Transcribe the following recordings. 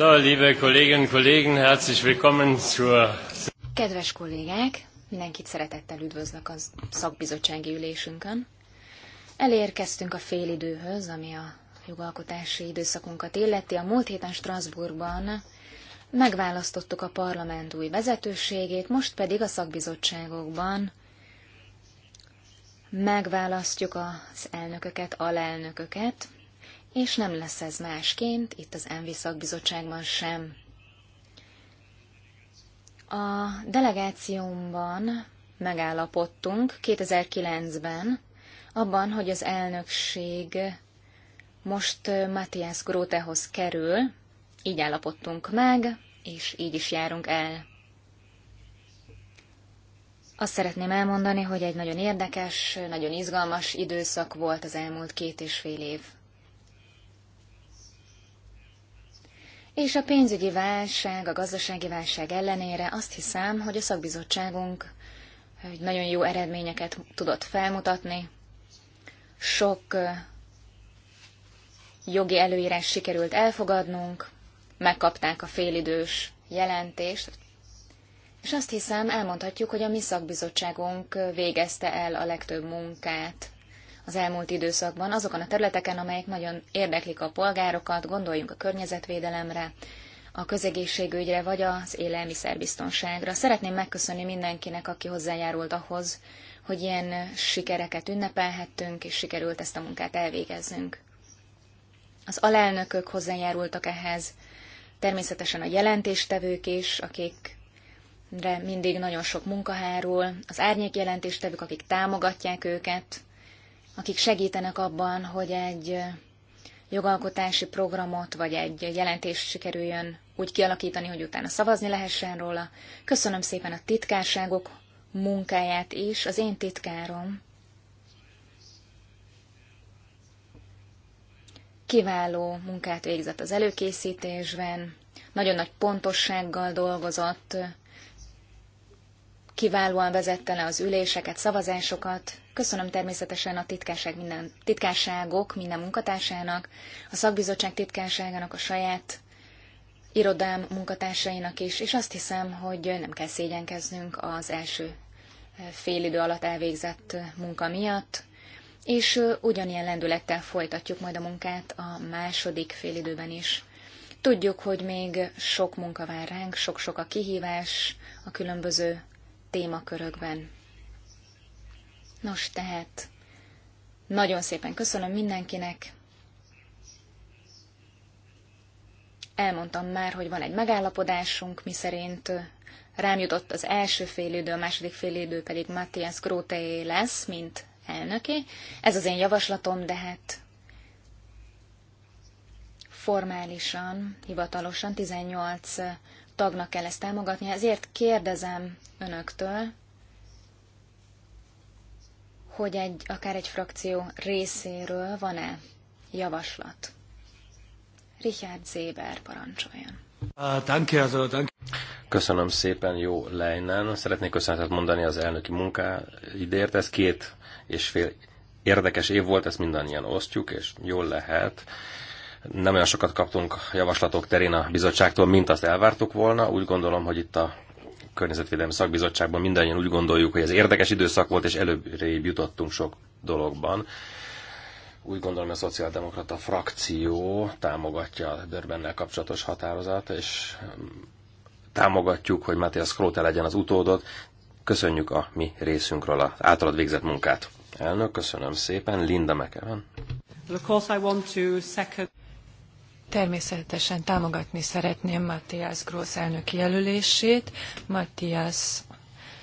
So, liebe Kolleginnen und Kollegen, herzlich willkommen zur... Kedves kollégák, mindenkit szeretettel üdvözlök a szakbizottsági ülésünkön. Elérkeztünk a félidőhöz, ami a jogalkotási időszakunkat illeti. A múlt héten Strasbourgban megválasztottuk a parlament új vezetőségét, most pedig a szakbizottságokban megválasztjuk az elnököket, alelnököket, és nem lesz ez másként, itt az ENVI szakbizottságban sem. A delegációmban megállapodtunk 2009-ben abban, hogy az elnökség most Matthias Grótehoz kerül, így állapodtunk meg, és így is járunk el. Azt szeretném elmondani, hogy egy nagyon érdekes, nagyon izgalmas időszak volt az elmúlt két és fél év. És a pénzügyi válság, a gazdasági válság ellenére azt hiszem, hogy a szakbizottságunk hogy nagyon jó eredményeket tudott felmutatni. Sok jogi előírás sikerült elfogadnunk, megkapták a félidős jelentést, és azt hiszem elmondhatjuk, hogy a mi szakbizottságunk végezte el a legtöbb munkát az elmúlt időszakban azokon a területeken, amelyek nagyon érdeklik a polgárokat, gondoljunk a környezetvédelemre, a közegészségügyre vagy az élelmiszerbiztonságra. Szeretném megköszönni mindenkinek, aki hozzájárult ahhoz, hogy ilyen sikereket ünnepelhettünk, és sikerült ezt a munkát elvégeznünk. Az alelnökök hozzájárultak ehhez, természetesen a jelentéstevők is, akik mindig nagyon sok munka hárul, az árnyék jelentéstevők, akik támogatják őket, akik segítenek abban, hogy egy jogalkotási programot vagy egy jelentést sikerüljön úgy kialakítani, hogy utána szavazni lehessen róla. Köszönöm szépen a titkárságok munkáját is, az én titkárom. Kiváló munkát végzett az előkészítésben, nagyon nagy pontossággal dolgozott, kiválóan vezette le az üléseket, szavazásokat. Köszönöm természetesen a titkárság minden, titkárságok minden munkatársának, a szakbizottság titkárságának, a saját irodám munkatársainak is, és azt hiszem, hogy nem kell szégyenkeznünk az első eh, fél idő alatt elvégzett eh, munka miatt, és eh, ugyanilyen lendülettel folytatjuk majd a munkát a második fél időben is. Tudjuk, hogy még sok munka vár ránk, sok-sok a kihívás, a különböző témakörökben. Nos, tehát nagyon szépen köszönöm mindenkinek. Elmondtam már, hogy van egy megállapodásunk, miszerint rám jutott az első félidő, a második félidő pedig Matthias Gróteé lesz, mint elnöki. Ez az én javaslatom, de hát formálisan, hivatalosan 18 tagnak kell ezt támogatni, ezért kérdezem önöktől, hogy egy, akár egy frakció részéről van-e javaslat. Richard Zéber parancsoljon. Köszönöm szépen, jó Leinen. Szeretnék köszönetet mondani az elnöki munkáidért. Ez két és fél érdekes év volt, ezt mindannyian osztjuk, és jól lehet, nem olyan sokat kaptunk javaslatok terén a bizottságtól, mint azt elvártuk volna. Úgy gondolom, hogy itt a Környezetvédelmi Szakbizottságban mindannyian úgy gondoljuk, hogy ez érdekes időszak volt, és előrébb jutottunk sok dologban. Úgy gondolom, hogy a szociáldemokrata frakció támogatja a Dörbennel kapcsolatos határozat, és támogatjuk, hogy Matthias Króte legyen az utódot. Köszönjük a mi részünkről az általad végzett munkát. Elnök, köszönöm szépen. Linda McEwen. Természetesen támogatni szeretném Matthias Gross elnök jelölését. Matthias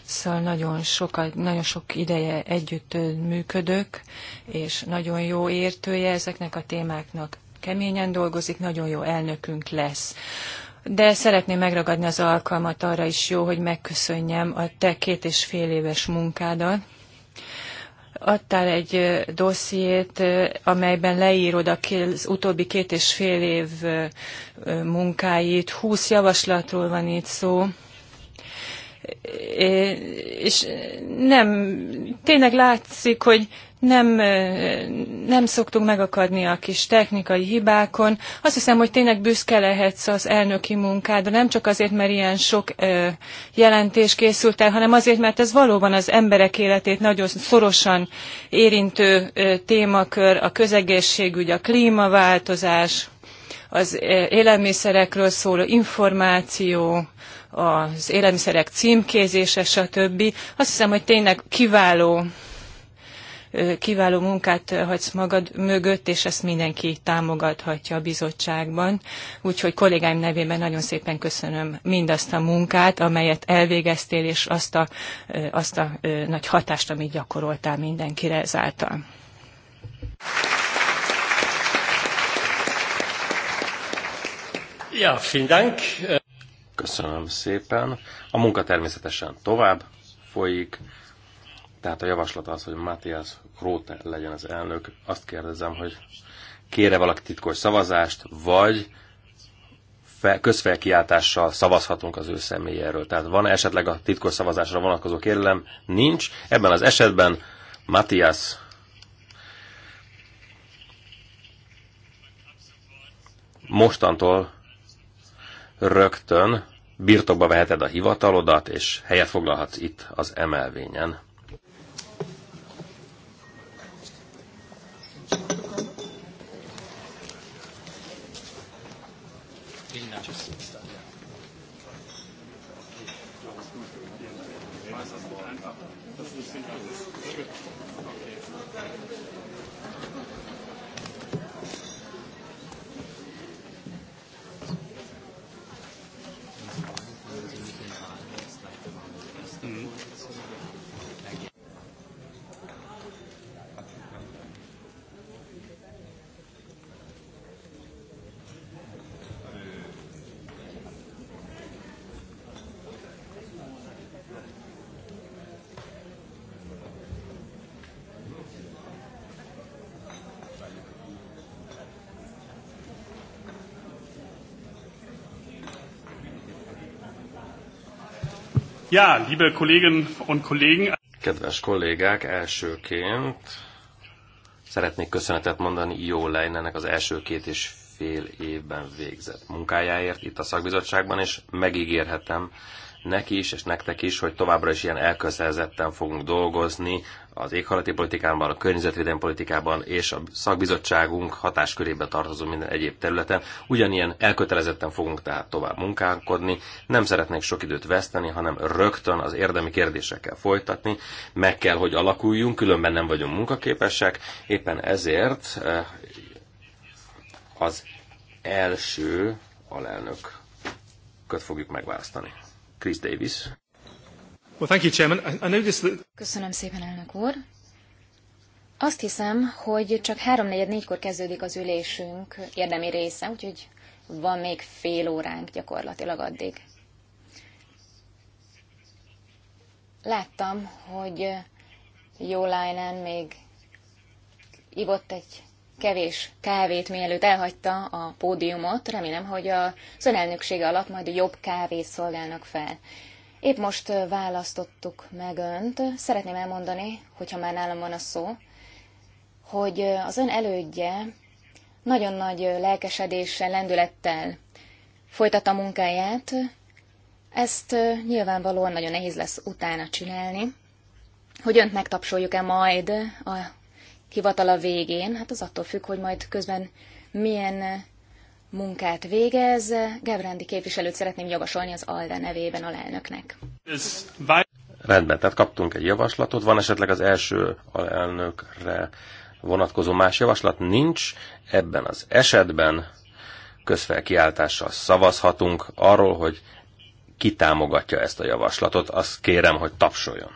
Szóval nagyon, sokat, nagyon sok ideje együtt működök, és nagyon jó értője ezeknek a témáknak. Keményen dolgozik, nagyon jó elnökünk lesz. De szeretném megragadni az alkalmat arra is jó, hogy megköszönjem a te két és fél éves munkádat, adtál egy dossziét, amelyben leírod az utóbbi két és fél év munkáit. Húsz javaslatról van itt szó és nem, tényleg látszik, hogy nem, nem szoktunk megakadni a kis technikai hibákon. Azt hiszem, hogy tényleg büszke lehetsz az elnöki munkádra, nem csak azért, mert ilyen sok ö, jelentés készült el, hanem azért, mert ez valóban az emberek életét nagyon szorosan érintő ö, témakör, a közegészségügy, a klímaváltozás, az élelmiszerekről szóló információ, az élelmiszerek címkézése, stb. Azt hiszem, hogy tényleg kiváló kiváló munkát hagysz magad mögött, és ezt mindenki támogathatja a bizottságban. Úgyhogy kollégáim nevében nagyon szépen köszönöm mindazt a munkát, amelyet elvégeztél, és azt a, azt a nagy hatást, amit gyakoroltál mindenkire ezáltal. Ja, vielen Dank. Köszönöm szépen. A munka természetesen tovább folyik, tehát a javaslat az, hogy Matthias Róte legyen az elnök. Azt kérdezem, hogy kére valaki titkos szavazást, vagy fe, közfelkiáltással szavazhatunk az ő személyéről. Tehát van -e esetleg a titkos szavazásra vonatkozó kérelem? Nincs. Ebben az esetben Matthias mostantól rögtön birtokba veheted a hivatalodat, és helyet foglalhatsz itt az emelvényen. Ja, liebe Kolleginnen und Kollegen. Kedves kollégák, elsőként szeretnék köszönetet mondani Jó Leinenek az első két és fél évben végzett munkájáért itt a szakbizottságban, és megígérhetem, neki is, és nektek is, hogy továbbra is ilyen elkötelezetten fogunk dolgozni az éghajlati politikában, a környezetvédelmi politikában és a szakbizottságunk hatáskörébe tartozó minden egyéb területen. Ugyanilyen elkötelezetten fogunk tehát tovább munkálkodni. Nem szeretnék sok időt veszteni, hanem rögtön az érdemi kérdésekkel folytatni. Meg kell, hogy alakuljunk, különben nem vagyunk munkaképesek. Éppen ezért eh, az első alelnök köt fogjuk megválasztani. Chris Davis. Well, thank you, Chairman. I noticed that... Köszönöm szépen, elnök úr. Azt hiszem, hogy csak 3-4-4-kor kezdődik az ülésünk érdemi része, úgyhogy van még fél óránk gyakorlatilag addig. Láttam, hogy Jó Lájnán még ivott egy kevés kávét, mielőtt elhagyta a pódiumot. Remélem, hogy az önelnöksége alatt majd jobb kávét szolgálnak fel. Épp most választottuk meg önt. Szeretném elmondani, hogyha már nálam van a szó, hogy az ön elődje nagyon nagy lelkesedéssel, lendülettel folytatta munkáját. Ezt nyilvánvalóan nagyon nehéz lesz utána csinálni. Hogy önt megtapsoljuk-e majd a hivatala végén, hát az attól függ, hogy majd közben milyen munkát végez. Gebrendi képviselőt szeretném javasolni az ALDE nevében lelnöknek. Rendben, tehát kaptunk egy javaslatot. Van esetleg az első alelnökre vonatkozó más javaslat? Nincs. Ebben az esetben közfelkiáltással szavazhatunk arról, hogy ki támogatja ezt a javaslatot. Azt kérem, hogy tapsoljon.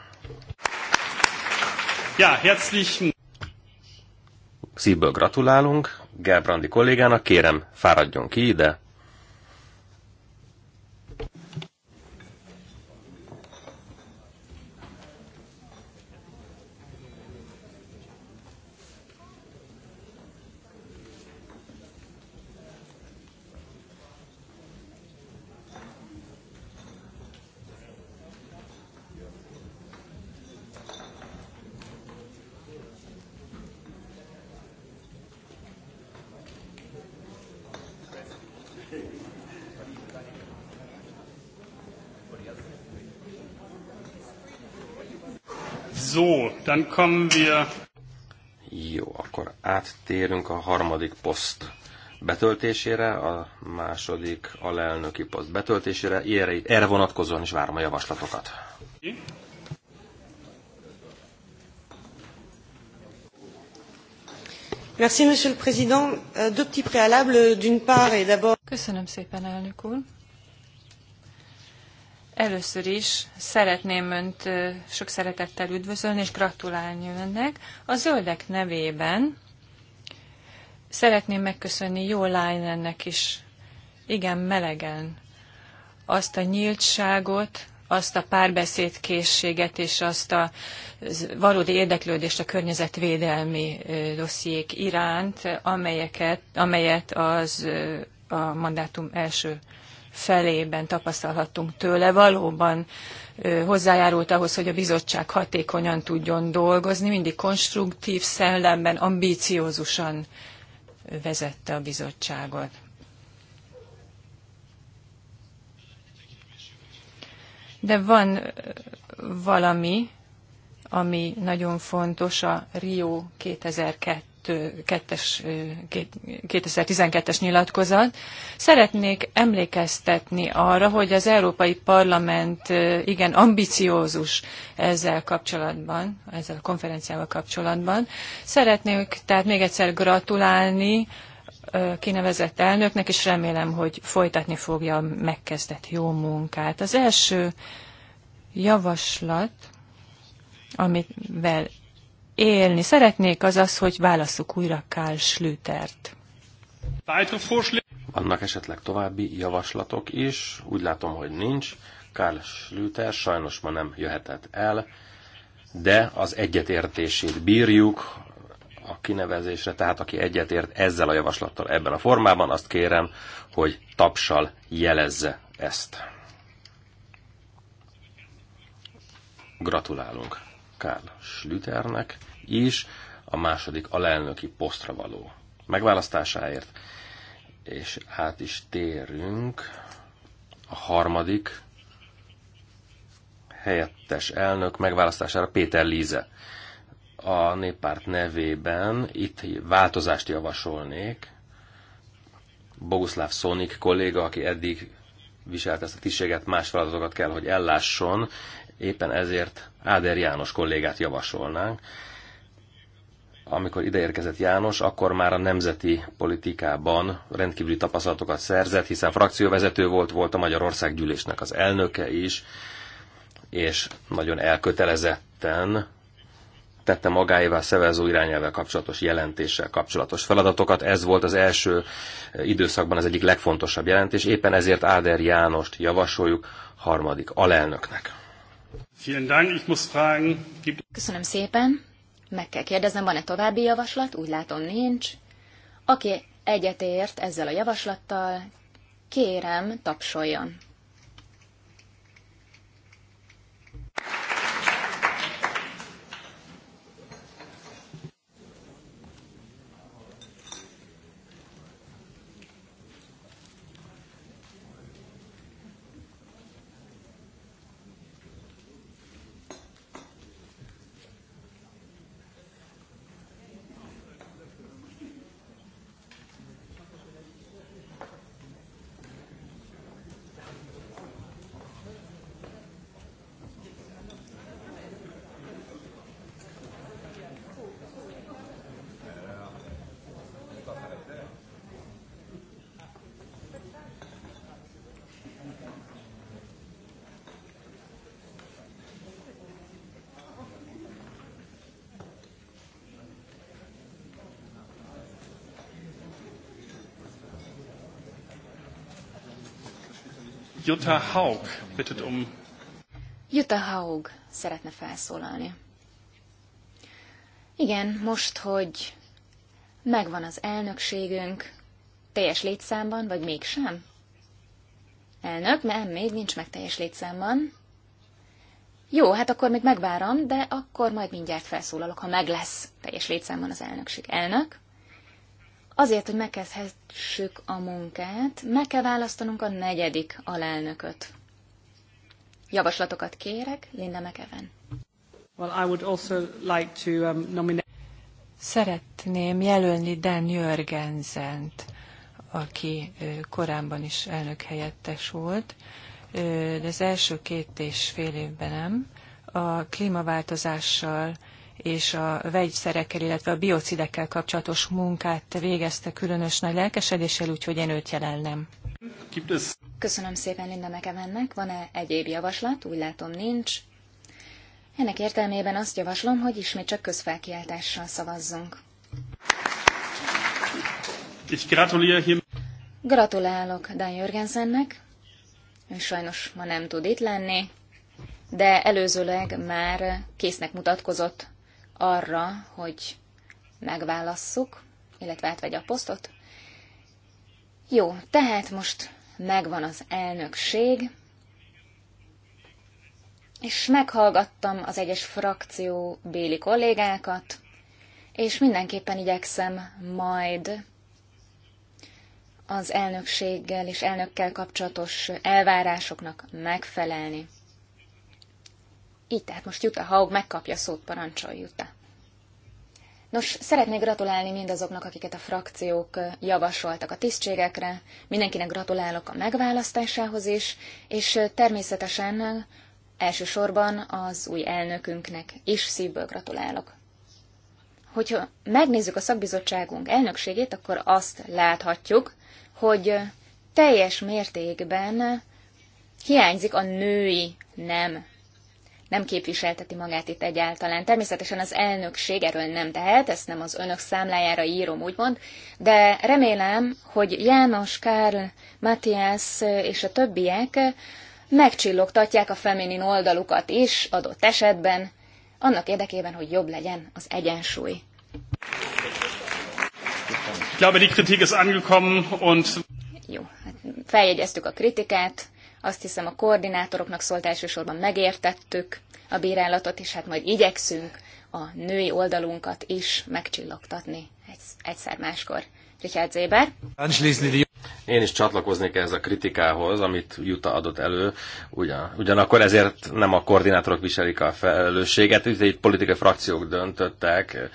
Ja, herzlichen szívből gratulálunk Gelbrandi kollégának, kérem fáradjon ki ide, So, dann kommen wir... Jó, akkor áttérünk a harmadik poszt betöltésére, a második alelnöki poszt betöltésére. Erre, erre vonatkozóan is várom a javaslatokat. Merci, Monsieur le Président. Euh, deux petits préalables, d'une part et d'abord. Köszönöm szépen, elnök úr. Először is szeretném Önt sok szeretettel üdvözölni és gratulálni Önnek. A zöldek nevében szeretném megköszönni Jó Lájnennek is igen melegen azt a nyíltságot, azt a párbeszédkészséget és azt a valódi érdeklődést a környezetvédelmi dossziék iránt, amelyeket, amelyet az a mandátum első felében tapasztalhattunk tőle, valóban hozzájárult ahhoz, hogy a bizottság hatékonyan tudjon dolgozni, mindig konstruktív szellemben, ambíciózusan vezette a bizottságot. De van valami, ami nagyon fontos a Rio 2002 2012-es nyilatkozat. Szeretnék emlékeztetni arra, hogy az Európai Parlament igen ambiciózus ezzel kapcsolatban, ezzel a konferenciával kapcsolatban. Szeretnék tehát még egyszer gratulálni kinevezett elnöknek, és remélem, hogy folytatni fogja a megkezdett jó munkát. Az első javaslat, amivel élni szeretnék, az az, hogy válaszuk újra Karl Schlütert. Vannak esetleg további javaslatok is, úgy látom, hogy nincs. Karl Schlüter sajnos ma nem jöhetett el, de az egyetértését bírjuk a kinevezésre, tehát aki egyetért ezzel a javaslattal ebben a formában, azt kérem, hogy tapsal jelezze ezt. Gratulálunk Karl Schlüternek is a második alelnöki posztra való megválasztásáért, és át is térünk a harmadik helyettes elnök megválasztására Péter Líze. A néppárt nevében itt változást javasolnék. Boguszláv Szónik kolléga, aki eddig viselte ezt a tisztséget, más feladatokat kell, hogy ellásson, éppen ezért Áder János kollégát javasolnánk, amikor ideérkezett János, akkor már a nemzeti politikában rendkívüli tapasztalatokat szerzett, hiszen frakcióvezető volt, volt a Magyarország gyűlésnek az elnöke is, és nagyon elkötelezetten tette magáévá szevező irányelvvel kapcsolatos jelentéssel kapcsolatos feladatokat. Ez volt az első eh, időszakban az egyik legfontosabb jelentés, éppen ezért Áder Jánost javasoljuk harmadik alelnöknek. Köszönöm szépen. Meg kell kérdeznem, van-e további javaslat? Úgy látom, nincs. Aki egyetért ezzel a javaslattal, kérem, tapsoljon. Jutta Haug bittet um. Jutta Haug szeretne felszólalni. Igen, most, hogy megvan az elnökségünk, teljes létszámban, vagy mégsem? Elnök, nem, még nincs meg teljes létszámban. Jó, hát akkor még megvárom, de akkor majd mindjárt felszólalok, ha meg lesz teljes létszámban az elnökség. Elnök? Azért, hogy megkezdhessük a munkát, meg kell választanunk a negyedik alelnököt. Javaslatokat kérek, Linda McEwen. Well, I would also like to um, nominate... Szeretném jelölni Dan Jörgenzent, aki korábban is elnök helyettes volt, de az első két és fél évben nem. A klímaváltozással és a vegyszerekkel, illetve a biocidekkel kapcsolatos munkát végezte különös nagy lelkesedéssel, úgyhogy én őt jelenlem. Köszönöm szépen Linda mekevennek. Van-e egyéb javaslat? Úgy látom nincs. Ennek értelmében azt javaslom, hogy ismét csak közfelkiáltással szavazzunk. Gratulálok Dan Jörgensennek. Ő sajnos ma nem tud itt lenni, de előzőleg már késznek mutatkozott arra, hogy megválasszuk, illetve átvegy a posztot. Jó, tehát most megvan az elnökség, és meghallgattam az egyes frakció béli kollégákat, és mindenképpen igyekszem majd az elnökséggel és elnökkel kapcsolatos elvárásoknak megfelelni. Így tehát most Jutta Haug megkapja szót, parancsol Jutta. Nos, szeretnék gratulálni mindazoknak, akiket a frakciók javasoltak a tisztségekre, mindenkinek gratulálok a megválasztásához is, és természetesen elsősorban az új elnökünknek is szívből gratulálok. Hogyha megnézzük a szakbizottságunk elnökségét, akkor azt láthatjuk, hogy teljes mértékben hiányzik a női nem nem képviselteti magát itt egyáltalán. Természetesen az elnökség erről nem tehet, ezt nem az önök számlájára írom, úgymond, de remélem, hogy János, Kárl, Matthias eh, és a többiek eh, megcsillogtatják a feminin oldalukat is adott esetben, annak érdekében, hogy jobb legyen az egyensúly. Ich glaube, die Kritik ist angekommen und... Jó, hát feljegyeztük a kritikát, azt hiszem a koordinátoroknak szólt elsősorban megértettük a bírálatot, és hát majd igyekszünk a női oldalunkat is megcsillogtatni egyszer máskor. Richard Zéber. Én is csatlakoznék ehhez a kritikához, amit Juta adott elő, ugyan, ugyanakkor ezért nem a koordinátorok viselik a felelősséget, itt egy politikai frakciók döntöttek,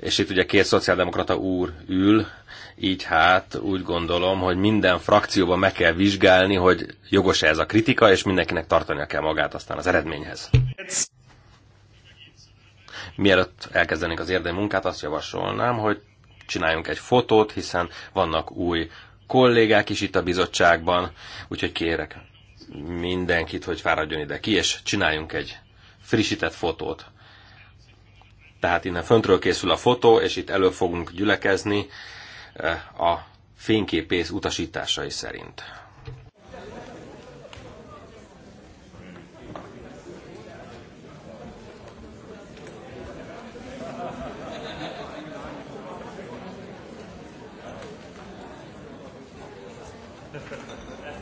és itt ugye két szociáldemokrata úr ül, így hát úgy gondolom, hogy minden frakcióban meg kell vizsgálni, hogy jogos -e ez a kritika, és mindenkinek tartania kell magát aztán az eredményhez. Mielőtt elkezdenénk az érdemi munkát, azt javasolnám, hogy csináljunk egy fotót, hiszen vannak új kollégák is itt a bizottságban, úgyhogy kérek mindenkit, hogy fáradjon ide ki, és csináljunk egy frissített fotót. Tehát innen föntről készül a fotó, és itt elő fogunk gyülekezni eh, a fényképész utasításai szerint. Thank you.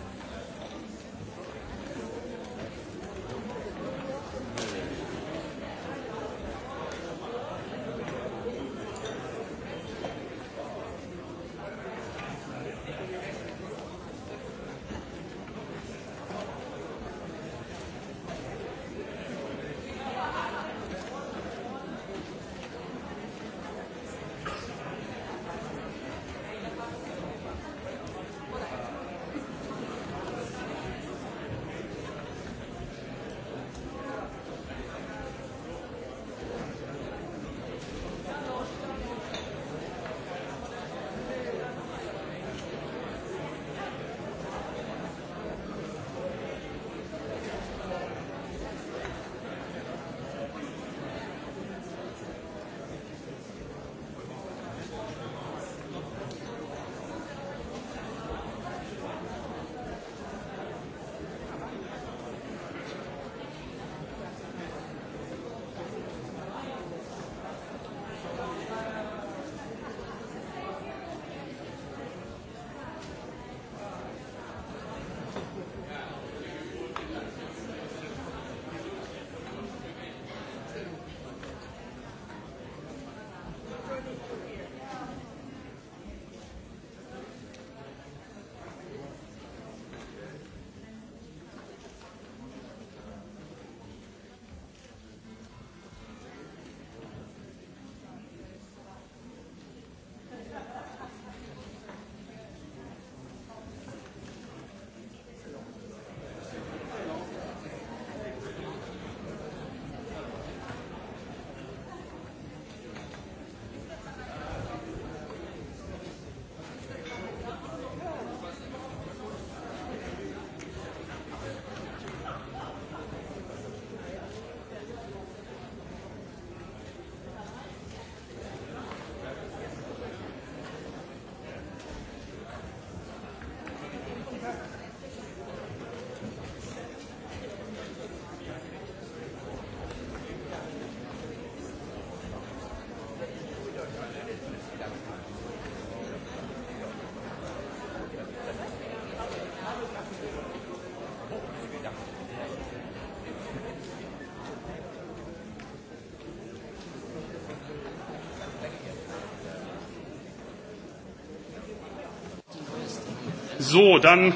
So, dann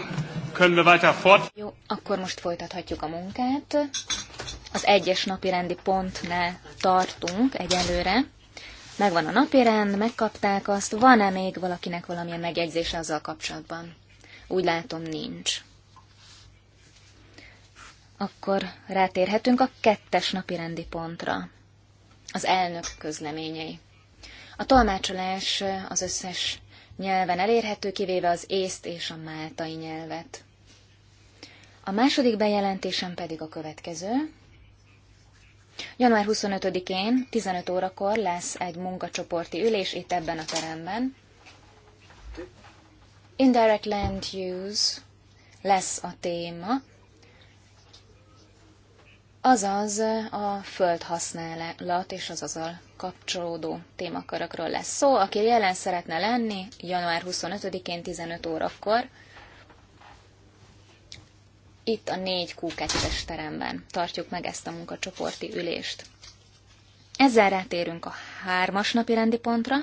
können wir weiter fort. Jó, akkor most folytathatjuk a munkát. Az egyes napi rendi pontnál tartunk egyelőre. Megvan a napirend, megkapták azt. Van-e még valakinek valamilyen megjegyzése azzal kapcsolatban? Úgy látom, nincs. Akkor rátérhetünk a kettes napi rendi pontra. Az elnök közleményei. A tolmácsolás az összes nyelven elérhető, kivéve az észt és a máltai nyelvet. A második bejelentésem pedig a következő. Január 25-én 15 órakor lesz egy munkacsoporti ülés itt ebben a teremben. Indirect Land Use lesz a téma, azaz a földhasználat és az azzal kapcsolódó témakörökről lesz szó. Aki jelen szeretne lenni, január 25-én 15 órakor, itt a 4Q2-es teremben tartjuk meg ezt a munkacsoporti ülést. Ezzel rátérünk a hármas napi rendi pontra,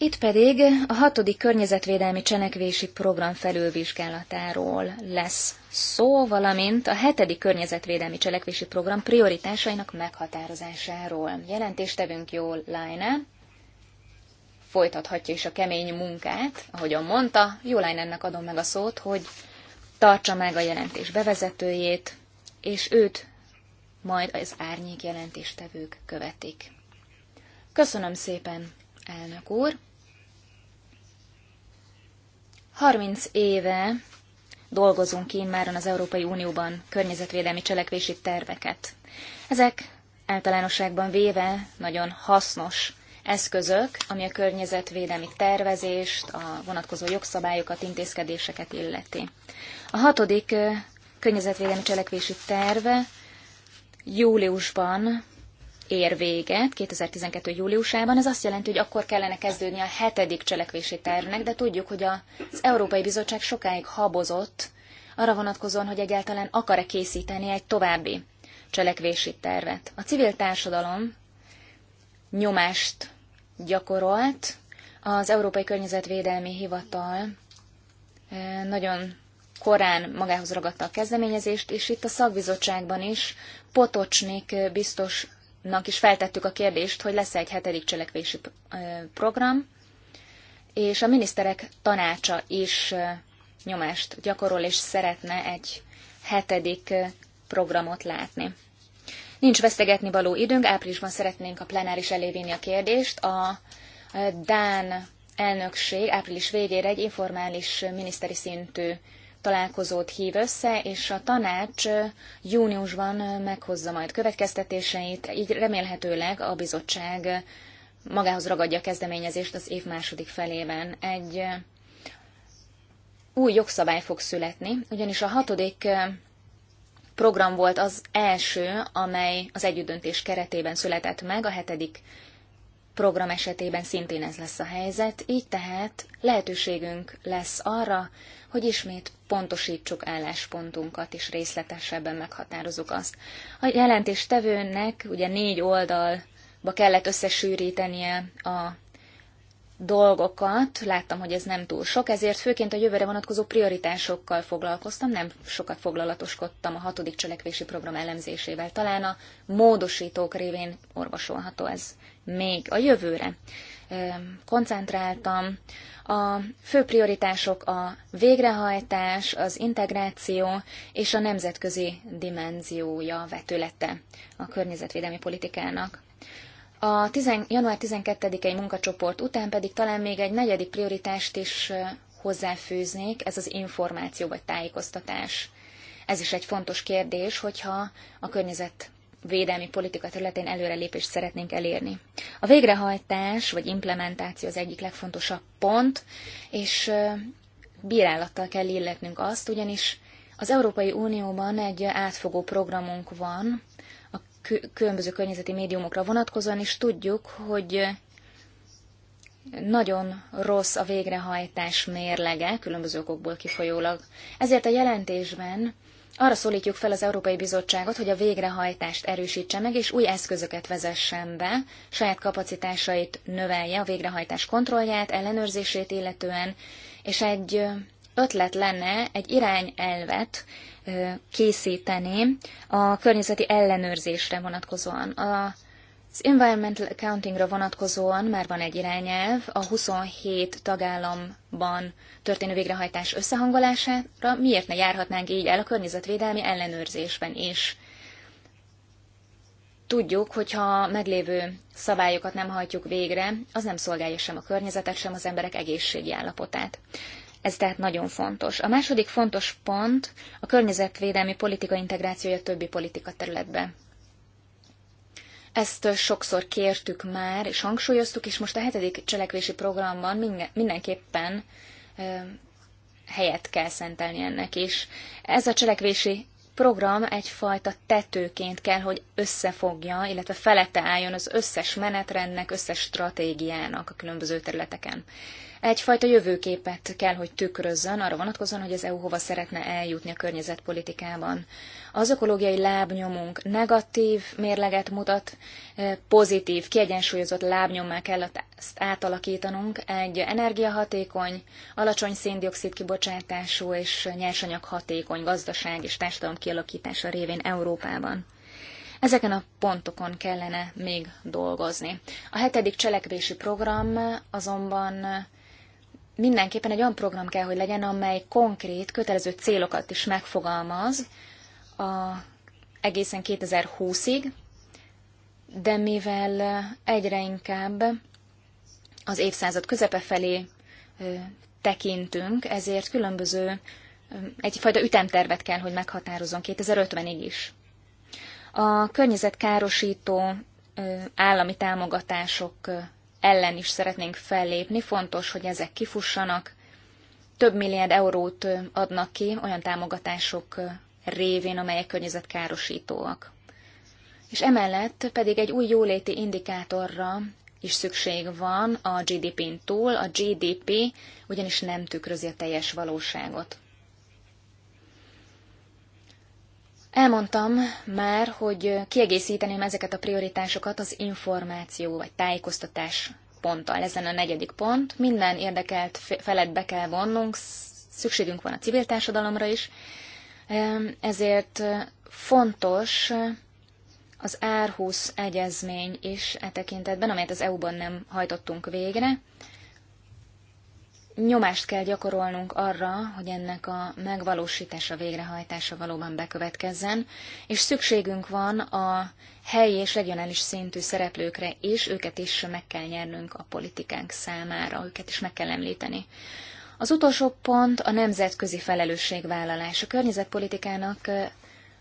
itt pedig a hatodik környezetvédelmi cselekvési program felülvizsgálatáról lesz szó, valamint a hetedik környezetvédelmi cselekvési program prioritásainak meghatározásáról. Jelentéstevünk jól Lájne, folytathatja is a kemény munkát, ahogyan mondta, ennek adom meg a szót, hogy tartsa meg a jelentés bevezetőjét, és őt majd az árnyék jelentéstevők követik. Köszönöm szépen, elnök úr! 30 éve dolgozunk ki már az Európai Unióban környezetvédelmi cselekvési terveket. Ezek általánosságban véve nagyon hasznos eszközök, ami a környezetvédelmi tervezést, a vonatkozó jogszabályokat, intézkedéseket illeti. A hatodik környezetvédelmi cselekvési terve júliusban ér véget 2012. júliusában. Ez azt jelenti, hogy akkor kellene kezdődni a hetedik cselekvési tervnek, de tudjuk, hogy az Európai Bizottság sokáig habozott arra vonatkozóan, hogy egyáltalán akar-e készíteni egy további cselekvési tervet. A civil társadalom nyomást gyakorolt, az Európai Környezetvédelmi Hivatal eh, nagyon korán magához ragadta a kezdeményezést, és itt a szakbizottságban is Potocsnik eh, biztos nak is feltettük a kérdést, hogy lesz -e egy hetedik cselekvési program, és a miniszterek tanácsa is nyomást gyakorol, és szeretne egy hetedik programot látni. Nincs vesztegetni való időnk, áprilisban szeretnénk a plenáris elévinni a kérdést. A Dán elnökség április végére egy informális miniszteri szintű találkozót hív össze, és a tanács júniusban meghozza majd következtetéseit, így remélhetőleg a bizottság magához ragadja a kezdeményezést az év második felében. Egy új jogszabály fog születni, ugyanis a hatodik program volt az első, amely az együttdöntés keretében született meg, a hetedik program esetében szintén ez lesz a helyzet, így tehát lehetőségünk lesz arra, hogy ismét pontosítsuk álláspontunkat, és részletesebben meghatározunk azt. A jelentéstevőnek ugye négy oldalba kellett összesűrítenie a dolgokat, láttam, hogy ez nem túl sok, ezért főként a jövőre vonatkozó prioritásokkal foglalkoztam, nem sokat foglalatoskodtam a hatodik cselekvési program elemzésével. Talán a módosítók révén orvosolható ez még a jövőre koncentráltam. A fő prioritások a végrehajtás, az integráció és a nemzetközi dimenziója vetülete a környezetvédelmi politikának. A 10, január 12-i munkacsoport után pedig talán még egy negyedik prioritást is hozzáfűznék, ez az információ vagy tájékoztatás. Ez is egy fontos kérdés, hogyha a környezet védelmi politika területén előrelépést szeretnénk elérni. A végrehajtás vagy implementáció az egyik legfontosabb pont, és bírálattal kell illetnünk azt, ugyanis az Európai Unióban egy átfogó programunk van a különböző környezeti médiumokra vonatkozóan, és tudjuk, hogy nagyon rossz a végrehajtás mérlege, különböző okokból kifolyólag. Ezért a jelentésben arra szólítjuk fel az Európai Bizottságot, hogy a végrehajtást erősítse meg, és új eszközöket vezessen be, saját kapacitásait növelje a végrehajtás kontrollját, ellenőrzését illetően, és egy ötlet lenne egy irányelvet készíteni a környezeti ellenőrzésre vonatkozóan. A az environmental accountingra vonatkozóan már van egy irányelv a 27 tagállamban történő végrehajtás összehangolására, miért ne járhatnánk így el a környezetvédelmi ellenőrzésben is. Tudjuk, hogyha meglévő szabályokat nem hajtjuk végre, az nem szolgálja sem a környezetet, sem az emberek egészségi állapotát. Ez tehát nagyon fontos. A második fontos pont a környezetvédelmi politika integrációja többi politika területbe. Ezt sokszor kértük már, és hangsúlyoztuk, és most a hetedik cselekvési programban mindenképpen helyet kell szentelni ennek is. Ez a cselekvési program egyfajta tetőként kell, hogy összefogja, illetve felette álljon az összes menetrendnek, összes stratégiának a különböző területeken egyfajta jövőképet kell, hogy tükrözzön arra vonatkozóan, hogy az EU hova szeretne eljutni a környezetpolitikában. Az ökológiai lábnyomunk negatív mérleget mutat, eh, pozitív, kiegyensúlyozott lábnyommá kell ezt átalakítanunk egy energiahatékony, alacsony széndiokszid kibocsátású és nyersanyaghatékony gazdaság és társadalom kialakítása révén Európában. Ezeken a pontokon kellene még dolgozni. A hetedik cselekvési program azonban mindenképpen egy olyan program kell, hogy legyen, amely konkrét, kötelező célokat is megfogalmaz a, egészen 2020-ig, de mivel egyre inkább az évszázad közepe felé tekintünk, ezért különböző, egyfajta ütemtervet kell, hogy meghatározzon 2050-ig is. A környezetkárosító állami támogatások ellen is szeretnénk fellépni, fontos, hogy ezek kifussanak. Több milliárd eurót adnak ki olyan támogatások révén, amelyek környezetkárosítóak. És emellett pedig egy új jóléti indikátorra is szükség van a GDP-n túl. A GDP ugyanis nem tükrözi a teljes valóságot. Elmondtam már, hogy kiegészíteném ezeket a prioritásokat az információ vagy tájékoztatás ponttal. Ezen a negyedik pont. Minden érdekelt felet be kell vonnunk, szükségünk van a civil társadalomra is, ezért fontos az Árhusz egyezmény is e tekintetben, amelyet az EU-ban nem hajtottunk végre nyomást kell gyakorolnunk arra, hogy ennek a megvalósítása, végrehajtása valóban bekövetkezzen, és szükségünk van a helyi és regionális szintű szereplőkre is, őket is meg kell nyernünk a politikánk számára, őket is meg kell említeni. Az utolsó pont a nemzetközi felelősségvállalás. A környezetpolitikának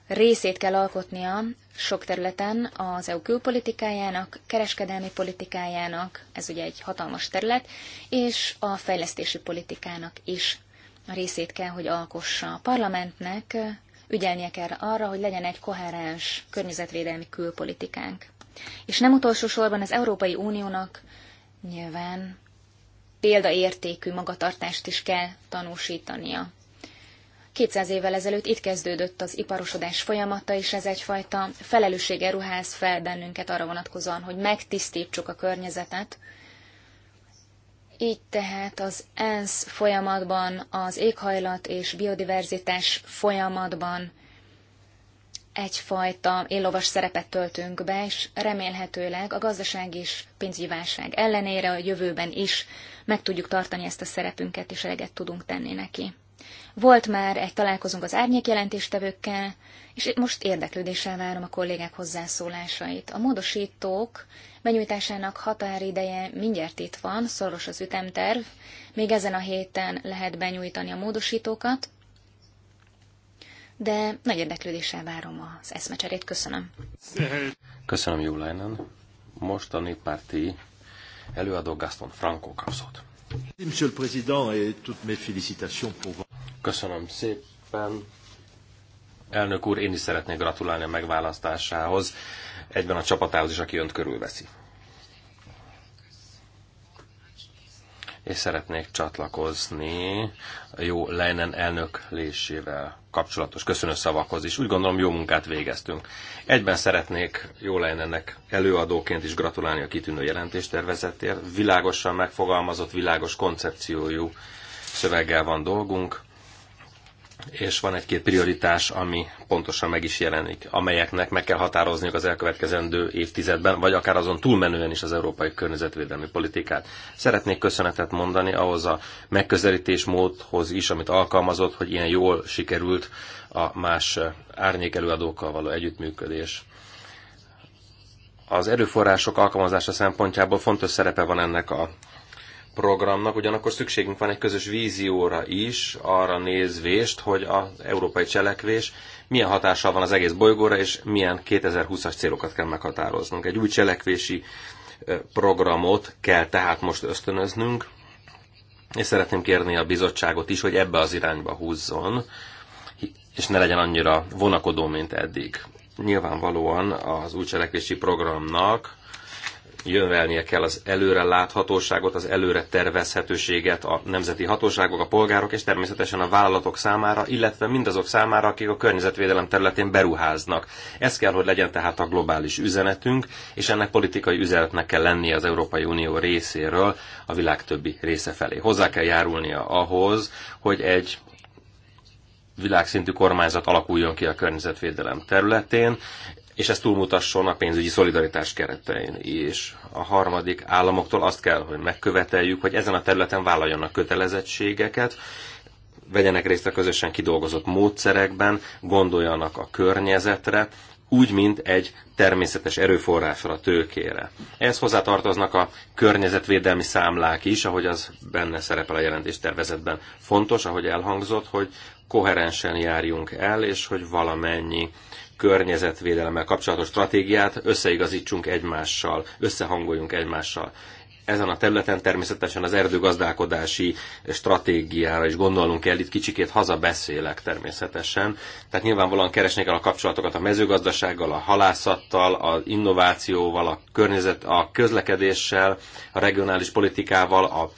részét kell alkotnia sok területen az EU külpolitikájának, kereskedelmi politikájának, ez ugye egy hatalmas terület, és a fejlesztési politikának is a részét kell, hogy alkossa. A parlamentnek ügyelnie kell arra, hogy legyen egy koherens környezetvédelmi külpolitikánk. És nem utolsó sorban az Európai Uniónak nyilván példaértékű magatartást is kell tanúsítania. 200 évvel ezelőtt itt kezdődött az iparosodás folyamata, és ez egyfajta felelőssége ruház fel bennünket arra vonatkozóan, hogy megtisztítsuk a környezetet. Így tehát az ENSZ folyamatban, az éghajlat és biodiverzitás folyamatban egyfajta éllovas szerepet töltünk be, és remélhetőleg a gazdaság és pénzügyi válság ellenére a jövőben is meg tudjuk tartani ezt a szerepünket, és eleget tudunk tenni neki. Volt már egy találkozunk az jelentéstevőkkel, és most érdeklődéssel várom a kollégák hozzászólásait. A módosítók benyújtásának határideje mindjárt itt van, szoros az ütemterv, még ezen a héten lehet benyújtani a módosítókat, de nagy érdeklődéssel várom az eszmecserét. Köszönöm. Köszönöm, jó Most a néppárti előadó Gaston Franco kapszott. Monsieur le Président, et toutes mes félicitations pour Köszönöm szépen. Elnök úr, én is szeretnék gratulálni a megválasztásához, egyben a csapatához is, aki önt körülveszi. És szeretnék csatlakozni a jó Leinen elnöklésével kapcsolatos köszönő szavakhoz is. Úgy gondolom, jó munkát végeztünk. Egyben szeretnék jó Leinennek előadóként is gratulálni a kitűnő jelentéstervezetért. Világosan megfogalmazott, világos koncepciójú szöveggel van dolgunk és van egy-két prioritás, ami pontosan meg is jelenik, amelyeknek meg kell határozniuk az elkövetkezendő évtizedben, vagy akár azon túlmenően is az európai környezetvédelmi politikát. Szeretnék köszönetet mondani ahhoz a megközelítésmódhoz is, amit alkalmazott, hogy ilyen jól sikerült a más árnyékelőadókkal való együttműködés. Az erőforrások alkalmazása szempontjából fontos szerepe van ennek a programnak, ugyanakkor szükségünk van egy közös vízióra is, arra nézvést, hogy az európai cselekvés milyen hatással van az egész bolygóra, és milyen 2020-as célokat kell meghatároznunk. Egy új cselekvési programot kell tehát most ösztönöznünk, és szeretném kérni a bizottságot is, hogy ebbe az irányba húzzon, és ne legyen annyira vonakodó, mint eddig. Nyilvánvalóan az új cselekvési programnak jövelnie kell az előre láthatóságot, az előre tervezhetőséget a nemzeti hatóságok, a polgárok és természetesen a vállalatok számára, illetve mindazok számára, akik a környezetvédelem területén beruháznak. Ez kell, hogy legyen tehát a globális üzenetünk, és ennek politikai üzenetnek kell lennie az Európai Unió részéről a világ többi része felé. Hozzá kell járulnia ahhoz, hogy egy világszintű kormányzat alakuljon ki a környezetvédelem területén, és ez túlmutasson a pénzügyi szolidaritás keretein is. A harmadik államoktól azt kell, hogy megköveteljük, hogy ezen a területen vállaljanak kötelezettségeket, vegyenek részt a közösen kidolgozott módszerekben, gondoljanak a környezetre, úgy, mint egy természetes erőforrásra, tőkére. Ehhez hozzátartoznak a környezetvédelmi számlák is, ahogy az benne szerepel a jelentés tervezetben. Fontos, ahogy elhangzott, hogy koherensen járjunk el, és hogy valamennyi környezetvédelemmel kapcsolatos stratégiát összeigazítsunk egymással, összehangoljunk egymással. Ezen a területen természetesen az erdőgazdálkodási stratégiára is gondolnunk kell, itt kicsikét hazabeszélek természetesen. Tehát nyilvánvalóan keresni kell a kapcsolatokat a mezőgazdasággal, a halászattal, az innovációval, a, környezet, a közlekedéssel, a regionális politikával, a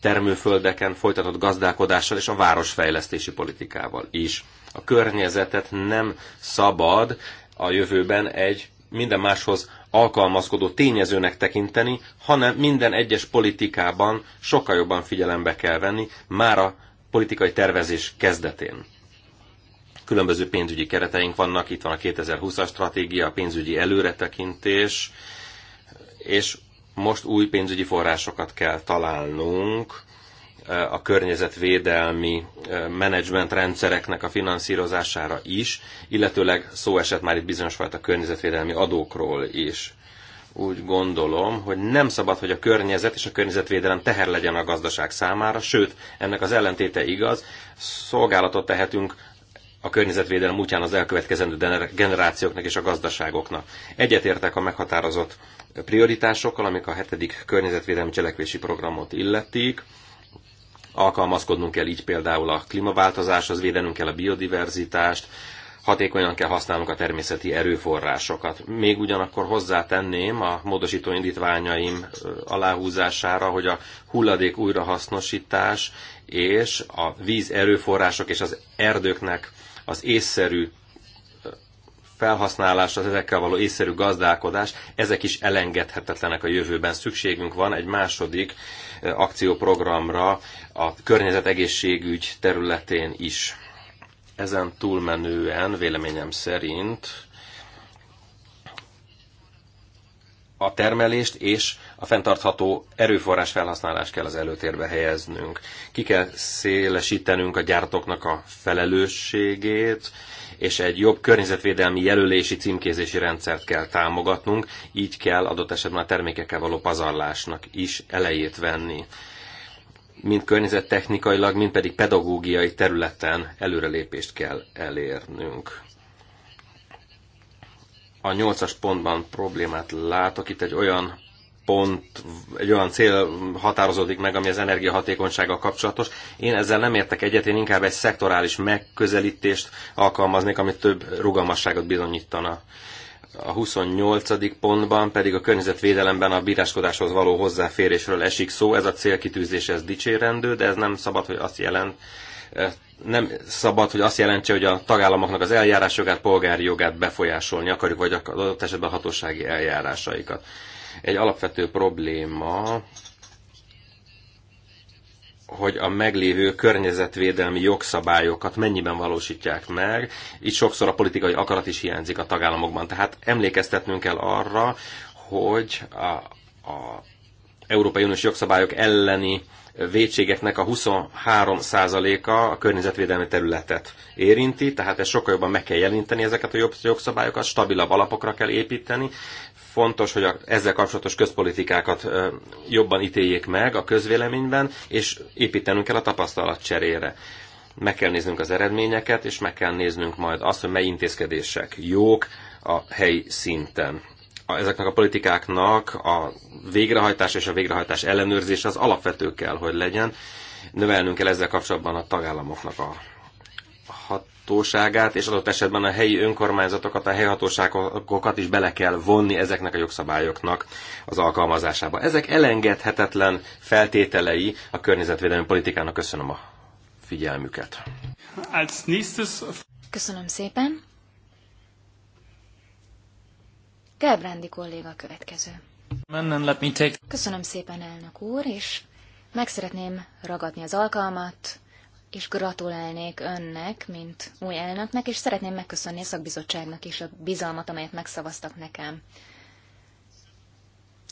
termőföldeken folytatott gazdálkodással és a városfejlesztési politikával is a környezetet nem szabad a jövőben egy minden máshoz alkalmazkodó tényezőnek tekinteni, hanem minden egyes politikában sokkal jobban figyelembe kell venni, már a politikai tervezés kezdetén. Különböző pénzügyi kereteink vannak, itt van a 2020-as stratégia, a pénzügyi előretekintés, és most új pénzügyi forrásokat kell találnunk Eh, a környezetvédelmi eh, menedzsment rendszereknek a finanszírozására is, illetőleg szó esett már itt bizonyos fajta környezetvédelmi adókról is. Úgy gondolom, hogy nem szabad, hogy a környezet és a környezetvédelem teher legyen a gazdaság számára, sőt, ennek az ellentéte igaz, szolgálatot tehetünk a környezetvédelem útján az elkövetkezendő generációknak és a gazdaságoknak. Egyetértek a meghatározott prioritásokkal, amik a hetedik környezetvédelmi cselekvési programot illetik alkalmazkodnunk kell így például a klímaváltozáshoz, védenünk kell a biodiverzitást, hatékonyan kell használnunk a természeti erőforrásokat. Még ugyanakkor hozzátenném a módosító indítványaim aláhúzására, hogy a hulladék újrahasznosítás és a víz erőforrások és az erdőknek az észszerű felhasználás, az ezekkel való észszerű gazdálkodás, ezek is elengedhetetlenek a jövőben. Szükségünk van egy második akcióprogramra a környezetegészségügy területén is. Ezen túlmenően véleményem szerint a termelést és a fenntartható erőforrás felhasználást kell az előtérbe helyeznünk. Ki kell szélesítenünk a gyártóknak a felelősségét, és egy jobb környezetvédelmi jelölési címkézési rendszert kell támogatnunk, így kell adott esetben a termékekkel való pazarlásnak is elejét venni mind környezettechnikailag, mind pedig pedagógiai területen előrelépést kell elérnünk. A nyolcas pontban problémát látok, itt egy olyan pont, egy olyan cél határozódik meg, ami az energiahatékonysággal kapcsolatos. Én ezzel nem értek egyet, én inkább egy szektorális megközelítést alkalmaznék, ami több rugalmasságot bizonyítana a 28. pontban pedig a környezetvédelemben a bíráskodáshoz való hozzáférésről esik szó. Ez a célkitűzés, ez dicsérendő, de ez nem szabad, hogy azt jelent, eh, nem szabad, hogy azt jelentse, hogy a tagállamoknak az eljárásjogát, polgári jogát befolyásolni akarjuk, vagy adott esetben hatósági eljárásaikat. Egy alapvető probléma hogy a meglévő környezetvédelmi jogszabályokat mennyiben valósítják meg. Itt sokszor a politikai akarat is hiányzik a tagállamokban. Tehát emlékeztetnünk kell arra, hogy a, a Európai Uniós jogszabályok elleni vétségeknek a 23%-a a környezetvédelmi területet érinti, tehát ezt sokkal jobban meg kell jelenteni ezeket a jogszabályokat, stabilabb alapokra kell építeni, fontos, hogy a, ezzel kapcsolatos közpolitikákat jobban ítéljék meg a közvéleményben, és építenünk kell a tapasztalat cserére. Meg kell néznünk az eredményeket, és meg kell néznünk majd azt, hogy mely intézkedések jók a helyi szinten. ezeknek a politikáknak a végrehajtás és a végrehajtás ellenőrzés az alapvető kell, hogy legyen. Növelnünk kell ezzel kapcsolatban a tagállamoknak a hatóságát, és adott esetben a helyi önkormányzatokat, a helyi hatóságokat is bele kell vonni ezeknek a jogszabályoknak az alkalmazásába. Ezek elengedhetetlen feltételei a környezetvédelmi politikának. Köszönöm a figyelmüket. Köszönöm szépen. Gábrándi kolléga következő. Köszönöm szépen, elnök úr, és meg szeretném ragadni az alkalmat, és gratulálnék önnek, mint új elnöknek, és szeretném megköszönni a szakbizottságnak is a bizalmat, amelyet megszavaztak nekem.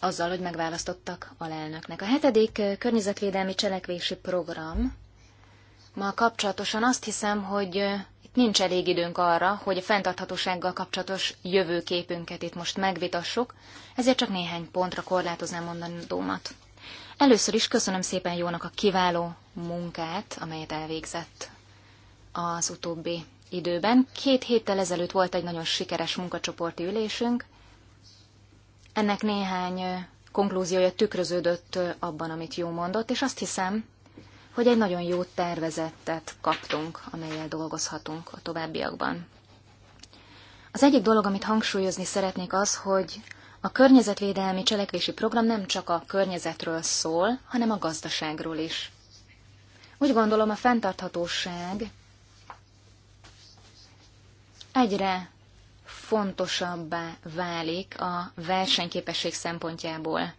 Azzal, hogy megválasztottak alelnöknek. A hetedik környezetvédelmi cselekvési program ma kapcsolatosan azt hiszem, hogy itt nincs elég időnk arra, hogy a fenntarthatósággal kapcsolatos jövőképünket itt most megvitassuk, ezért csak néhány pontra korlátoznám mondandómat. Először is köszönöm szépen Jónak a kiváló munkát, amelyet elvégzett az utóbbi időben. Két héttel ezelőtt volt egy nagyon sikeres munkacsoporti ülésünk. Ennek néhány konklúziója tükröződött abban, amit Jó mondott, és azt hiszem, hogy egy nagyon jó tervezettet kaptunk, amelyel dolgozhatunk a továbbiakban. Az egyik dolog, amit hangsúlyozni szeretnék az, hogy a környezetvédelmi cselekvési program nem csak a környezetről szól, hanem a gazdaságról is. Úgy gondolom, a fenntarthatóság egyre fontosabbá válik a versenyképesség szempontjából.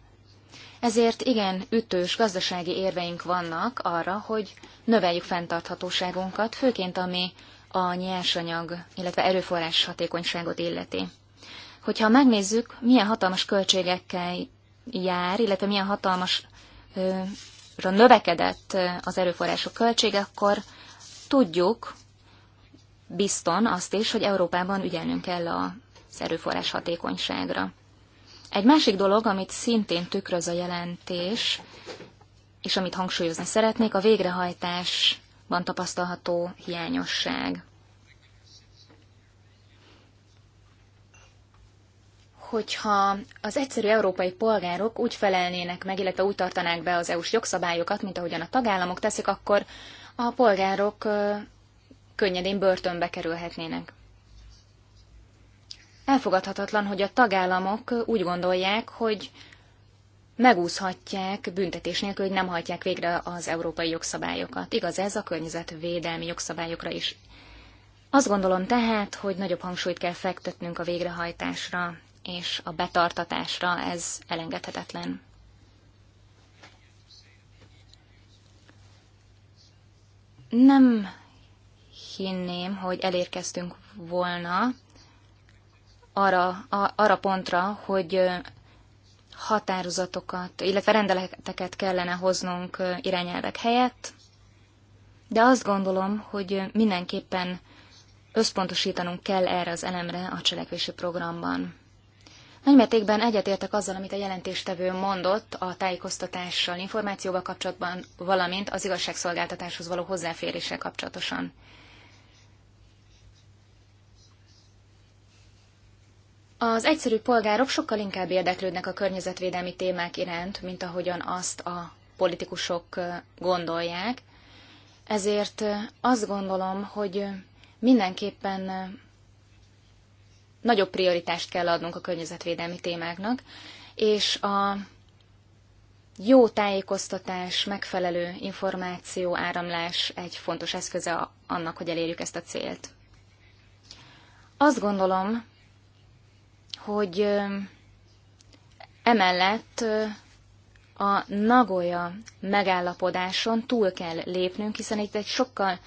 Ezért igen ütős gazdasági érveink vannak arra, hogy növeljük fenntarthatóságunkat, főként ami a nyersanyag, illetve erőforrás hatékonyságot illeti hogyha megnézzük, milyen hatalmas költségekkel jár, illetve milyen hatalmasra növekedett az erőforrások költsége, akkor tudjuk bizton azt is, hogy Európában ügyelnünk kell az erőforrás hatékonyságra. Egy másik dolog, amit szintén tükröz a jelentés, és amit hangsúlyozni szeretnék, a végrehajtásban tapasztalható hiányosság. hogyha az egyszerű európai polgárok úgy felelnének meg, illetve úgy tartanák be az EU-s jogszabályokat, mint ahogyan a tagállamok teszik, akkor a polgárok könnyedén börtönbe kerülhetnének. Elfogadhatatlan, hogy a tagállamok úgy gondolják, hogy megúszhatják büntetés nélkül, hogy nem hajtják végre az európai jogszabályokat. Igaz ez a környezetvédelmi jogszabályokra is. Azt gondolom tehát, hogy nagyobb hangsúlyt kell fektetnünk a végrehajtásra és a betartatásra ez elengedhetetlen. Nem hinném, hogy elérkeztünk volna arra, a, arra pontra, hogy határozatokat, illetve rendeleteket kellene hoznunk irányelvek helyett, de azt gondolom, hogy mindenképpen összpontosítanunk kell erre az elemre a cselekvési programban. Nagymértékben egyetértek azzal, amit a jelentéstevő mondott a tájékoztatással, információval kapcsolatban, valamint az igazságszolgáltatáshoz való hozzáféréssel kapcsolatosan. Az egyszerű polgárok sokkal inkább érdeklődnek a környezetvédelmi témák iránt, mint ahogyan azt a politikusok gondolják. Ezért azt gondolom, hogy mindenképpen nagyobb prioritást kell adnunk a környezetvédelmi témáknak, és a jó tájékoztatás, megfelelő információ, áramlás egy fontos eszköze annak, hogy elérjük ezt a célt. Azt gondolom, hogy emellett a Nagoya megállapodáson túl kell lépnünk, hiszen itt egy sokkal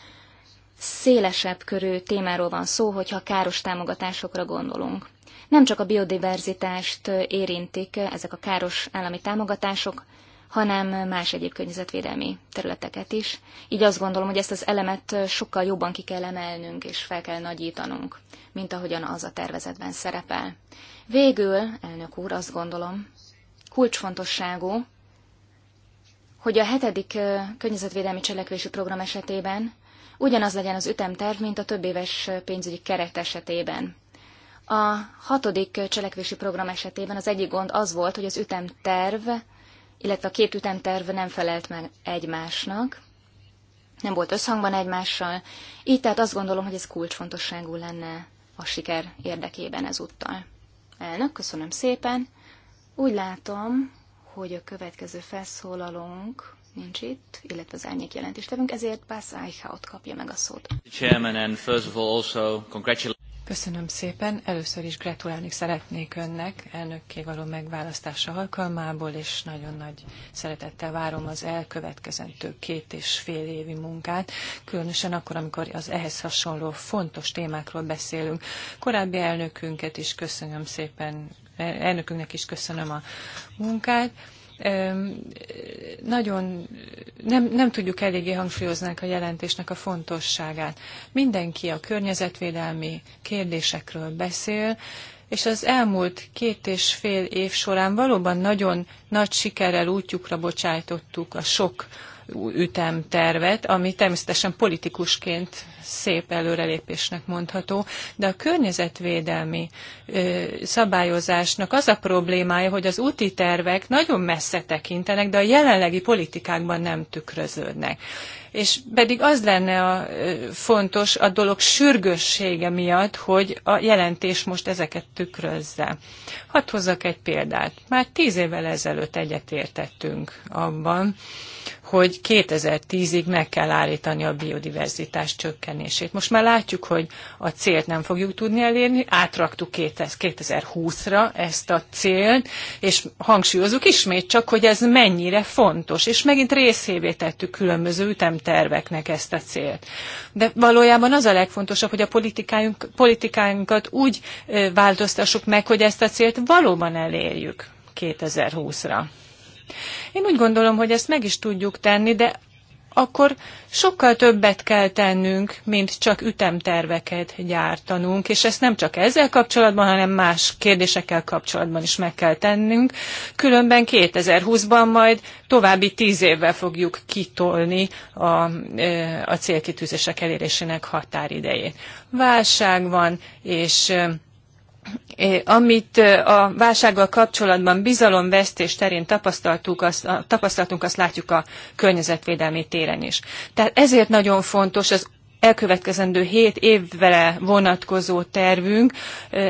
szélesebb körű témáról van szó, hogyha káros támogatásokra gondolunk. Nem csak a biodiverzitást érintik ezek a káros állami támogatások, hanem más egyéb környezetvédelmi területeket is. Így azt gondolom, hogy ezt az elemet sokkal jobban ki kell emelnünk és fel kell nagyítanunk, mint ahogyan az a tervezetben szerepel. Végül, elnök úr, azt gondolom, kulcsfontosságú, hogy a hetedik környezetvédelmi cselekvési program esetében ugyanaz legyen az ütemterv, mint a több éves pénzügyi keret esetében. A hatodik cselekvési program esetében az egyik gond az volt, hogy az ütemterv, illetve a két ütemterv nem felelt meg egymásnak, nem volt összhangban egymással, így tehát azt gondolom, hogy ez kulcsfontosságú lenne a siker érdekében ezúttal. Elnök, köszönöm szépen. Úgy látom, hogy a következő felszólalónk nincs itt, illetve az árnyék jelentéstevünk, ezért Bász Eichhaut kapja meg a szót. Köszönöm szépen. Először is gratulálni szeretnék önnek elnökké való megválasztása alkalmából, és nagyon nagy szeretettel várom az elkövetkezendő két és fél évi munkát, különösen akkor, amikor az ehhez hasonló fontos témákról beszélünk. Korábbi elnökünket is köszönöm szépen, elnökünknek is köszönöm a munkát nagyon nem, nem tudjuk eléggé hangsúlyozni a jelentésnek a fontosságát. Mindenki a környezetvédelmi kérdésekről beszél, és az elmúlt két és fél év során valóban nagyon nagy sikerrel útjukra bocsájtottuk a sok ütemtervet, ami természetesen politikusként szép előrelépésnek mondható, de a környezetvédelmi ö, szabályozásnak az a problémája, hogy az úti tervek nagyon messze tekintenek, de a jelenlegi politikákban nem tükröződnek. És pedig az lenne a, fontos a dolog sürgőssége miatt, hogy a jelentés most ezeket tükrözze. Hadd hozzak egy példát. Már tíz évvel ezelőtt egyetértettünk abban, hogy 2010-ig meg kell állítani a biodiverzitás csökkenését megjelenését. Most már látjuk, hogy a célt nem fogjuk tudni elérni, átraktuk 2020-ra ezt a célt, és hangsúlyozunk ismét csak, hogy ez mennyire fontos, és megint részévé tettük különböző ütemterveknek ezt a célt. De valójában az a legfontosabb, hogy a politikánk, politikánkat úgy változtassuk meg, hogy ezt a célt valóban elérjük 2020-ra. Én úgy gondolom, hogy ezt meg is tudjuk tenni, de akkor sokkal többet kell tennünk, mint csak ütemterveket gyártanunk, és ezt nem csak ezzel kapcsolatban, hanem más kérdésekkel kapcsolatban is meg kell tennünk. Különben 2020-ban majd további tíz évvel fogjuk kitolni a, a célkitűzések elérésének határidejét. Válság van, és amit a válsággal kapcsolatban bizalomvesztés terén tapasztaltunk azt, tapasztaltunk, azt látjuk a környezetvédelmi téren is. Tehát ezért nagyon fontos az elkövetkezendő hét évvele vonatkozó tervünk,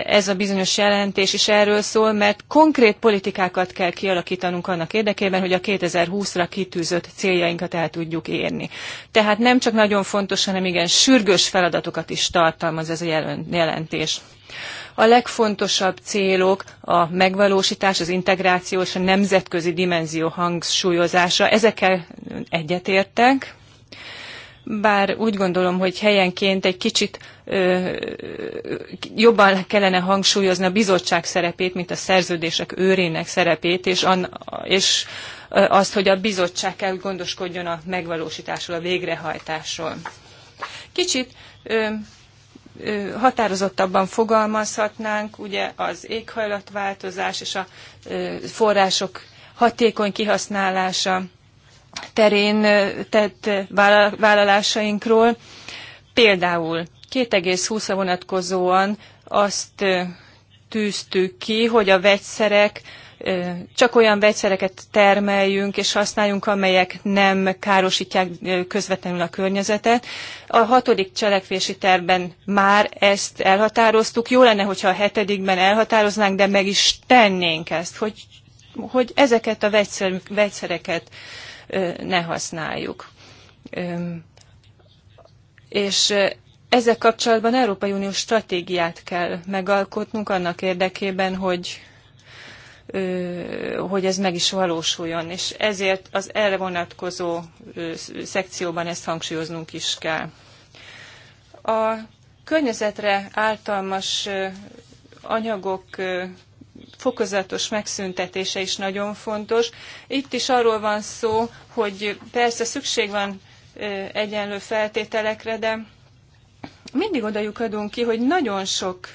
ez a bizonyos jelentés is erről szól, mert konkrét politikákat kell kialakítanunk annak érdekében, hogy a 2020-ra kitűzött céljainkat el tudjuk érni. Tehát nem csak nagyon fontos, hanem igen sürgős feladatokat is tartalmaz ez a jelentés. A legfontosabb célok a megvalósítás, az integráció és a nemzetközi dimenzió hangsúlyozása. Ezekkel egyetértek, bár úgy gondolom, hogy helyenként egy kicsit ö, jobban kellene hangsúlyozni a bizottság szerepét, mint a szerződések őrének szerepét, és, an, és azt, hogy a bizottság kell gondoskodjon a megvalósításról, a végrehajtásról. Kicsit ö, határozottabban fogalmazhatnánk, ugye az éghajlatváltozás és a források hatékony kihasználása terén tett vállalásainkról. Például 2,20-ra vonatkozóan azt tűztük ki, hogy a vegyszerek csak olyan vegyszereket termeljünk és használjunk, amelyek nem károsítják közvetlenül a környezetet. A hatodik cselekvési tervben már ezt elhatároztuk. Jó lenne, hogyha a hetedikben elhatároznánk, de meg is tennénk ezt, hogy, hogy ezeket a vegyszer, vegyszereket ne használjuk. És ezzel kapcsolatban Európai Unió stratégiát kell megalkotnunk annak érdekében, hogy hogy ez meg is valósuljon, és ezért az erre vonatkozó szekcióban ezt hangsúlyoznunk is kell. A környezetre általmas anyagok fokozatos megszüntetése is nagyon fontos. Itt is arról van szó, hogy persze szükség van egyenlő feltételekre, de mindig oda adunk ki, hogy nagyon sok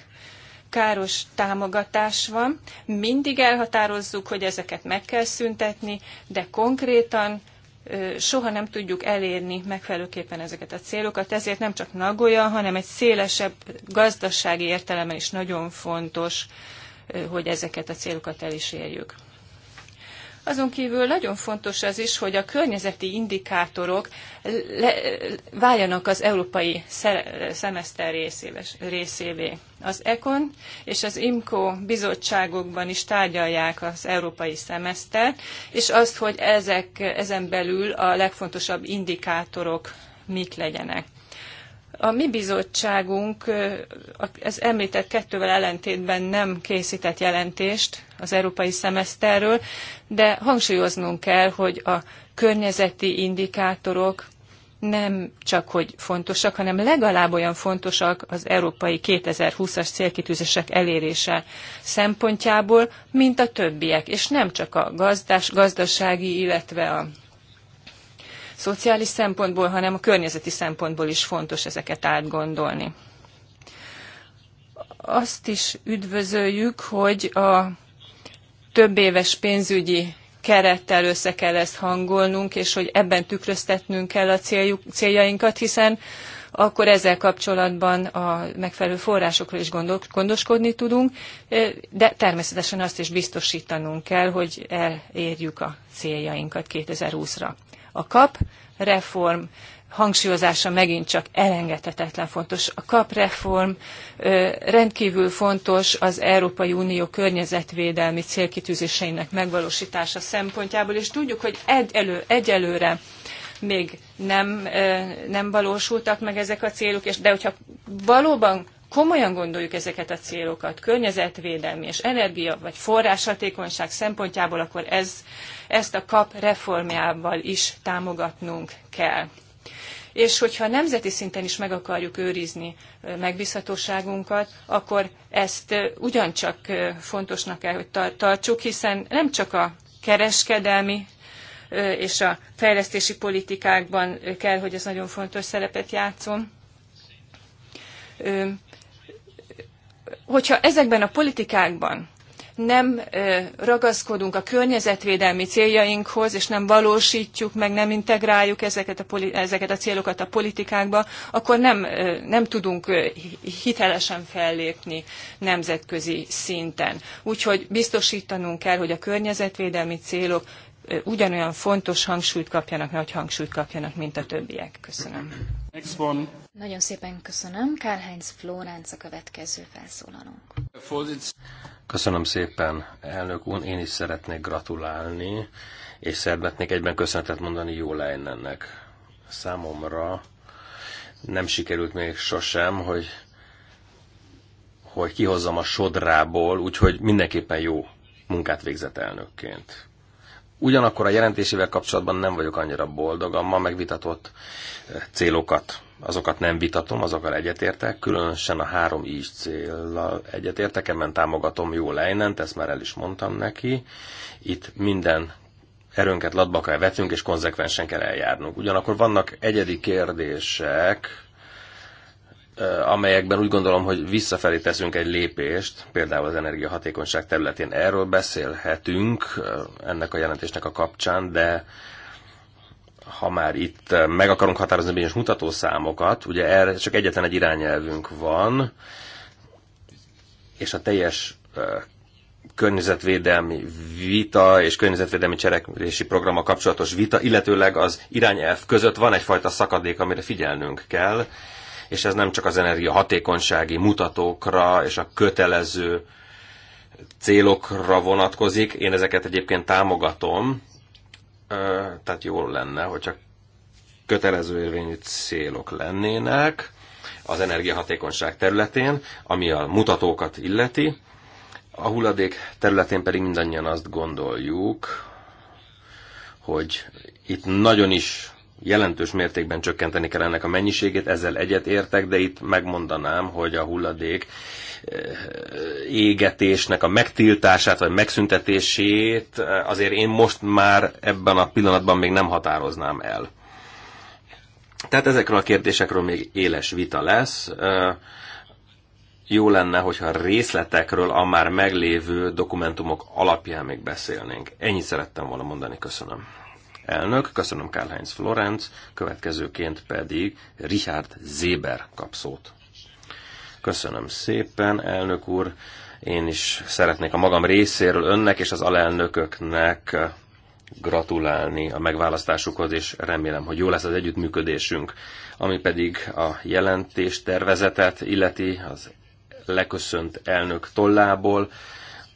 káros támogatás van. Mindig elhatározzuk, hogy ezeket meg kell szüntetni, de konkrétan soha nem tudjuk elérni megfelelőképpen ezeket a célokat, ezért nem csak Nagoya, hanem egy szélesebb gazdasági értelemben is nagyon fontos, hogy ezeket a célokat el is érjük. Azon kívül nagyon fontos az is, hogy a környezeti indikátorok le, váljanak az európai szemeszter részéves, részévé. Az ECON és az IMCO bizottságokban is tárgyalják az európai szemesztert, és azt, hogy ezek ezen belül a legfontosabb indikátorok mik legyenek. A mi bizottságunk az említett kettővel ellentétben nem készített jelentést az európai szemeszterről, de hangsúlyoznunk kell, hogy a környezeti indikátorok nem csak hogy fontosak, hanem legalább olyan fontosak az európai 2020-as célkitűzések elérése szempontjából, mint a többiek, és nem csak a gazdás, gazdasági, illetve a szociális szempontból, hanem a környezeti szempontból is fontos ezeket átgondolni. Azt is üdvözöljük, hogy a több éves pénzügyi kerettel össze kell ezt hangolnunk, és hogy ebben tükröztetnünk kell a céljuk, céljainkat, hiszen akkor ezzel kapcsolatban a megfelelő forrásokról is gondoskodni tudunk, de természetesen azt is biztosítanunk kell, hogy elérjük a céljainkat 2020-ra. A kap reform hangsúlyozása megint csak elengedhetetlen fontos. A reform rendkívül fontos az Európai Unió környezetvédelmi célkitűzéseinek megvalósítása szempontjából, és tudjuk, hogy egy egyelőre még nem, nem valósultak meg ezek a célok, és de hogyha valóban komolyan gondoljuk ezeket a célokat, környezetvédelmi és energia vagy forráshatékonyság szempontjából, akkor ez ezt a kap reformjával is támogatnunk kell. És hogyha nemzeti szinten is meg akarjuk őrizni megbízhatóságunkat, akkor ezt ugyancsak fontosnak kell, hogy tartsuk, hiszen nem csak a kereskedelmi és a fejlesztési politikákban kell, hogy ez nagyon fontos szerepet játszom. Hogyha ezekben a politikákban nem ragaszkodunk a környezetvédelmi céljainkhoz, és nem valósítjuk meg, nem integráljuk ezeket a, ezeket a célokat a politikákba, akkor nem, nem tudunk hitelesen fellépni nemzetközi szinten. Úgyhogy biztosítanunk kell, hogy a környezetvédelmi célok ugyanolyan fontos hangsúlyt kapjanak, nagy hangsúlyt kapjanak, mint a többiek. Köszönöm. Nagyon szépen köszönöm. Karl-Heinz Flórenc a következő felszólalónk. Köszönöm szépen, elnök úr. Én is szeretnék gratulálni, és szeretnék egyben köszönetet mondani jó Lejnennek. Számomra nem sikerült még sosem, hogy, hogy kihozzam a sodrából, úgyhogy mindenképpen jó munkát végzett elnökként. Ugyanakkor a jelentésével kapcsolatban nem vagyok annyira boldog, a ma megvitatott eh, célokat, azokat nem vitatom, azokkal egyetértek, különösen a három így céllal egyetértek, ebben támogatom jó lejnent, ezt már el is mondtam neki. Itt minden erőnket latba kell vetnünk, és konzekvensen kell eljárnunk. Ugyanakkor vannak egyedi kérdések, amelyekben úgy gondolom, hogy visszafelé teszünk egy lépést, például az energiahatékonyság területén. Erről beszélhetünk ennek a jelentésnek a kapcsán, de ha már itt meg akarunk határozni bizonyos mutatószámokat, ugye erre csak egyetlen egy irányelvünk van, és a teljes környezetvédelmi vita és környezetvédelmi cselekvési programa kapcsolatos vita, illetőleg az irányelv között van egyfajta szakadék, amire figyelnünk kell, és ez nem csak az energia hatékonysági mutatókra és a kötelező célokra vonatkozik. Én ezeket egyébként támogatom, tehát jó lenne, hogyha kötelező érvényű célok lennének az energiahatékonyság területén, ami a mutatókat illeti. A hulladék területén pedig mindannyian azt gondoljuk, hogy itt nagyon is jelentős mértékben csökkenteni kell ennek a mennyiségét, ezzel egyet értek, de itt megmondanám, hogy a hulladék eh, égetésnek a megtiltását vagy megszüntetését eh, azért én most már ebben a pillanatban még nem határoznám el. Tehát ezekről a kérdésekről még éles vita lesz. Eh, jó lenne, hogyha részletekről a már meglévő dokumentumok alapján még beszélnénk. Ennyit szerettem volna mondani, köszönöm. Elnök, köszönöm Karl-Heinz Florenz, következőként pedig Richard Zéber kap szót. Köszönöm szépen, elnök úr. Én is szeretnék a magam részéről önnek és az alelnököknek gratulálni a megválasztásukhoz, és remélem, hogy jó lesz az együttműködésünk. Ami pedig a jelentés tervezetet illeti, az leköszönt elnök tollából,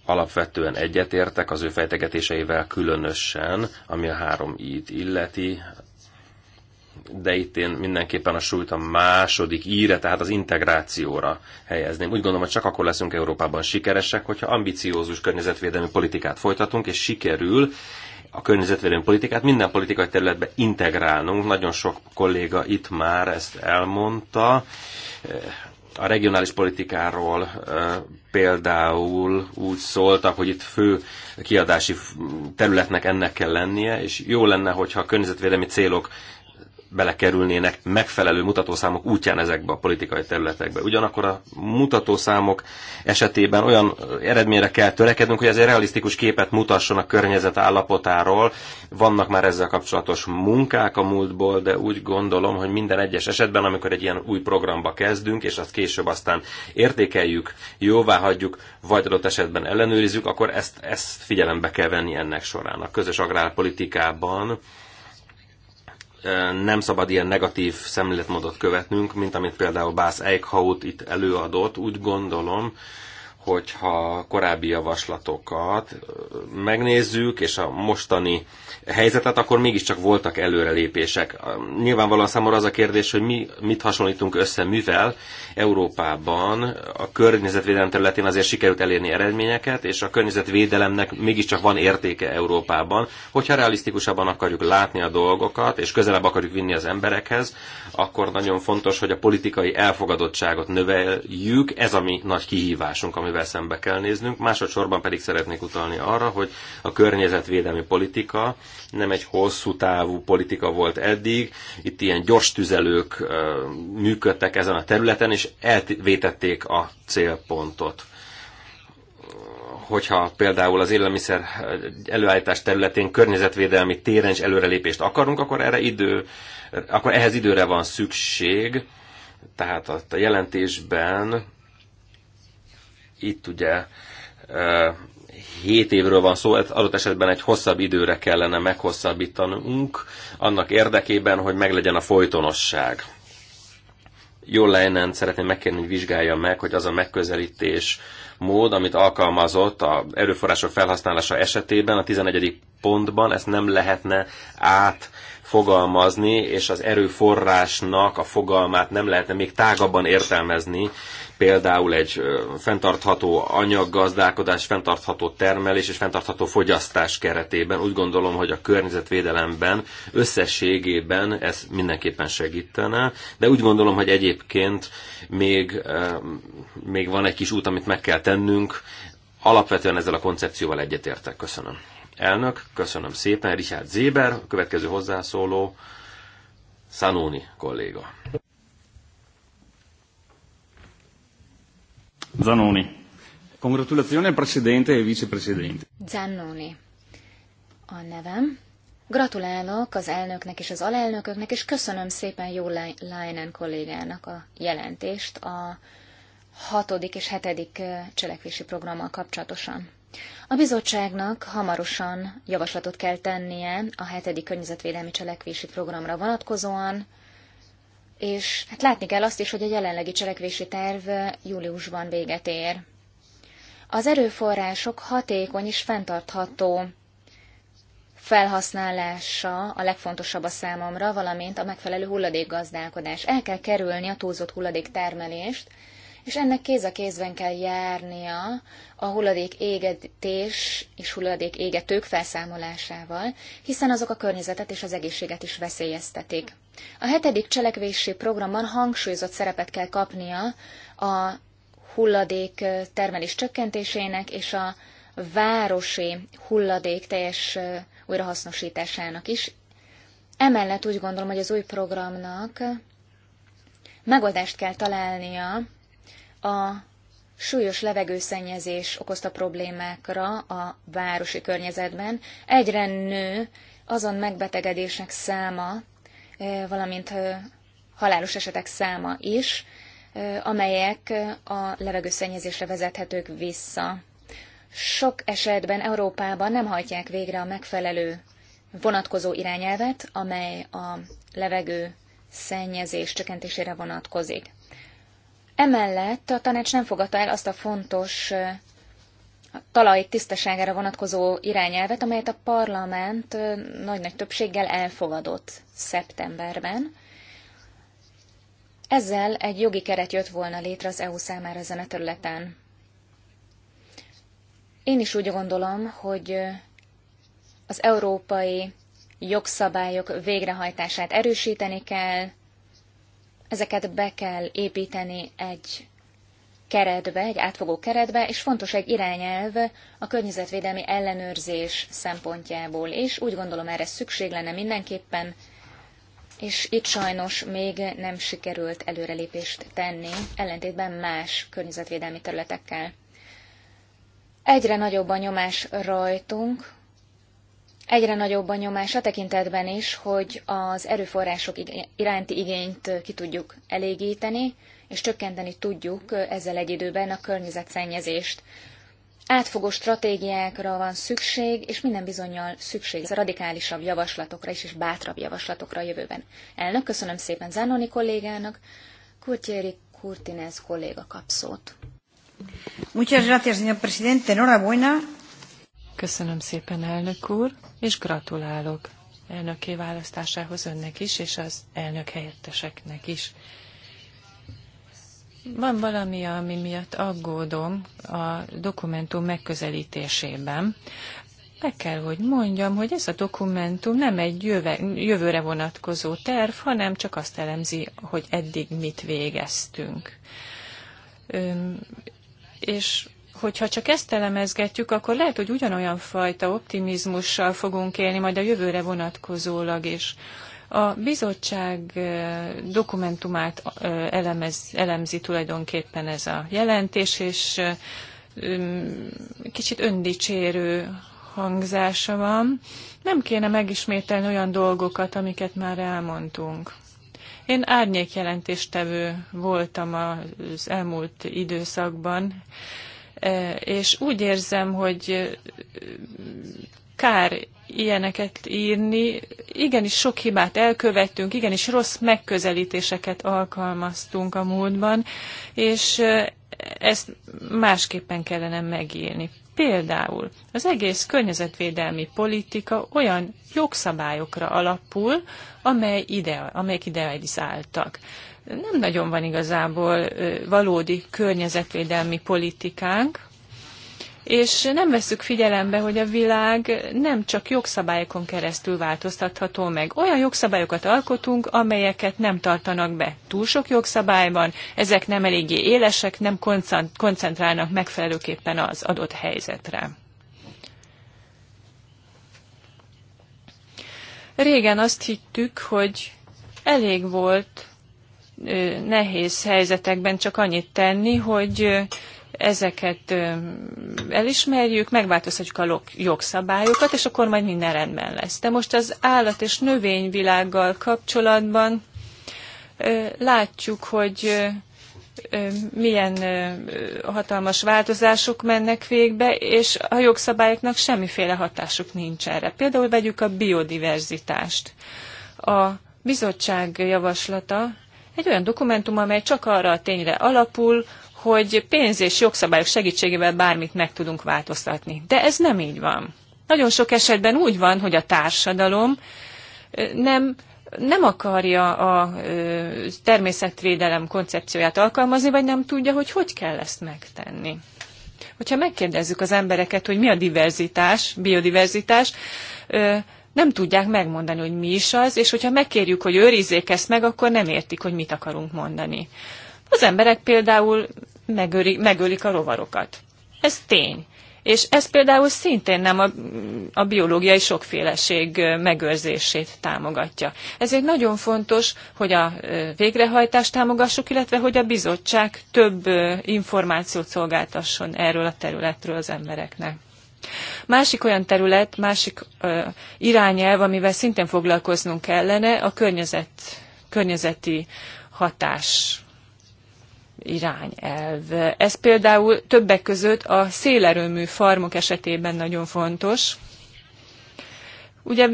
alapvetően egyetértek az ő fejtegetéseivel különösen, ami a három ít illeti, de itt én mindenképpen a súlyt a második íre, tehát az integrációra helyezném. Úgy gondolom, hogy csak akkor leszünk Európában sikeresek, hogyha ambiciózus környezetvédelmi politikát folytatunk, és sikerül a környezetvédelmi politikát minden politikai területbe integrálnunk. Nagyon sok kolléga itt már ezt elmondta. A regionális politikáról például úgy szóltak, hogy itt fő kiadási területnek ennek kell lennie, és jó lenne, hogyha a környezetvédelmi célok belekerülnének megfelelő mutatószámok útján ezekbe a politikai területekbe. Ugyanakkor a mutatószámok esetében olyan eredményre kell törekednünk, hogy ez egy realisztikus képet mutasson a környezet állapotáról. Vannak már ezzel kapcsolatos munkák a múltból, de úgy gondolom, hogy minden egyes esetben, amikor egy ilyen új programba kezdünk, és azt később aztán értékeljük, jóvá hagyjuk, vagy adott esetben ellenőrizzük, akkor ezt, ezt figyelembe kell venni ennek során. A közös agrárpolitikában nem szabad ilyen negatív szemléletmódot követnünk, mint amit például Bász Eichhaut itt előadott. Úgy gondolom, hogyha korábbi javaslatokat megnézzük, és a mostani helyzetet, akkor mégiscsak voltak előrelépések. Nyilvánvalóan számomra az a kérdés, hogy mi, mit hasonlítunk össze, mivel Európában a környezetvédelem területén azért sikerült elérni eredményeket, és a környezetvédelemnek mégiscsak van értéke Európában. Hogyha realisztikusabban akarjuk látni a dolgokat, és közelebb akarjuk vinni az emberekhez, akkor nagyon fontos, hogy a politikai elfogadottságot növeljük. Ez a mi nagy kihívásunk, amivel szembe kell néznünk. Másodszorban pedig szeretnék utalni arra, hogy a környezetvédelmi politika, nem egy hosszú távú politika volt eddig. Itt ilyen gyors tüzelők működtek ezen a területen, és elvétették a célpontot hogyha például az élelmiszer előállítás területén környezetvédelmi téren is előrelépést akarunk, akkor erre idő, akkor ehhez időre van szükség. Tehát a, a jelentésben itt ugye 7 évről van szó, Ez adott esetben egy hosszabb időre kellene meghosszabbítanunk, annak érdekében, hogy meglegyen a folytonosság. Jól lenne, szeretném megkérni, hogy vizsgálja meg, hogy az a megközelítés mód, amit alkalmazott a erőforrások felhasználása esetében, a 11. pontban ezt nem lehetne át fogalmazni, és az erőforrásnak a fogalmát nem lehetne még tágabban értelmezni, például egy fenntartható anyaggazdálkodás, fenntartható termelés és fenntartható fogyasztás keretében. Úgy gondolom, hogy a környezetvédelemben összességében ez mindenképpen segítene, de úgy gondolom, hogy egyébként még, még van egy kis út, amit meg kell tennünk. Alapvetően ezzel a koncepcióval egyetértek. Köszönöm. Elnök, köszönöm szépen. Richard Zéber, a következő hozzászóló, Sanoni kolléga. Zanoni. Congratulazione Presidente e Vicepresidente. A nevem. Gratulálok az elnöknek és az alelnököknek, és köszönöm szépen Jó Leinen kollégának a jelentést a hatodik és hetedik cselekvési programmal kapcsolatosan. A bizottságnak hamarosan javaslatot kell tennie a hetedik környezetvédelmi cselekvési programra vonatkozóan, és hát látni kell azt is, hogy a jelenlegi cselekvési terv júliusban véget ér. Az erőforrások hatékony és fenntartható felhasználása a legfontosabb a számomra, valamint a megfelelő hulladékgazdálkodás. El kell kerülni a túlzott hulladéktermelést, és ennek kéz a kézben kell járnia a hulladék égetés és hulladék égetők felszámolásával, hiszen azok a környezetet és az egészséget is veszélyeztetik. A hetedik cselekvési programban hangsúlyozott szerepet kell kapnia a hulladék termelés csökkentésének és a városi hulladék teljes újrahasznosításának is. Emellett úgy gondolom, hogy az új programnak megoldást kell találnia a súlyos levegőszennyezés okozta problémákra a városi környezetben. Egyre nő azon megbetegedések száma, valamint halálos esetek száma is, amelyek a levegőszennyezésre vezethetők vissza. Sok esetben Európában nem hajtják végre a megfelelő vonatkozó irányelvet, amely a levegő szennyezés csökkentésére vonatkozik. Emellett a tanács nem fogadta el azt a fontos talaj tisztaságára vonatkozó irányelvet, amelyet a parlament nagy-nagy többséggel elfogadott szeptemberben. Ezzel egy jogi keret jött volna létre az EU számára ezen a területen. Én is úgy gondolom, hogy az európai jogszabályok végrehajtását erősíteni kell, ezeket be kell építeni egy keretbe, egy átfogó keretbe, és fontos egy irányelv a környezetvédelmi ellenőrzés szempontjából, és úgy gondolom erre szükség lenne mindenképpen, és itt sajnos még nem sikerült előrelépést tenni, ellentétben más környezetvédelmi területekkel. Egyre nagyobb a nyomás rajtunk, egyre nagyobb a nyomás a tekintetben is, hogy az erőforrások iránti igényt ki tudjuk elégíteni, és csökkenteni tudjuk ezzel egy időben a környezetszennyezést. Átfogó stratégiákra van szükség, és minden bizonyal szükség ez a radikálisabb javaslatokra is, és bátrabb javaslatokra a jövőben. Elnök, köszönöm szépen Zánoni kollégának, Kurtieri Kurtinez kolléga kap szót. Muchas gracias, señor presidente. Enhorabuena. Köszönöm szépen, elnök úr, és gratulálok elnöké választásához önnek is, és az elnök helyetteseknek is. Van valami, ami miatt aggódom a dokumentum megközelítésében. Meg kell, hogy mondjam, hogy ez a dokumentum nem egy jöve, jövőre vonatkozó terv, hanem csak azt elemzi, hogy eddig mit végeztünk. Üm, és hogyha csak ezt elemezgetjük, akkor lehet, hogy ugyanolyan fajta optimizmussal fogunk élni majd a jövőre vonatkozólag is. A bizottság dokumentumát elemez, elemzi tulajdonképpen ez a jelentés, és kicsit öndicsérő hangzása van. Nem kéne megismételni olyan dolgokat, amiket már elmondtunk. Én árnyékjelentéstevő voltam az elmúlt időszakban, és úgy érzem, hogy kár ilyeneket írni. Igenis sok hibát elkövettünk, igenis rossz megközelítéseket alkalmaztunk a múltban, és eh, ezt másképpen kellene megírni. Például az egész környezetvédelmi politika olyan jogszabályokra alapul, amely ide, amelyek idealizáltak. Nem nagyon van igazából eh, valódi környezetvédelmi politikánk, és nem veszük figyelembe, hogy a világ nem csak jogszabályokon keresztül változtatható meg. Olyan jogszabályokat alkotunk, amelyeket nem tartanak be. Túl sok jogszabályban, ezek nem eléggé élesek, nem koncentrálnak megfelelőképpen az adott helyzetre. Régen azt hittük, hogy elég volt nehéz helyzetekben csak annyit tenni, hogy ezeket elismerjük, megváltoztatjuk a jogszabályokat, és akkor majd minden rendben lesz. De most az állat és növényvilággal kapcsolatban látjuk, hogy milyen hatalmas változások mennek végbe, és a jogszabályoknak semmiféle hatásuk nincs erre. Például vegyük a biodiverzitást. A bizottság javaslata egy olyan dokumentum, amely csak arra a tényre alapul, hogy pénz és jogszabályok segítségével bármit meg tudunk változtatni. De ez nem így van. Nagyon sok esetben úgy van, hogy a társadalom nem nem akarja a természetvédelem koncepcióját alkalmazni, vagy nem tudja, hogy hogy kell ezt megtenni. Hogyha megkérdezzük az embereket, hogy mi a diverzitás, biodiverzitás, nem tudják megmondani, hogy mi is az, és hogyha megkérjük, hogy őrizzék ezt meg, akkor nem értik, hogy mit akarunk mondani. Az emberek például megöri, megölik a rovarokat. Ez tény. És ez például szintén nem a, a biológiai sokféleség megőrzését támogatja. Ezért nagyon fontos, hogy a végrehajtást támogassuk, illetve hogy a bizottság több információt szolgáltasson erről a területről az embereknek. Másik olyan terület, másik ö, irányelv, amivel szintén foglalkoznunk kellene, a környezet, környezeti hatás irányelv. Ez például többek között a szélerőmű farmok esetében nagyon fontos. Ugye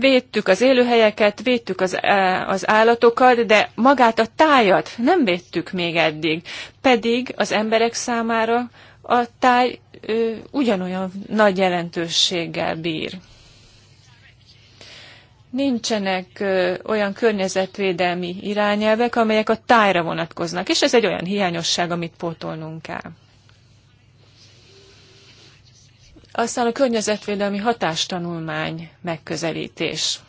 védtük az élőhelyeket, védtük az, e, az állatokat, de magát a tájat nem védtük még eddig. Pedig az emberek számára a táj ö, ugyanolyan nagy jelentőséggel bír nincsenek olyan környezetvédelmi irányelvek, amelyek a tájra vonatkoznak, és ez egy olyan hiányosság, amit pótolnunk kell. Aztán a környezetvédelmi hatástanulmány megközelítés.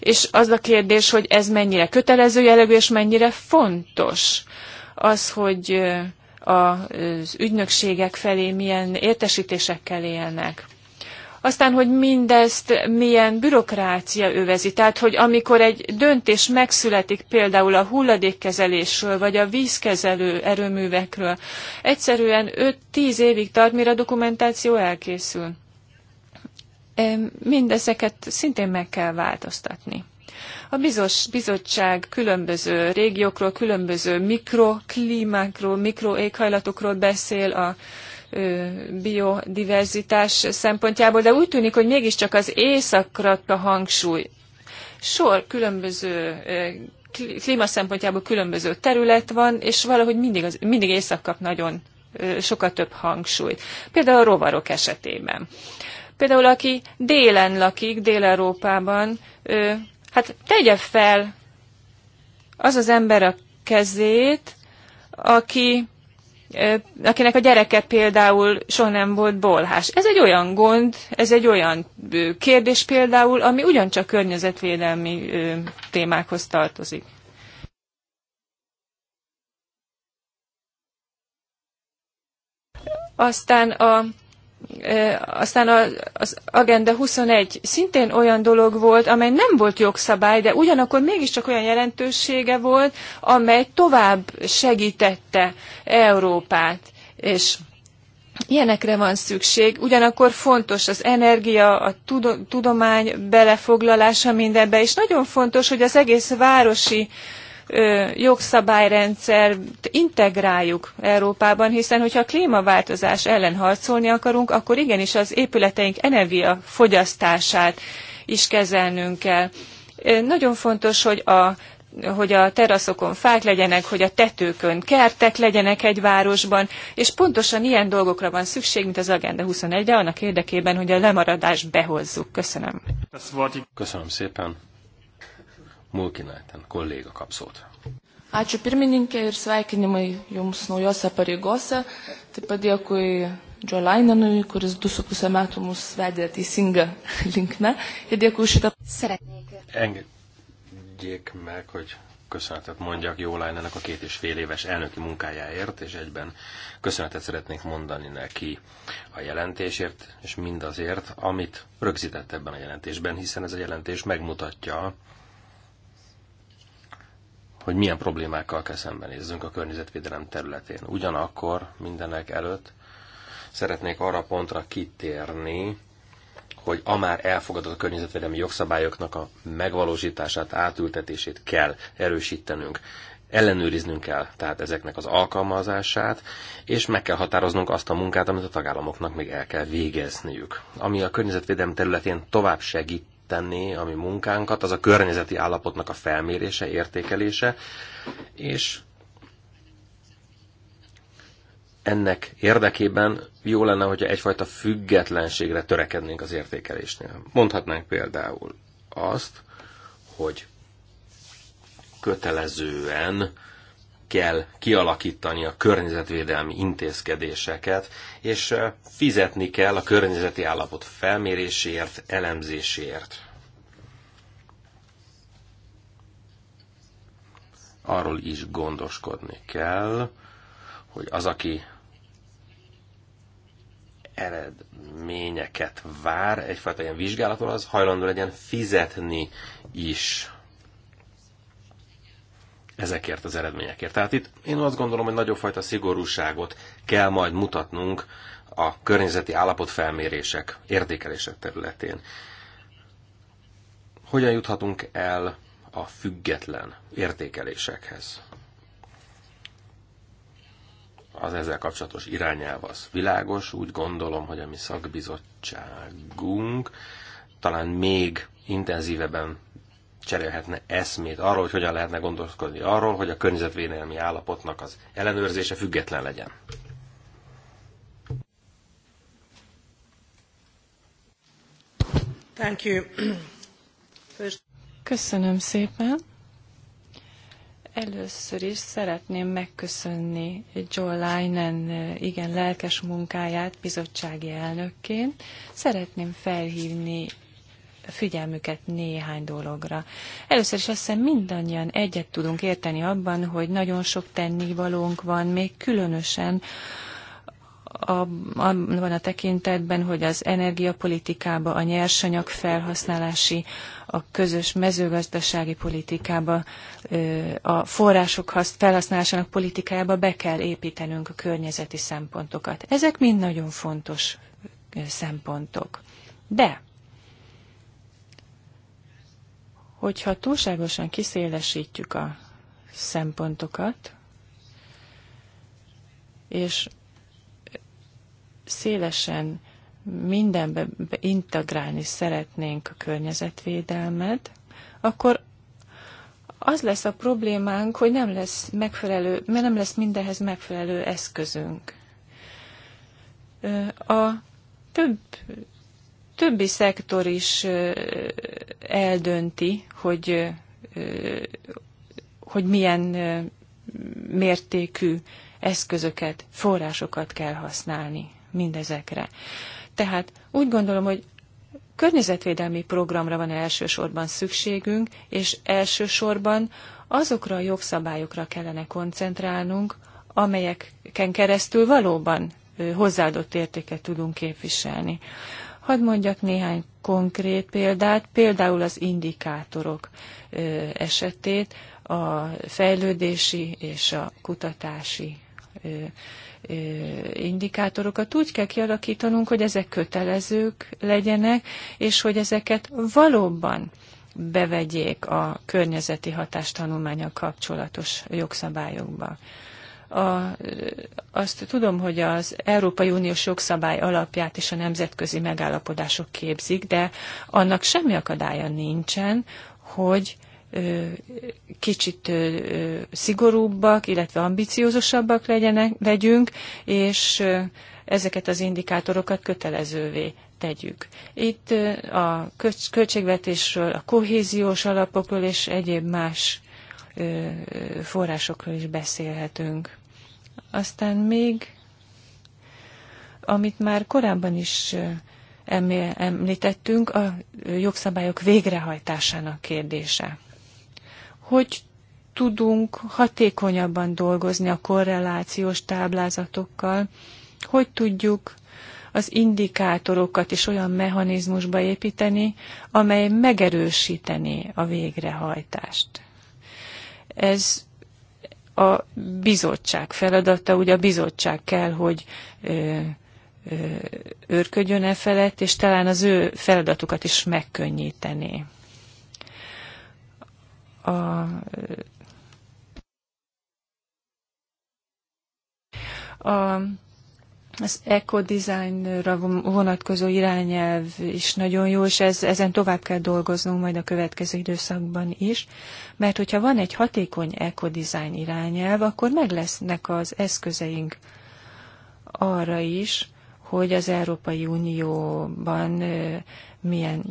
És az a kérdés, hogy ez mennyire kötelező jellegű, és mennyire fontos az, hogy az ügynökségek felé milyen értesítésekkel élnek. Aztán, hogy mindezt milyen bürokrácia övezi. Tehát, hogy amikor egy döntés megszületik például a hulladékkezelésről, vagy a vízkezelő erőművekről, egyszerűen 5-10 évig tart, mire a dokumentáció elkészül. Mindezeket szintén meg kell változtatni. A bizos, bizottság különböző régiókról, különböző mikroklímákról, mikroéghajlatokról beszél, a biodiverzitás szempontjából, de úgy tűnik, hogy mégiscsak az éjszakra a hangsúly. Sor különböző klíma szempontjából különböző terület van, és valahogy mindig, az, mindig észak kap nagyon sokkal több hangsúlyt. Például a rovarok esetében. Például aki délen lakik, Dél-Európában, hát tegye fel az az ember a kezét, aki akinek a gyereke például soha nem volt bolhás. Ez egy olyan gond, ez egy olyan kérdés például, ami ugyancsak környezetvédelmi témákhoz tartozik. Aztán a aztán az Agenda 21 szintén olyan dolog volt, amely nem volt jogszabály, de ugyanakkor mégiscsak olyan jelentősége volt, amely tovább segítette Európát. És Ilyenekre van szükség, ugyanakkor fontos az energia, a tudomány belefoglalása mindenbe, és nagyon fontos, hogy az egész városi jogszabályrendszert integráljuk Európában, hiszen hogyha a klímaváltozás ellen harcolni akarunk, akkor igenis az épületeink energiafogyasztását is kezelnünk kell. Nagyon fontos, hogy a hogy a teraszokon fák legyenek, hogy a tetőkön kertek legyenek egy városban, és pontosan ilyen dolgokra van szükség, mint az Agenda 21-re, annak érdekében, hogy a lemaradást behozzuk. Köszönöm. Köszönöm szépen. Mulkinaiten kolléga kap szót. Ačiū pirmininkė ir sveikinimai jums naujose pareigose. Taip pat dėkui Lainenui, kuris du su pusę metų mus vedė teisingą linkmę. Ir dėkui šitą... Szeretnék. meg, hogy köszönetet mondjak Jólainának a két és fél éves elnöki munkájáért, és egyben köszönetet szeretnék mondani neki a jelentésért, és mindazért, amit rögzített ebben a jelentésben, hiszen ez a jelentés megmutatja, hogy milyen problémákkal kell szembenézzünk a környezetvédelem területén. Ugyanakkor mindenek előtt szeretnék arra pontra kitérni, hogy a már elfogadott környezetvédelmi jogszabályoknak a megvalósítását, átültetését kell erősítenünk. Ellenőriznünk kell tehát ezeknek az alkalmazását, és meg kell határoznunk azt a munkát, amit a tagállamoknak még el kell végezniük. Ami a környezetvédelem területén tovább segít tenni a mi munkánkat, az a környezeti állapotnak a felmérése, értékelése, és ennek érdekében jó lenne, hogyha egyfajta függetlenségre törekednénk az értékelésnél. Mondhatnánk például azt, hogy kötelezően kell kialakítani a környezetvédelmi intézkedéseket, és fizetni kell a környezeti állapot felméréséért, elemzéséért. Arról is gondoskodni kell, hogy az, aki eredményeket vár egyfajta ilyen vizsgálaton, az hajlandó legyen fizetni is ezekért az eredményekért. Tehát itt én azt gondolom, hogy nagyobb fajta szigorúságot kell majd mutatnunk a környezeti állapotfelmérések, értékelések területén. Hogyan juthatunk el a független értékelésekhez? Az ezzel kapcsolatos irányelv az világos, úgy gondolom, hogy a mi szakbizottságunk talán még intenzívebben cserélhetne eszmét arról, hogy hogyan lehetne gondolkodni arról, hogy a környezetvédelmi állapotnak az ellenőrzése független legyen. Thank you. First... Köszönöm szépen. Először is szeretném megköszönni Joe Linen igen lelkes munkáját bizottsági elnökként. Szeretném felhívni figyelmüket néhány dologra. Először is azt hiszem mindannyian egyet tudunk érteni abban, hogy nagyon sok tennivalónk van, még különösen a a, a tekintetben, hogy az energiapolitikába, a nyersanyag felhasználási, a közös mezőgazdasági politikába, a források felhasználásának politikájába be kell építenünk a környezeti szempontokat. Ezek mind nagyon fontos szempontok. De hogyha túlságosan kiszélesítjük a szempontokat, és szélesen mindenbe integrálni szeretnénk a környezetvédelmet, akkor az lesz a problémánk, hogy nem lesz megfelelő, mert nem lesz mindenhez megfelelő eszközünk. A több többi szektor is eldönti, hogy, hogy milyen mértékű eszközöket, forrásokat kell használni mindezekre. Tehát úgy gondolom, hogy környezetvédelmi programra van elsősorban szükségünk, és elsősorban azokra a jogszabályokra kellene koncentrálnunk, amelyeken keresztül valóban hozzáadott értéket tudunk képviselni. Hadd mondjak néhány konkrét példát, például az indikátorok esetét, a fejlődési és a kutatási indikátorokat úgy kell kialakítanunk, hogy ezek kötelezők legyenek, és hogy ezeket valóban bevegyék a környezeti hatástanulmányok kapcsolatos jogszabályokba. A, azt tudom, hogy az Európai Uniós jogszabály alapját és a nemzetközi megállapodások képzik, de annak semmi akadálya nincsen, hogy kicsit szigorúbbak, illetve ambiciózusabbak legyenek, legyünk, és ezeket az indikátorokat kötelezővé tegyük. Itt a költségvetésről, a kohéziós alapokról és egyéb más forrásokról is beszélhetünk. Aztán még, amit már korábban is említettünk, a jogszabályok végrehajtásának kérdése. Hogy tudunk hatékonyabban dolgozni a korrelációs táblázatokkal, hogy tudjuk az indikátorokat is olyan mechanizmusba építeni, amely megerősíteni a végrehajtást. Ez a bizottság feladata, ugye a bizottság kell, hogy őrködjön e felett, és talán az ő feladatukat is megkönnyítené. A, a az ekodizájnra vonatkozó irányelv is nagyon jó, és ez, ezen tovább kell dolgoznunk majd a következő időszakban is, mert hogyha van egy hatékony ekodizájn irányelv, akkor meg lesznek az eszközeink arra is, hogy az Európai Unióban milyen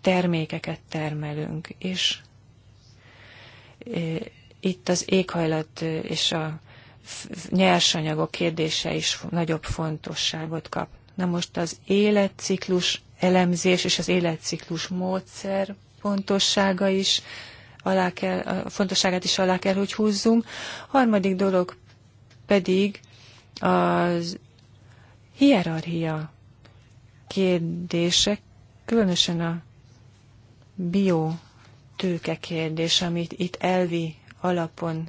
termékeket termelünk, és itt az éghajlat és a nyersanyagok kérdése is nagyobb fontosságot kap. Na most az életciklus elemzés és az életciklus módszer pontossága is alá kell, fontosságát is alá kell, hogy húzzunk. Harmadik dolog pedig az hierarchia kérdése, különösen a bio tőke kérdés, amit itt elvi alapon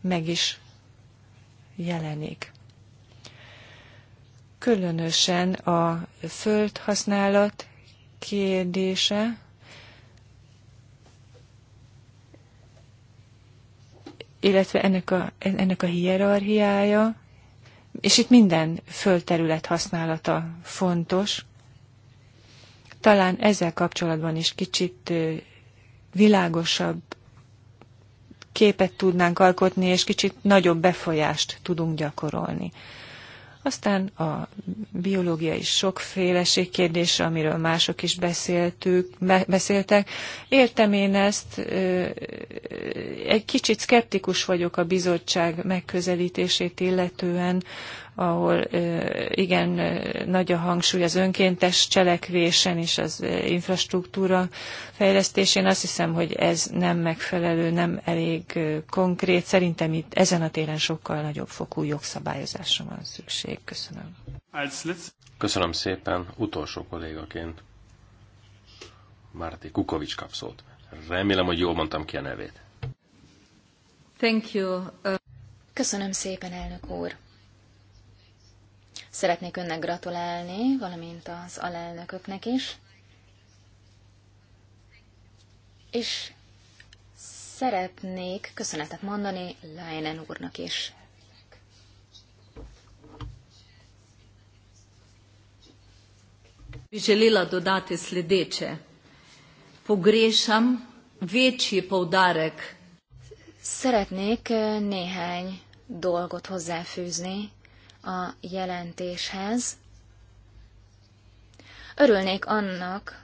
meg is jelenik. Különösen a földhasználat kérdése, illetve ennek a, ennek a hierarchiája, és itt minden földterület használata fontos. Talán ezzel kapcsolatban is kicsit világosabb képet tudnánk alkotni, és kicsit nagyobb befolyást tudunk gyakorolni. Aztán a biológiai sokféleség kérdése, amiről mások is beszéltük, be, beszéltek. Értem én ezt, egy kicsit szkeptikus vagyok a bizottság megközelítését illetően, ahol igen nagy a hangsúly az önkéntes cselekvésen és az infrastruktúra fejlesztésén. Azt hiszem, hogy ez nem megfelelő, nem elég konkrét. Szerintem itt ezen a téren sokkal nagyobb fokú jogszabályozásra van szükség. Köszönöm. Köszönöm szépen. Utolsó kollégaként Márti Kukovics kapszót. Remélem, hogy jól mondtam ki a nevét. Thank you. Köszönöm szépen, elnök úr. Szeretnék önnek gratulálni, valamint az alelnököknek is. És szeretnék köszönetet mondani Leinen úrnak is. Bi želela dodati sledeče. Pogrešam večji poudarek. Szeretnék eh, néhány dolgot hozzáfűzni a jelentéshez. Örülnék annak,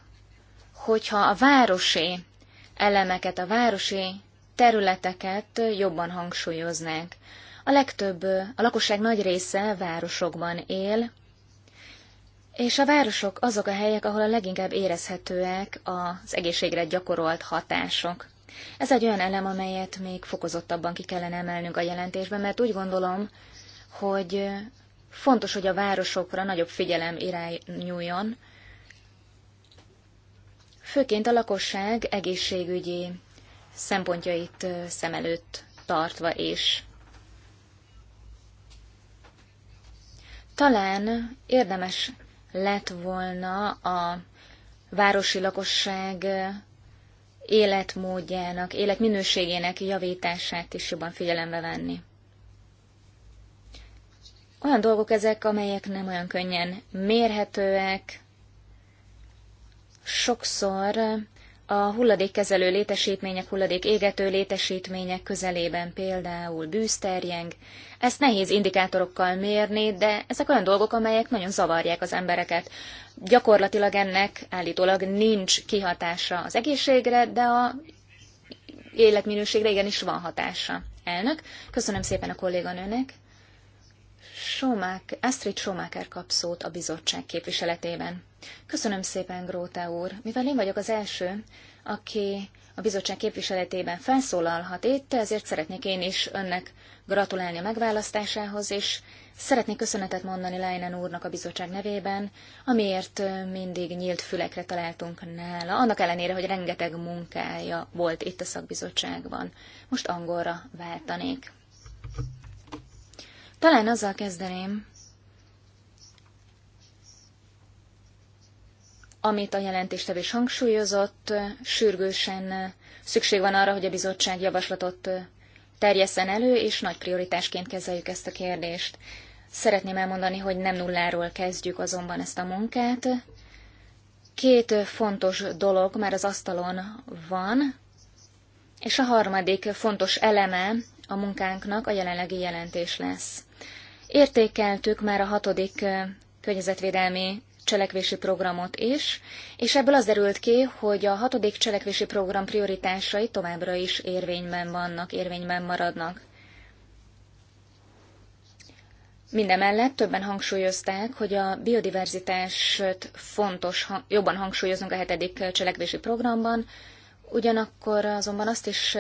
hogyha a városi elemeket, a városi területeket jobban hangsúlyoznák. A legtöbb, a lakosság nagy része városokban él, és a városok azok a helyek, ahol a leginkább érezhetőek az egészségre gyakorolt hatások. Ez egy olyan elem, amelyet még fokozottabban ki kellene emelnünk a jelentésben, mert úgy gondolom, hogy fontos, hogy a városokra nagyobb figyelem irányuljon, főként a lakosság egészségügyi szempontjait szem előtt tartva is. Talán érdemes lett volna a városi lakosság életmódjának, életminőségének javítását is jobban figyelembe venni. Olyan dolgok ezek, amelyek nem olyan könnyen mérhetőek. Sokszor a hulladékkezelő létesítmények, hulladék égető létesítmények közelében például bűzterjeng. Ezt nehéz indikátorokkal mérni, de ezek olyan dolgok, amelyek nagyon zavarják az embereket. Gyakorlatilag ennek állítólag nincs kihatása az egészségre, de a életminőségre igenis van hatása. Elnök, köszönöm szépen a kolléganőnek. Schumacher, Astrid Schumacher kap szót a bizottság képviseletében. Köszönöm szépen, Gróta úr. Mivel én vagyok az első, aki a bizottság képviseletében felszólalhat itt, ezért szeretnék én is önnek gratulálni a megválasztásához, és szeretnék köszönetet mondani Leinen úrnak a bizottság nevében, amiért mindig nyílt fülekre találtunk nála, annak ellenére, hogy rengeteg munkája volt itt a szakbizottságban. Most angolra váltanék. Talán azzal kezdeném, amit a jelentéstevés hangsúlyozott, sürgősen szükség van arra, hogy a bizottság javaslatot terjeszen elő, és nagy prioritásként kezeljük ezt a kérdést. Szeretném elmondani, hogy nem nulláról kezdjük azonban ezt a munkát. Két fontos dolog már az asztalon van, és a harmadik fontos eleme a munkánknak a jelenlegi jelentés lesz. Értékeltük már a hatodik környezetvédelmi cselekvési programot is, és ebből az derült ki, hogy a hatodik cselekvési program prioritásai továbbra is érvényben vannak, érvényben maradnak. Mindemellett többen hangsúlyozták, hogy a biodiverzitást fontos, jobban hangsúlyoznunk a hetedik cselekvési programban, ugyanakkor azonban azt is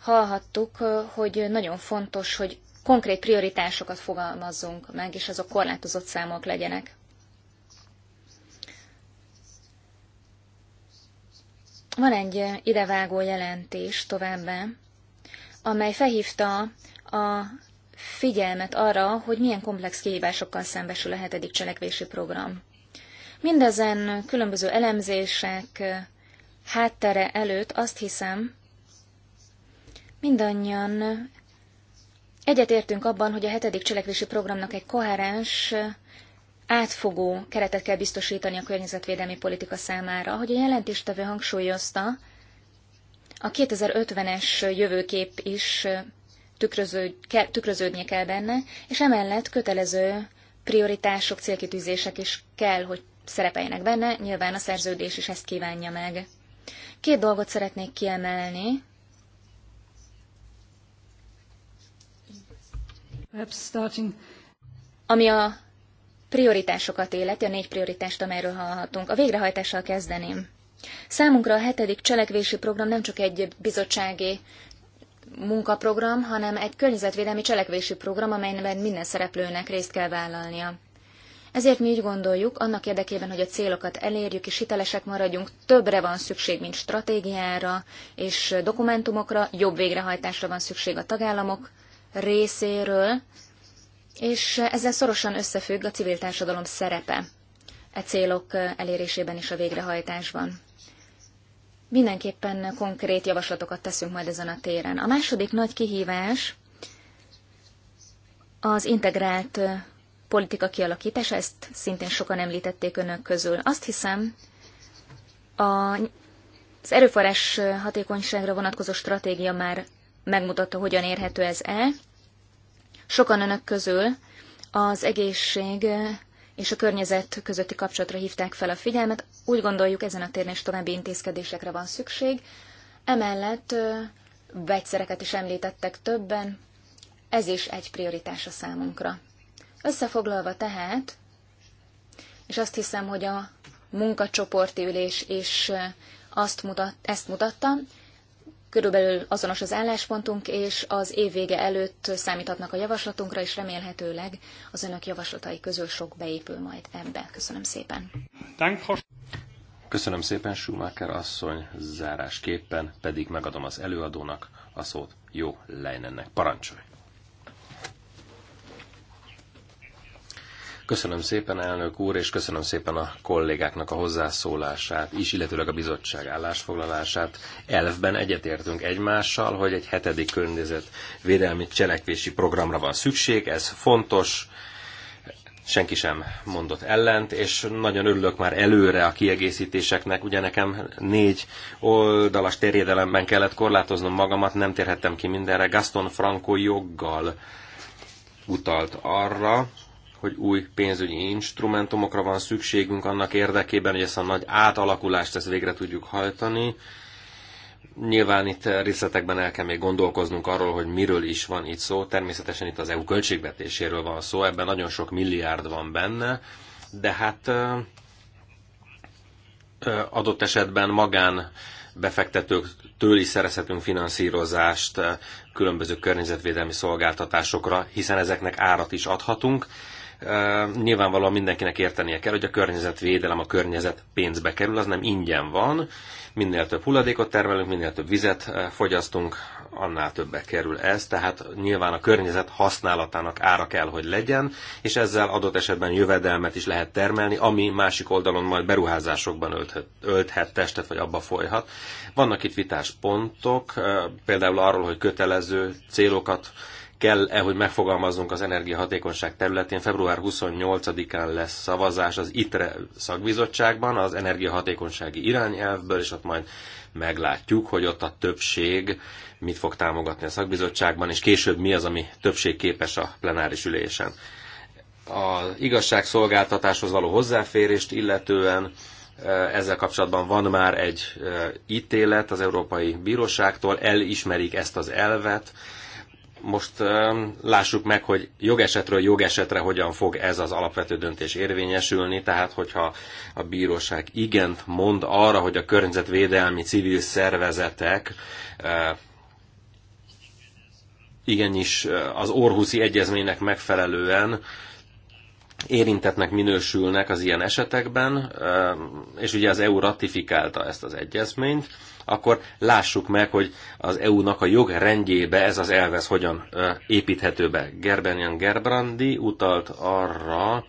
hallhattuk, hogy nagyon fontos, hogy konkrét prioritásokat fogalmazzunk meg, és azok korlátozott számok legyenek. Van egy idevágó jelentés továbbá, amely felhívta a figyelmet arra, hogy milyen komplex kihívásokkal szembesül a hetedik cselekvési program. Mindezen különböző elemzések háttere előtt azt hiszem, mindannyian Egyetértünk abban, hogy a hetedik cselekvési programnak egy koherens, átfogó keretet kell biztosítani a környezetvédelmi politika számára. Ahogy a jelentéstevő hangsúlyozta, a 2050-es jövőkép is tükröző, tükröződnie kell benne, és emellett kötelező prioritások, célkitűzések is kell, hogy szerepeljenek benne, nyilván a szerződés is ezt kívánja meg. Két dolgot szeretnék kiemelni, Ami a prioritásokat életi a négy prioritást, amelyről hallhatunk. A végrehajtással kezdeném. Számunkra a hetedik cselekvési program nem csak egy bizottsági munkaprogram, hanem egy környezetvédelmi cselekvési program, amelyben minden szereplőnek részt kell vállalnia. Ezért mi úgy gondoljuk, annak érdekében, hogy a célokat elérjük és hitelesek maradjunk, többre van szükség, mint stratégiára és dokumentumokra, jobb végrehajtásra van szükség a tagállamok részéről, és ezzel szorosan összefügg a civil társadalom szerepe e célok elérésében és a végrehajtásban. Mindenképpen konkrét javaslatokat teszünk majd ezen a téren. A második nagy kihívás az integrált politika kialakítása, ezt szintén sokan említették önök közül. Azt hiszem, a, az erőforrás hatékonyságra vonatkozó stratégia már megmutatta, hogyan érhető ez el. Sokan önök közül az egészség és a környezet közötti kapcsolatra hívták fel a figyelmet. Úgy gondoljuk, ezen a téren is további intézkedésekre van szükség. Emellett vegyszereket is említettek többen, ez is egy prioritás a számunkra. Összefoglalva tehát, és azt hiszem, hogy a munkacsoporti ülés is azt mutat, ezt mutatta, Körülbelül azonos az álláspontunk, és az év vége előtt számíthatnak a javaslatunkra, és remélhetőleg az önök javaslatai közül sok beépül majd ebbe. Köszönöm szépen. Köszönöm szépen, Schumacher asszony, zárásképpen pedig megadom az előadónak a szót Jó Leinennek. Parancsolj! Köszönöm szépen, elnök úr, és köszönöm szépen a kollégáknak a hozzászólását is, illetőleg a bizottság állásfoglalását. Elfben egyetértünk egymással, hogy egy hetedik környezet védelmi cselekvési programra van szükség, ez fontos, senki sem mondott ellent, és nagyon örülök már előre a kiegészítéseknek. Ugye nekem négy oldalas terjedelemben kellett korlátoznom magamat, nem térhettem ki mindenre. Gaston Franco joggal utalt arra, hogy új pénzügyi instrumentumokra van szükségünk annak érdekében, hogy ezt a nagy átalakulást ezt végre tudjuk hajtani. Nyilván itt részletekben el kell még gondolkoznunk arról, hogy miről is van itt szó. Természetesen itt az EU költségvetéséről van szó, ebben nagyon sok milliárd van benne, de hát adott esetben magán befektetőktől is szerezhetünk finanszírozást különböző környezetvédelmi szolgáltatásokra, hiszen ezeknek árat is adhatunk. Nyilvánvalóan mindenkinek értenie kell, hogy a környezetvédelem, a környezet pénzbe kerül, az nem ingyen van. Minél több hulladékot termelünk, minél több vizet fogyasztunk, annál többe kerül ez. Tehát nyilván a környezet használatának ára kell, hogy legyen, és ezzel adott esetben jövedelmet is lehet termelni, ami másik oldalon majd beruházásokban ölthet, ölthet testet, vagy abba folyhat. Vannak itt vitáspontok, például arról, hogy kötelező célokat kell-e, hogy megfogalmazzunk az energiahatékonyság területén. Február 28-án lesz szavazás az ITRE szakbizottságban az energiahatékonysági irányelvből, és ott majd meglátjuk, hogy ott a többség mit fog támogatni a szakbizottságban, és később mi az, ami többség képes a plenáris ülésen. Az igazságszolgáltatáshoz való hozzáférést illetően e, ezzel kapcsolatban van már egy e, ítélet az Európai Bíróságtól, elismerik ezt az elvet, most lássuk meg, hogy jogesetről jogesetre hogyan fog ez az alapvető döntés érvényesülni, tehát hogyha a bíróság igent mond arra, hogy a környezetvédelmi civil szervezetek eh, igenis eh, az Orhuszi Egyezménynek megfelelően érintetnek minősülnek az ilyen esetekben, eh, és ugye az EU ratifikálta ezt az egyezményt, akkor lássuk meg, hogy az EU-nak a jogrendjébe ez az elvez hogyan építhető be. Gerbenyan Gerbrandi utalt arra,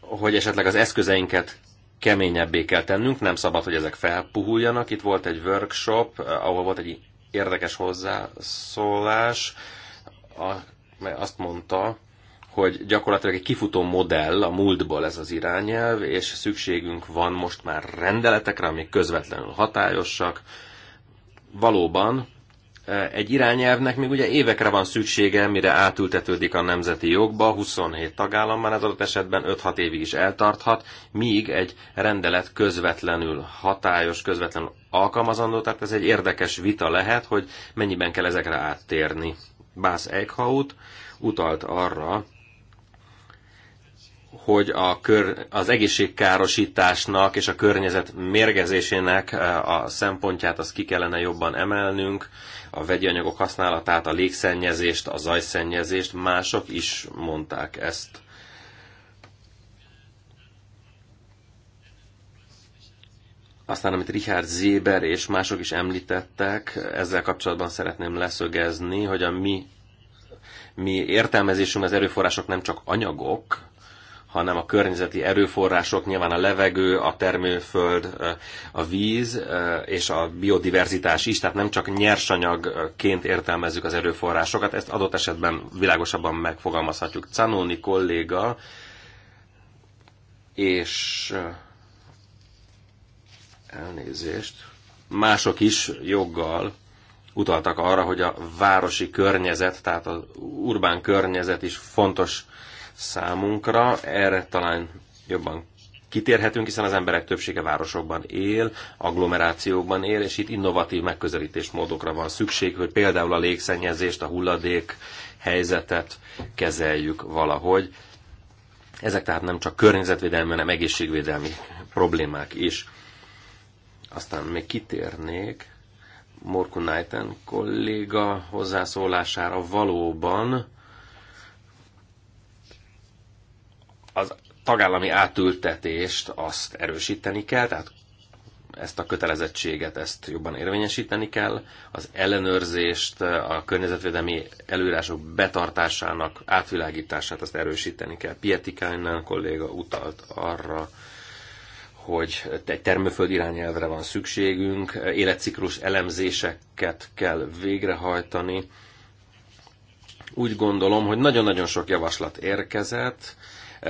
hogy esetleg az eszközeinket keményebbé kell tennünk, nem szabad, hogy ezek felpuhuljanak. Itt volt egy workshop, ahol volt egy érdekes hozzászólás, a, mert azt mondta, hogy gyakorlatilag egy kifutó modell a múltból ez az irányelv, és szükségünk van most már rendeletekre, amik közvetlenül hatályosak. Valóban e, egy irányelvnek még ugye évekre van szüksége, mire átültetődik a nemzeti jogba, 27 tagállamban ez adott esetben 5-6 évig is eltarthat, míg egy rendelet közvetlenül hatályos, közvetlenül alkalmazandó, tehát ez egy érdekes vita lehet, hogy mennyiben kell ezekre áttérni. Bász Eichhaut utalt arra, hogy a kör, az egészségkárosításnak és a környezet mérgezésének eh, a szempontját az ki kellene jobban emelnünk, a vegyi anyagok használatát, a légszennyezést, a zajszennyezést, mások is mondták ezt. Aztán, amit Richard Zéber és mások is említettek, ezzel kapcsolatban szeretném leszögezni, hogy a mi, mi értelmezésünk az erőforrások nem csak anyagok, hanem a környezeti erőforrások, nyilván a levegő, a termőföld, a víz és a biodiverzitás is, tehát nem csak nyersanyagként értelmezzük az erőforrásokat, ezt adott esetben világosabban megfogalmazhatjuk. Canoni kolléga és elnézést, mások is joggal utaltak arra, hogy a városi környezet, tehát az urbán környezet is fontos számunkra. Erre talán jobban kitérhetünk, hiszen az emberek többsége városokban él, agglomerációkban él, és itt innovatív megközelítésmódokra van szükség, hogy például a légszennyezést, a hulladék helyzetet kezeljük valahogy. Ezek tehát nem csak környezetvédelmi, hanem egészségvédelmi problémák is. Aztán még kitérnék Morku Knighten kolléga hozzászólására valóban az tagállami átültetést azt erősíteni kell, tehát ezt a kötelezettséget, ezt jobban érvényesíteni kell, az ellenőrzést, a környezetvédelmi előírások betartásának átvilágítását azt erősíteni kell. Pietikainen kolléga utalt arra, hogy egy termőföld irányelvre van szükségünk, életciklus elemzéseket kell végrehajtani. Úgy gondolom, hogy nagyon-nagyon sok javaslat érkezett,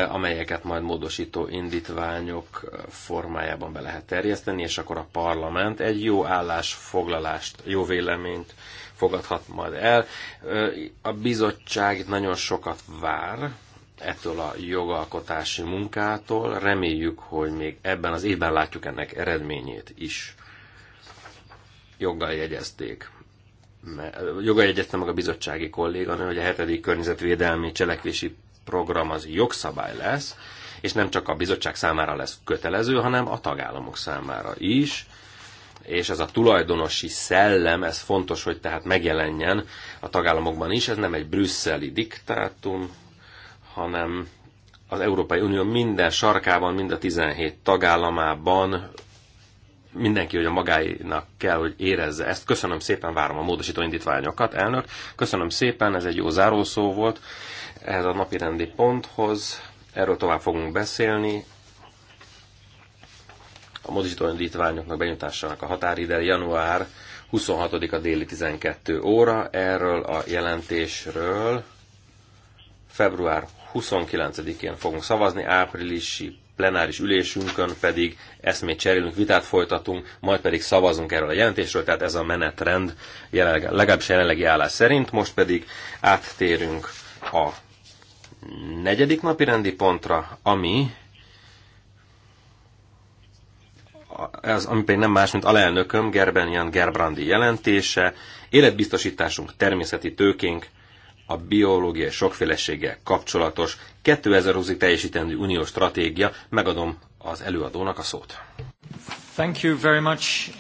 amelyeket majd módosító indítványok formájában be lehet terjeszteni, és akkor a parlament egy jó állásfoglalást, jó véleményt fogadhat majd el. A bizottság itt nagyon sokat vár ettől a jogalkotási munkától. Reméljük, hogy még ebben az évben látjuk ennek eredményét is. Joggal jegyezték joga jegyezte meg a bizottsági kolléganő, hogy a hetedik környezetvédelmi cselekvési program az jogszabály lesz, és nem csak a bizottság számára lesz kötelező, hanem a tagállamok számára is, és ez a tulajdonosi szellem, ez fontos, hogy tehát megjelenjen a tagállamokban is, ez nem egy brüsszeli diktátum, hanem az Európai Unió minden sarkában, mind a 17 tagállamában mindenki, hogy a magáinak kell, hogy érezze ezt. Köszönöm szépen, várom a módosító indítványokat, elnök. Köszönöm szépen, ez egy jó zárószó volt ehhez a napirendi ponthoz. Erről tovább fogunk beszélni. A módosító indítványoknak benyújtásának a határideje január 26-a déli 12 óra. Erről a jelentésről február 29-én fogunk szavazni, áprilisi plenáris ülésünkön pedig eszmét cserélünk, vitát folytatunk, majd pedig szavazunk erről a jelentésről, tehát ez a menetrend jelenleg, legalábbis jelenlegi állás szerint. Most pedig áttérünk a negyedik napi rendi pontra, ami ez, ami pedig nem más, mint alelnököm Gerben Jan Gerbrandi jelentése, életbiztosításunk természeti tőkénk, a biológiai sokféleséggel kapcsolatos 2020-ig teljesítendő uniós stratégia. Megadom az előadónak a szót. Thank you very much.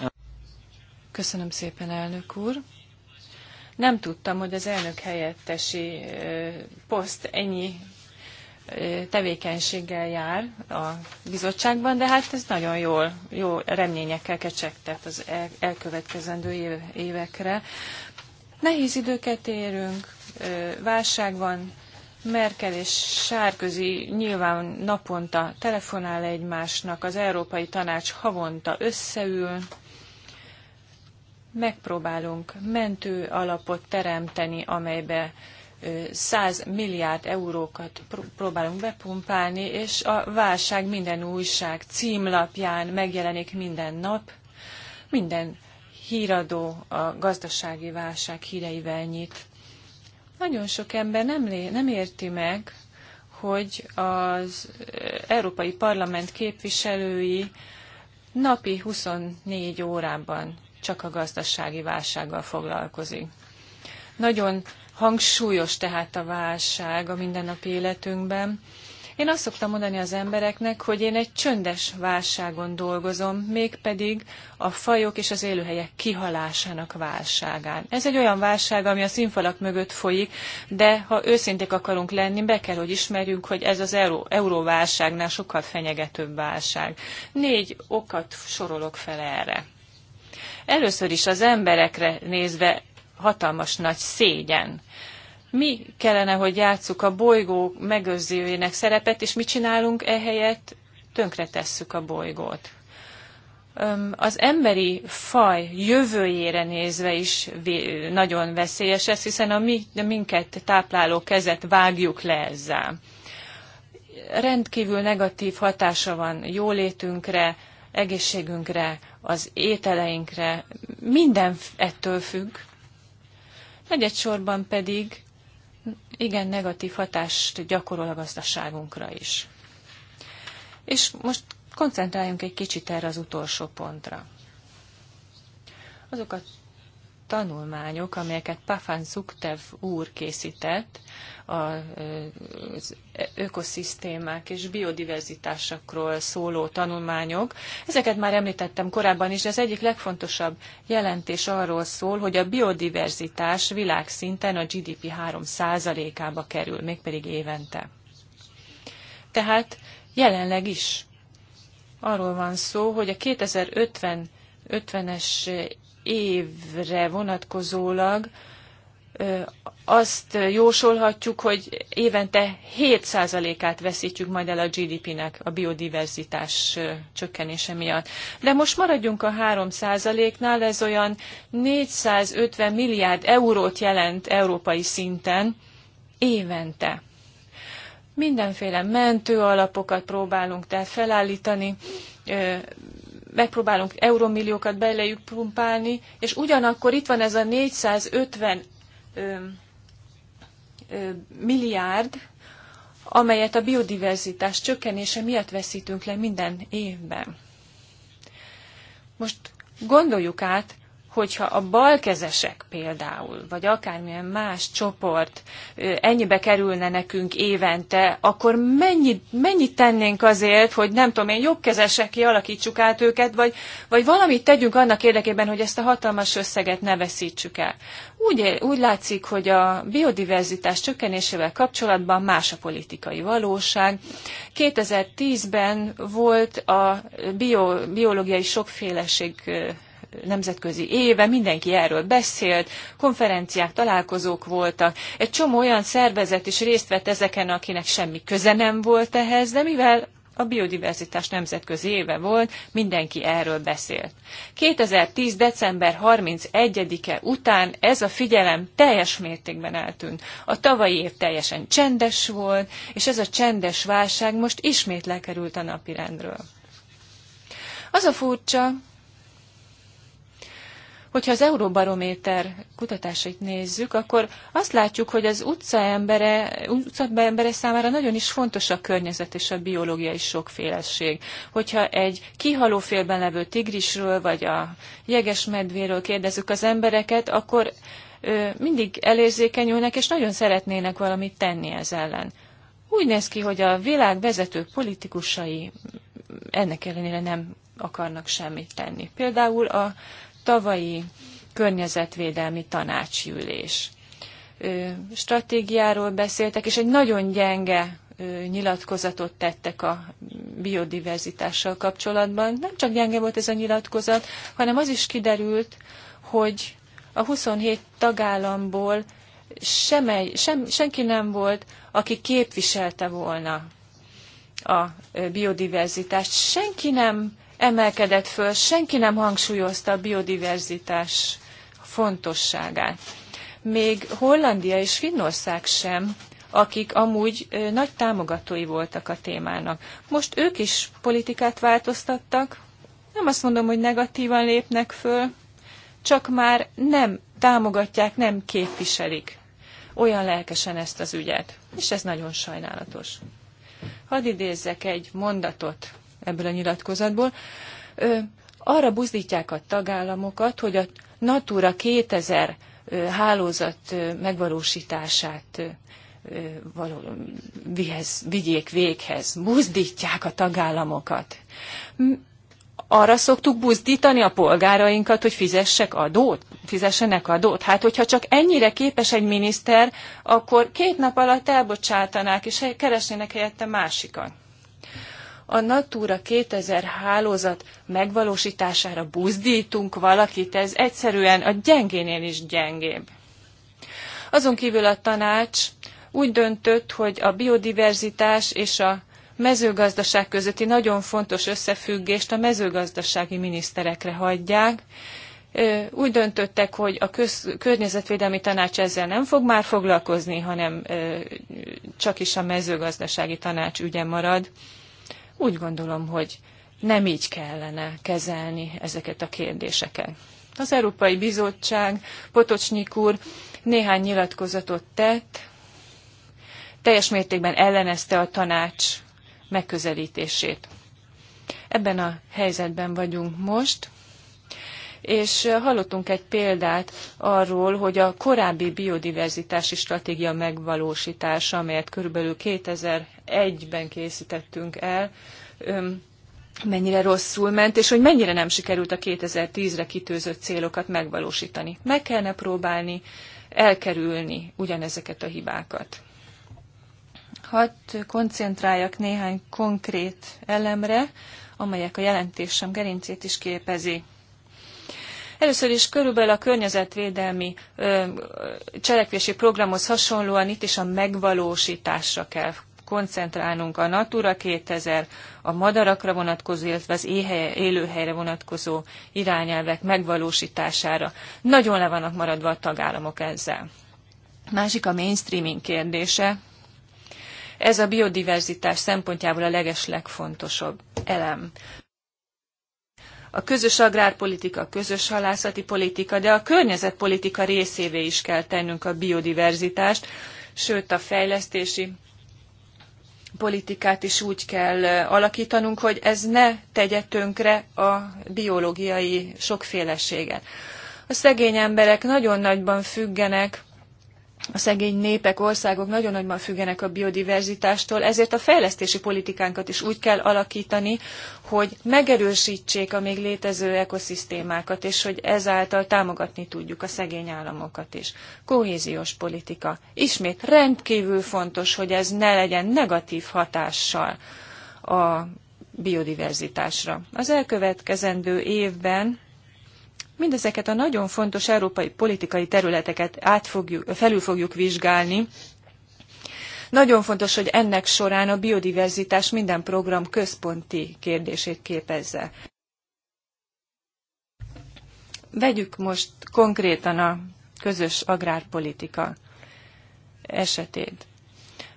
Köszönöm szépen, elnök úr. Nem tudtam, hogy az elnök helyettesi poszt ennyi tevékenységgel jár a bizottságban, de hát ez nagyon jól, jó reményekkel kecsegtet az elkövetkezendő évekre. Nehéz időket érünk, válság van, Merkel és Sárközi nyilván naponta telefonál egymásnak, az Európai Tanács havonta összeül, megpróbálunk mentő alapot teremteni, amelybe 100 milliárd eurókat próbálunk bepumpálni, és a válság minden újság címlapján megjelenik minden nap, minden híradó a gazdasági válság híreivel nyit. Nagyon sok ember nem, nem érti meg, hogy az Európai Parlament képviselői napi 24 órában csak a gazdasági válsággal foglalkozik. Nagyon hangsúlyos tehát a válság a mindennapi életünkben. Én azt szoktam mondani az embereknek, hogy én egy csöndes válságon dolgozom, mégpedig a fajok és az élőhelyek kihalásának válságán. Ez egy olyan válság, ami a színfalak mögött folyik, de ha őszinték akarunk lenni, be kell, hogy ismerjünk, hogy ez az euró, euróválságnál sokkal fenyegetőbb válság. Négy okat sorolok fel erre. Először is az emberekre nézve hatalmas nagy szégyen. Mi kellene, hogy játsszuk a bolygó megőrzőjének szerepet, és mit csinálunk ehelyett? Tönkretesszük a bolygót. Az emberi faj jövőjére nézve is nagyon veszélyes ez, hiszen a mi, minket tápláló kezet vágjuk le ezzel. Rendkívül negatív hatása van jólétünkre, egészségünkre, az ételeinkre, minden ettől függ. sorban pedig igen negatív hatást gyakorol a gazdaságunkra is. És most koncentráljunk egy kicsit erre az utolsó pontra. Azokat tanulmányok, amelyeket Pafan Zuktev úr készített az ökoszisztémák és biodiverzitásokról szóló tanulmányok. Ezeket már említettem korábban is, de az egyik legfontosabb jelentés arról szól, hogy a biodiverzitás világszinten a GDP 3%-ába kerül, mégpedig évente. Tehát jelenleg is arról van szó, hogy a 2050 50-es évre vonatkozólag azt jósolhatjuk, hogy évente 7%-át veszítjük majd el a GDP-nek a biodiverzitás csökkenése miatt. De most maradjunk a 3%-nál, ez olyan 450 milliárd eurót jelent európai szinten évente. Mindenféle mentőalapokat próbálunk tehát felállítani, megpróbálunk eurómilliókat belejük pumpálni, és ugyanakkor itt van ez a 450 ö, ö, milliárd, amelyet a biodiverzitás csökkenése miatt veszítünk le minden évben. Most gondoljuk át, hogyha a balkezesek például, vagy akármilyen más csoport ennyibe kerülne nekünk évente, akkor mennyit, mennyit tennénk azért, hogy nem tudom én, jobbkezesek kialakítsuk át őket, vagy, vagy valamit tegyünk annak érdekében, hogy ezt a hatalmas összeget ne veszítsük el. Úgy, úgy látszik, hogy a biodiverzitás csökkenésével kapcsolatban más a politikai valóság. 2010-ben volt a bio, biológiai sokféleség nemzetközi éve, mindenki erről beszélt, konferenciák, találkozók voltak. Egy csomó olyan szervezet is részt vett ezeken, akinek semmi köze nem volt ehhez, de mivel a biodiverzitás nemzetközi éve volt, mindenki erről beszélt. 2010. december 31-e után ez a figyelem teljes mértékben eltűnt. A tavalyi év teljesen csendes volt, és ez a csendes válság most ismét lekerült a napirendről. Az a furcsa, Hogyha az Euróbarométer kutatásait nézzük, akkor azt látjuk, hogy az utcaembere, embere számára nagyon is fontos a környezet és a biológiai sokféleség. Hogyha egy kihalófélben levő tigrisről vagy a medvéről kérdezzük az embereket, akkor ö, mindig elérzékenyülnek, és nagyon szeretnének valamit tenni ez ellen. Úgy néz ki, hogy a világ vezető politikusai ennek ellenére nem akarnak semmit tenni. Például a tavalyi környezetvédelmi tanácsülés stratégiáról beszéltek, és egy nagyon gyenge nyilatkozatot tettek a biodiverzitással kapcsolatban. Nem csak gyenge volt ez a nyilatkozat, hanem az is kiderült, hogy a 27 tagállamból sem, sem, senki nem volt, aki képviselte volna a biodiverzitást. Senki nem emelkedett föl, senki nem hangsúlyozta a biodiverzitás fontosságát. Még Hollandia és Finnország sem, akik amúgy nagy támogatói voltak a témának. Most ők is politikát változtattak, nem azt mondom, hogy negatívan lépnek föl, csak már nem támogatják, nem képviselik olyan lelkesen ezt az ügyet. És ez nagyon sajnálatos. Hadd idézzek egy mondatot ebből a nyilatkozatból, arra buzdítják a tagállamokat, hogy a Natura 2000 hálózat megvalósítását való, vihez, vigyék véghez, buzdítják a tagállamokat. Arra szoktuk buzdítani a polgárainkat, hogy fizessek adót, fizessenek adót. Hát, hogyha csak ennyire képes egy miniszter, akkor két nap alatt elbocsátanák, és keresnének helyette másikat a Natura 2000 hálózat megvalósítására buzdítunk valakit, ez egyszerűen a gyengénél is gyengébb. Azon kívül a tanács úgy döntött, hogy a biodiverzitás és a mezőgazdaság közötti nagyon fontos összefüggést a mezőgazdasági miniszterekre hagyják. Úgy döntöttek, hogy a köz, környezetvédelmi tanács ezzel nem fog már foglalkozni, hanem csak is a mezőgazdasági tanács ügye marad. Úgy gondolom, hogy nem így kellene kezelni ezeket a kérdéseket. Az Európai Bizottság, Potocsnyik úr néhány nyilatkozatot tett, teljes mértékben ellenezte a tanács megközelítését. Ebben a helyzetben vagyunk most, és hallottunk egy példát arról, hogy a korábbi biodiverzitási stratégia megvalósítása, amelyet körülbelül 2001-ben készítettünk el, mennyire rosszul ment, és hogy mennyire nem sikerült a 2010-re kitűzött célokat megvalósítani. Meg kellene próbálni elkerülni ugyanezeket a hibákat. Hadd koncentráljak néhány konkrét elemre, amelyek a jelentésem gerincét is képezi. Először is körülbelül a környezetvédelmi cselekvési programhoz hasonlóan itt is a megvalósításra kell koncentrálnunk a Natura 2000, a madarakra vonatkozó, illetve az éhely, élőhelyre vonatkozó irányelvek megvalósítására. Nagyon le vannak maradva a tagállamok ezzel. Másik a mainstreaming kérdése. Ez a biodiverzitás szempontjából a legeslegfontosabb elem a közös agrárpolitika, a közös halászati politika, de a környezetpolitika részévé is kell tennünk a biodiverzitást, sőt a fejlesztési politikát is úgy kell alakítanunk, hogy ez ne tegye tönkre a biológiai sokféleséget. A szegény emberek nagyon nagyban függenek a szegény népek, országok nagyon nagyban függenek a biodiverzitástól, ezért a fejlesztési politikánkat is úgy kell alakítani, hogy megerősítsék a még létező ekoszisztémákat, és hogy ezáltal támogatni tudjuk a szegény államokat is. Kohéziós politika. Ismét rendkívül fontos, hogy ez ne legyen negatív hatással a biodiverzitásra. Az elkövetkezendő évben Mindezeket a nagyon fontos európai politikai területeket átfogjuk, felül fogjuk vizsgálni, nagyon fontos, hogy ennek során a biodiverzitás minden program központi kérdését képezze. Vegyük most konkrétan a közös agrárpolitika esetét.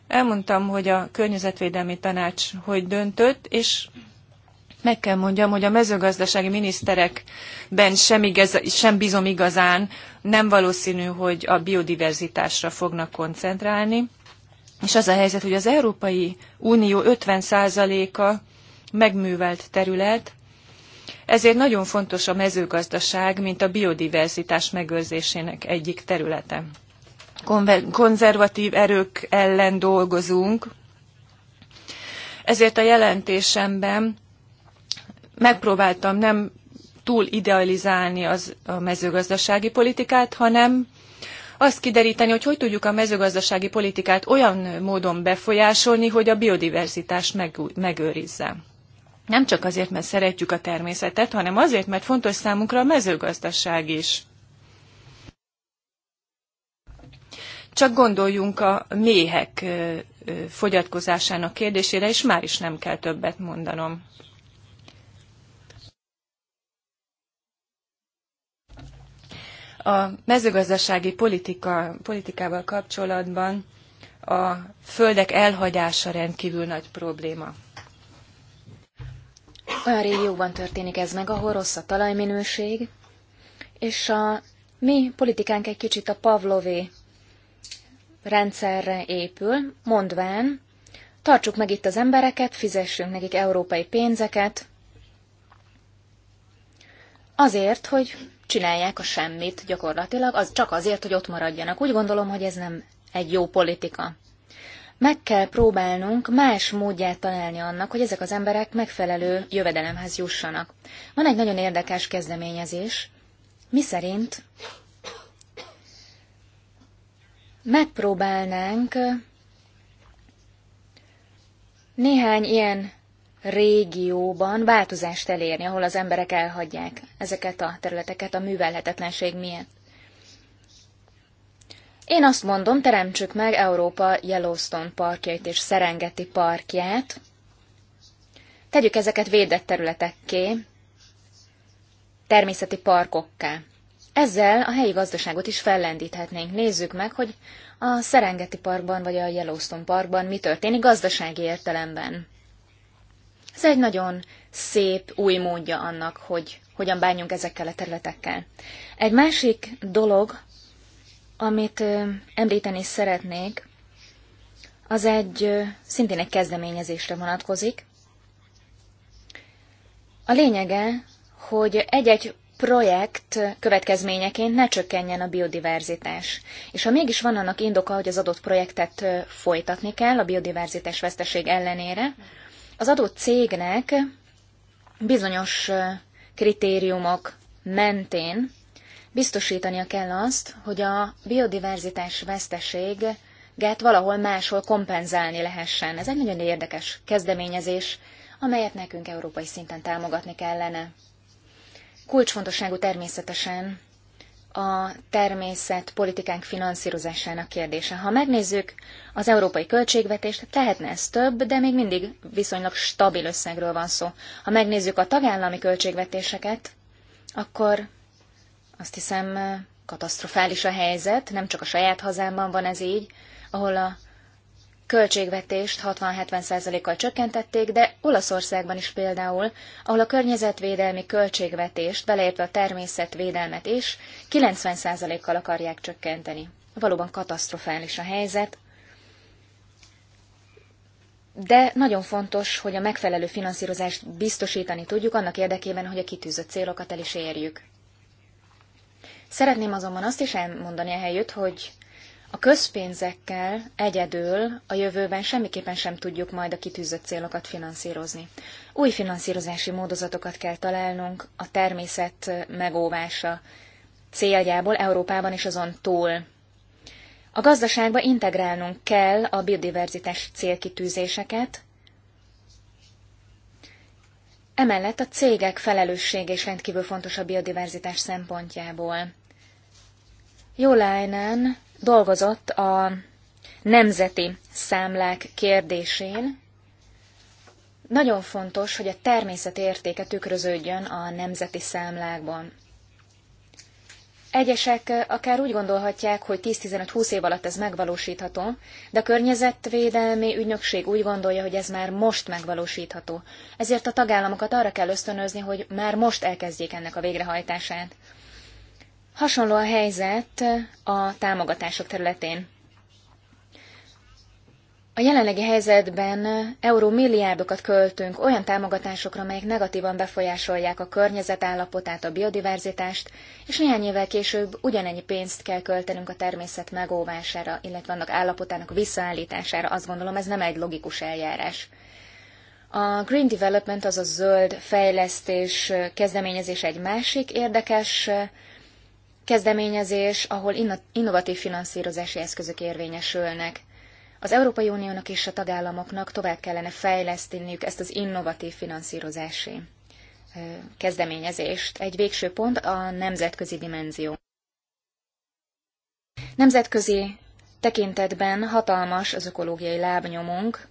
Elmondtam, hogy a környezetvédelmi tanács hogy döntött, és meg kell mondjam, hogy a mezőgazdasági miniszterekben sem, igaz, sem bízom igazán, nem valószínű, hogy a biodiverzitásra fognak koncentrálni. És az a helyzet, hogy az Európai Unió 50%-a megművelt terület, ezért nagyon fontos a mezőgazdaság, mint a biodiverzitás megőrzésének egyik területe. Konzervatív erők ellen dolgozunk, ezért a jelentésemben megpróbáltam nem túl idealizálni az, a mezőgazdasági politikát, hanem azt kideríteni, hogy hogy tudjuk a mezőgazdasági politikát olyan módon befolyásolni, hogy a biodiverzitást meg, megőrizze. Nem csak azért, mert szeretjük a természetet, hanem azért, mert fontos számunkra a mezőgazdaság is. Csak gondoljunk a méhek fogyatkozásának kérdésére, és már is nem kell többet mondanom. A mezőgazdasági politika, politikával kapcsolatban a földek elhagyása rendkívül nagy probléma. Olyan régióban történik ez meg, ahol rossz a talajminőség, és a mi politikánk egy kicsit a Pavlové rendszerre épül, mondván, tartsuk meg itt az embereket, fizessünk nekik európai pénzeket, azért, hogy csinálják a semmit gyakorlatilag, az csak azért, hogy ott maradjanak. Úgy gondolom, hogy ez nem egy jó politika. Meg kell próbálnunk más módját találni annak, hogy ezek az emberek megfelelő jövedelemhez jussanak. Van egy nagyon érdekes kezdeményezés, Mi szerint megpróbálnánk néhány ilyen régióban változást elérni, ahol az emberek elhagyják ezeket a területeket a művelhetetlenség miatt. Én azt mondom, teremtsük meg Európa Yellowstone parkjait és Serengeti parkját. Tegyük ezeket védett területekké, természeti parkokká. Ezzel a helyi gazdaságot is fellendíthetnénk. Nézzük meg, hogy a Serengeti parkban vagy a Yellowstone parkban mi történik gazdasági értelemben. Ez egy nagyon szép új módja annak, hogy hogyan bánjunk ezekkel a területekkel. Egy másik dolog, amit említeni szeretnék, az egy szintén egy kezdeményezésre vonatkozik. A lényege, hogy egy-egy projekt következményeként ne csökkenjen a biodiverzitás. És ha mégis van annak indoka, hogy az adott projektet folytatni kell a biodiverzitás veszteség ellenére, az adott cégnek bizonyos kritériumok mentén biztosítania kell azt, hogy a biodiverzitás veszteséget valahol máshol kompenzálni lehessen. Ez egy nagyon érdekes kezdeményezés, amelyet nekünk európai szinten támogatni kellene. Kulcsfontosságú természetesen a természet politikánk finanszírozásának kérdése. Ha megnézzük az európai költségvetést, lehetne ez több, de még mindig viszonylag stabil összegről van szó. Ha megnézzük a tagállami költségvetéseket, akkor azt hiszem katasztrofális a helyzet, nem csak a saját hazámban van ez így, ahol a költségvetést 60-70%-kal csökkentették, de Olaszországban is például, ahol a környezetvédelmi költségvetést, beleértve a természetvédelmet is, 90%-kal akarják csökkenteni. Valóban katasztrofális a helyzet, de nagyon fontos, hogy a megfelelő finanszírozást biztosítani tudjuk annak érdekében, hogy a kitűzött célokat el is érjük. Szeretném azonban azt is elmondani a helyütt, hogy a közpénzekkel egyedül a jövőben semmiképpen sem tudjuk majd a kitűzött célokat finanszírozni. Új finanszírozási módozatokat kell találnunk a természet megóvása céljából Európában és azon túl. A gazdaságba integrálnunk kell a biodiverzitás célkitűzéseket, Emellett a cégek felelőssége is rendkívül fontos a biodiverzitás szempontjából. Jó Lájnán dolgozott a nemzeti számlák kérdésén. Nagyon fontos, hogy a természet értéke tükröződjön a nemzeti számlákban. Egyesek akár úgy gondolhatják, hogy 10-15-20 év alatt ez megvalósítható, de a környezetvédelmi ügynökség úgy gondolja, hogy ez már most megvalósítható. Ezért a tagállamokat arra kell ösztönözni, hogy már most elkezdjék ennek a végrehajtását. Hasonló a helyzet a támogatások területén. A jelenlegi helyzetben euró milliárdokat költünk olyan támogatásokra, melyek negatívan befolyásolják a környezet állapotát, a biodiverzitást, és néhány évvel később ugyanennyi pénzt kell költenünk a természet megóvására, illetve annak állapotának visszaállítására. Azt gondolom, ez nem egy logikus eljárás. A Green Development, azaz zöld fejlesztés kezdeményezés egy másik érdekes kezdeményezés, ahol innovatív finanszírozási eszközök érvényesülnek. Az Európai Uniónak és a tagállamoknak tovább kellene fejleszteniük ezt az innovatív finanszírozási kezdeményezést. Egy végső pont a nemzetközi dimenzió. Nemzetközi tekintetben hatalmas az ökológiai lábnyomunk,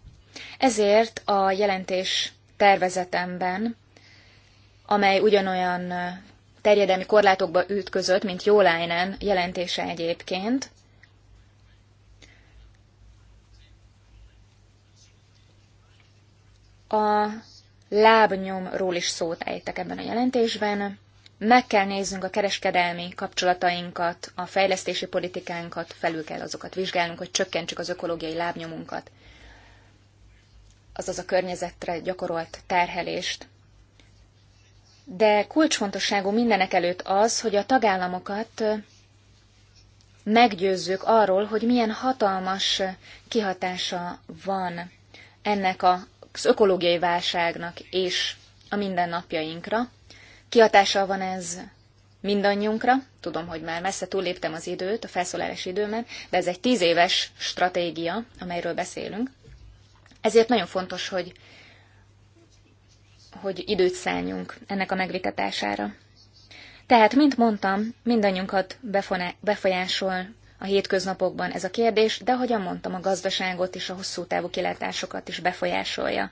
ezért a jelentés tervezetemben, amely ugyanolyan terjedelmi korlátokba ütközött, mint Jólájnen jelentése egyébként. A lábnyomról is szót ejtek ebben a jelentésben. Meg kell néznünk a kereskedelmi kapcsolatainkat, a fejlesztési politikánkat, felül kell azokat vizsgálnunk, hogy csökkentsük az ökológiai lábnyomunkat, azaz a környezetre gyakorolt terhelést de kulcsfontosságú mindenek előtt az, hogy a tagállamokat meggyőzzük arról, hogy milyen hatalmas kihatása van ennek az ökológiai válságnak és a mindennapjainkra. kihatása van ez mindannyiunkra. Tudom, hogy már messze túlléptem az időt, a felszólalás időmet, de ez egy tíz éves stratégia, amelyről beszélünk. Ezért nagyon fontos, hogy hogy időt szálljunk ennek a megvitatására. Tehát, mint mondtam, mindannyiunkat befolyásol a hétköznapokban ez a kérdés, de ahogyan mondtam, a gazdaságot és a hosszú távú kilátásokat is befolyásolja.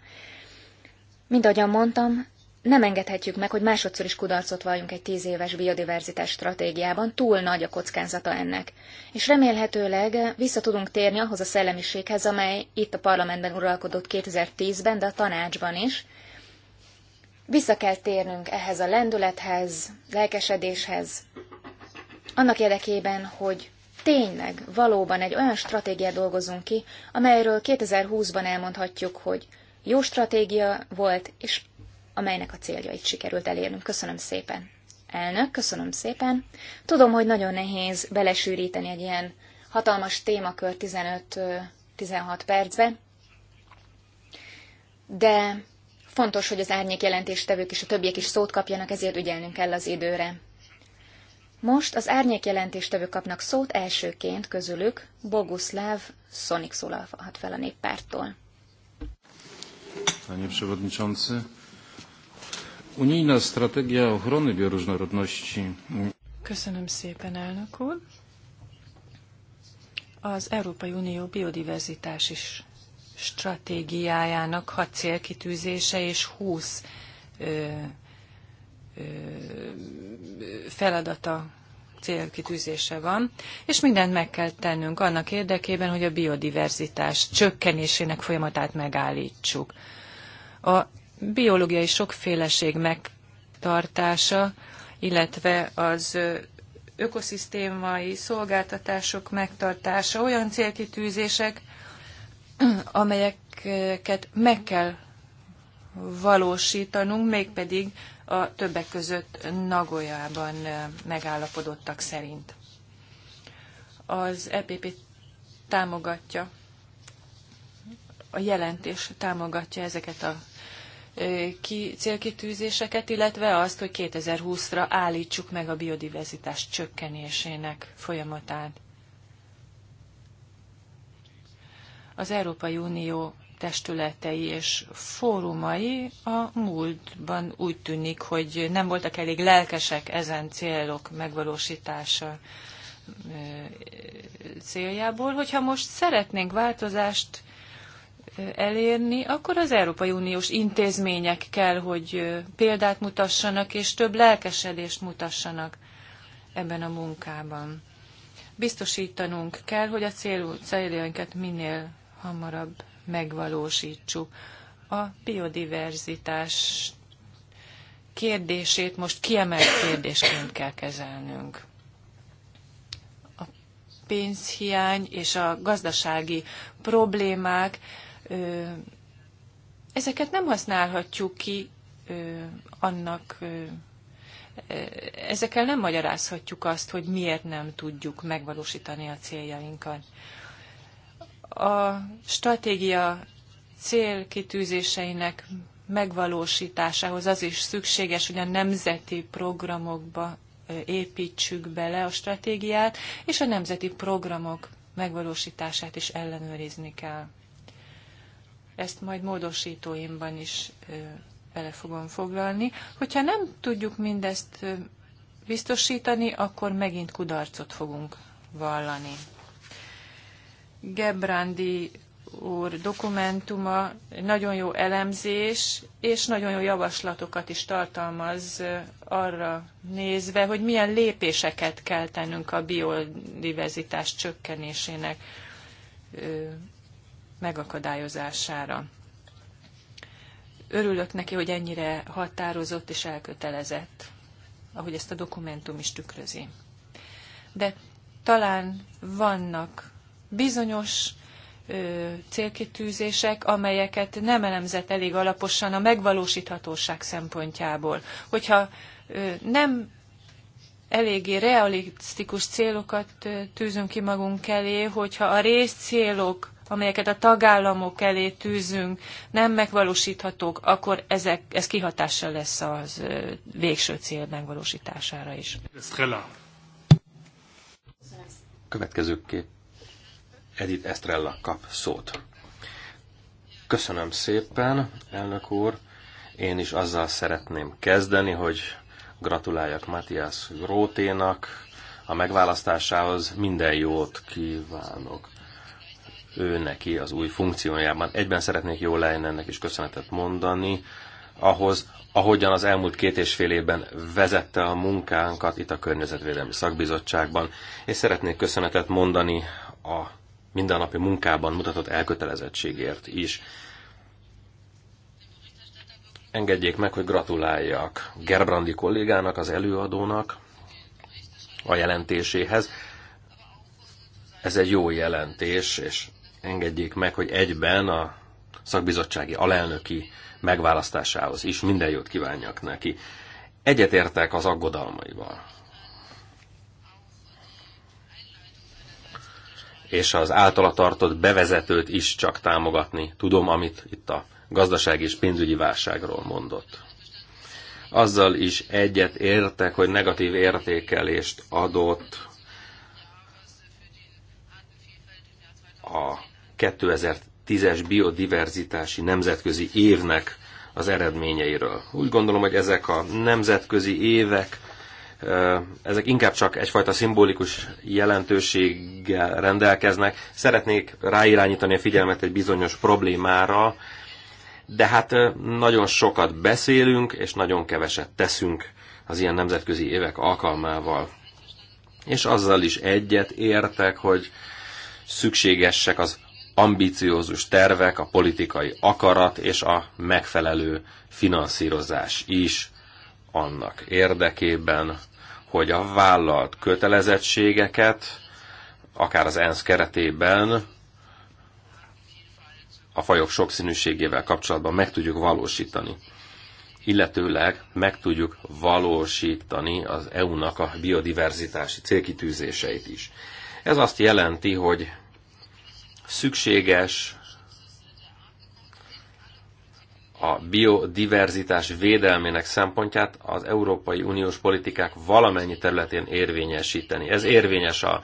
Mint ahogyan mondtam, nem engedhetjük meg, hogy másodszor is kudarcot valljunk egy tíz éves biodiverzitás stratégiában, túl nagy a kockázata ennek. És remélhetőleg vissza tudunk térni ahhoz a szellemiséghez, amely itt a parlamentben uralkodott 2010-ben, de a tanácsban is, vissza kell térnünk ehhez a lendülethez, lelkesedéshez, annak érdekében, hogy tényleg, valóban egy olyan stratégiát dolgozunk ki, amelyről 2020-ban elmondhatjuk, hogy jó stratégia volt, és amelynek a céljait sikerült elérnünk. Köszönöm szépen. Elnök, köszönöm szépen. Tudom, hogy nagyon nehéz belesűríteni egy ilyen hatalmas témakör 15-16 percbe, de Fontos, hogy az árnyék jelentéstevők és a többiek is szót kapjanak, ezért ügyelnünk kell az időre. Most az árnyék jelentéstevők kapnak szót elsőként közülük Boguszláv Szonik szólalhat fel a néppárttól. Panie Przewodniczący, Unijna strategia ochrony bioróżnorodności. Köszönöm szépen, elnök úr. Az Európai Unió biodiverzitás is stratégiájának hat célkitűzése és 20 ö, ö, feladata célkitűzése van, és mindent meg kell tennünk annak érdekében, hogy a biodiverzitás csökkenésének folyamatát megállítsuk. A biológiai sokféleség megtartása, illetve az ökoszisztémai szolgáltatások megtartása olyan célkitűzések, amelyeket meg kell valósítanunk, mégpedig a többek között Nagoyában eh, megállapodottak szerint. Az EPP támogatja, a jelentés támogatja ezeket a eh, ki, célkitűzéseket, illetve azt, hogy 2020-ra állítsuk meg a biodiverzitás csökkenésének folyamatát. az Európai Unió testületei és fórumai a múltban úgy tűnik, hogy nem voltak elég lelkesek ezen célok megvalósítása céljából. Hogyha most szeretnénk változást elérni, akkor az Európai Uniós intézmények kell, hogy példát mutassanak, és több lelkesedést mutassanak ebben a munkában. Biztosítanunk kell, hogy a célú céljainkat minél hamarabb megvalósítsuk. A biodiverzitás kérdését most kiemelt kérdésként kell kezelnünk. A pénzhiány és a gazdasági problémák, ezeket nem használhatjuk ki annak ezekkel nem magyarázhatjuk azt, hogy miért nem tudjuk megvalósítani a céljainkat a stratégia célkitűzéseinek megvalósításához az is szükséges, hogy a nemzeti programokba építsük bele a stratégiát, és a nemzeti programok megvalósítását is ellenőrizni kell. Ezt majd módosítóimban is bele fogom foglalni. Hogyha nem tudjuk mindezt biztosítani, akkor megint kudarcot fogunk vallani. Gebrandi úr dokumentuma nagyon jó elemzés, és nagyon jó javaslatokat is tartalmaz arra nézve, hogy milyen lépéseket kell tennünk a biodiverzitás csökkenésének megakadályozására. Örülök neki, hogy ennyire határozott és elkötelezett, ahogy ezt a dokumentum is tükrözi. De talán vannak bizonyos célkitűzések, amelyeket nem elemzett elég alaposan a megvalósíthatóság szempontjából. Hogyha nem eléggé realisztikus célokat tűzünk ki magunk elé, hogyha a részcélok, amelyeket a tagállamok elé tűzünk, nem megvalósíthatók, akkor ezek, ez kihatással lesz az végső cél megvalósítására is. Következőképp Edith Estrella kap szót. Köszönöm szépen, elnök úr. Én is azzal szeretném kezdeni, hogy gratuláljak Matthias Gróténak a megválasztásához. Minden jót kívánok ő neki az új funkciójában. Egyben szeretnék jó ennek is köszönetet mondani, ahhoz, ahogyan az elmúlt két és fél évben vezette a munkánkat itt a Környezetvédelmi Szakbizottságban, és szeretnék köszönetet mondani a mindennapi munkában mutatott elkötelezettségért is. Engedjék meg, hogy gratuláljak Gerbrandi kollégának, az előadónak a jelentéséhez. Ez egy jó jelentés, és engedjék meg, hogy egyben a szakbizottsági alelnöki megválasztásához is minden jót kívánjak neki. Egyetértek az aggodalmaival, és az általa tartott bevezetőt is csak támogatni. Tudom, amit itt a gazdaság és pénzügyi válságról mondott. Azzal is egyet értek, hogy negatív értékelést adott a 2010-es biodiverzitási nemzetközi évnek az eredményeiről. Úgy gondolom, hogy ezek a nemzetközi évek ezek inkább csak egyfajta szimbolikus jelentőséggel rendelkeznek. Szeretnék ráirányítani a figyelmet egy bizonyos problémára, de hát nagyon sokat beszélünk, és nagyon keveset teszünk az ilyen nemzetközi évek alkalmával. És azzal is egyet értek, hogy szükségesek az ambiciózus tervek, a politikai akarat és a megfelelő finanszírozás is annak érdekében, hogy a vállalt kötelezettségeket, akár az ENSZ keretében, a fajok sokszínűségével kapcsolatban meg tudjuk valósítani. Illetőleg meg tudjuk valósítani az EU-nak a biodiverzitási célkitűzéseit is. Ez azt jelenti, hogy szükséges a biodiverzitás védelmének szempontját az Európai Uniós politikák valamennyi területén érvényesíteni. Ez érvényes a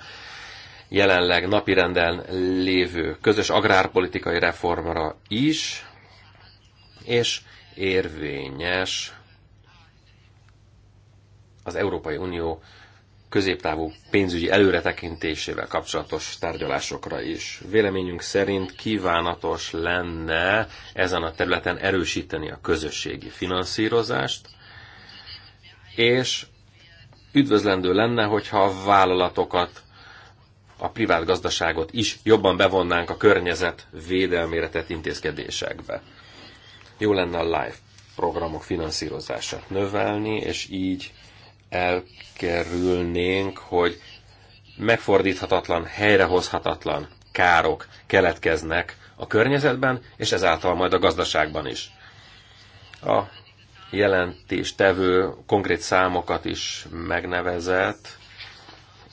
jelenleg napirenden lévő közös agrárpolitikai reformra is, és érvényes az Európai Unió középtávú pénzügyi előretekintésével kapcsolatos tárgyalásokra is. Véleményünk szerint kívánatos lenne ezen a területen erősíteni a közösségi finanszírozást, és üdvözlendő lenne, hogyha a vállalatokat, a privát gazdaságot is jobban bevonnánk a környezet védelmére tett intézkedésekbe. Jó lenne a live programok finanszírozását növelni, és így elkerülnénk, hogy megfordíthatatlan, helyrehozhatatlan károk keletkeznek a környezetben, és ezáltal majd a gazdaságban is. A tevő konkrét számokat is megnevezett,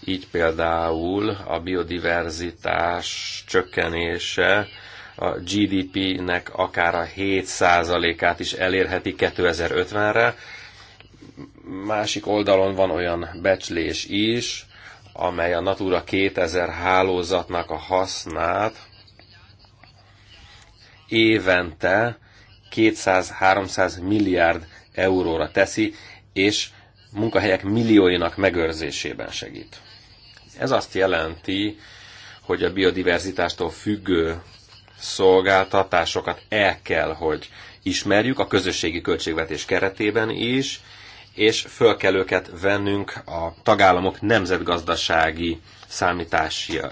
így például a biodiverzitás csökkenése a GDP-nek akár a 7%-át is elérheti 2050-re, másik oldalon van olyan becslés is, amely a Natura 2000 hálózatnak a hasznát évente 200-300 milliárd euróra teszi, és munkahelyek millióinak megőrzésében segít. Ez azt jelenti, hogy a biodiverzitástól függő szolgáltatásokat el kell, hogy ismerjük a közösségi költségvetés keretében is, és föl kell őket vennünk a tagállamok nemzetgazdasági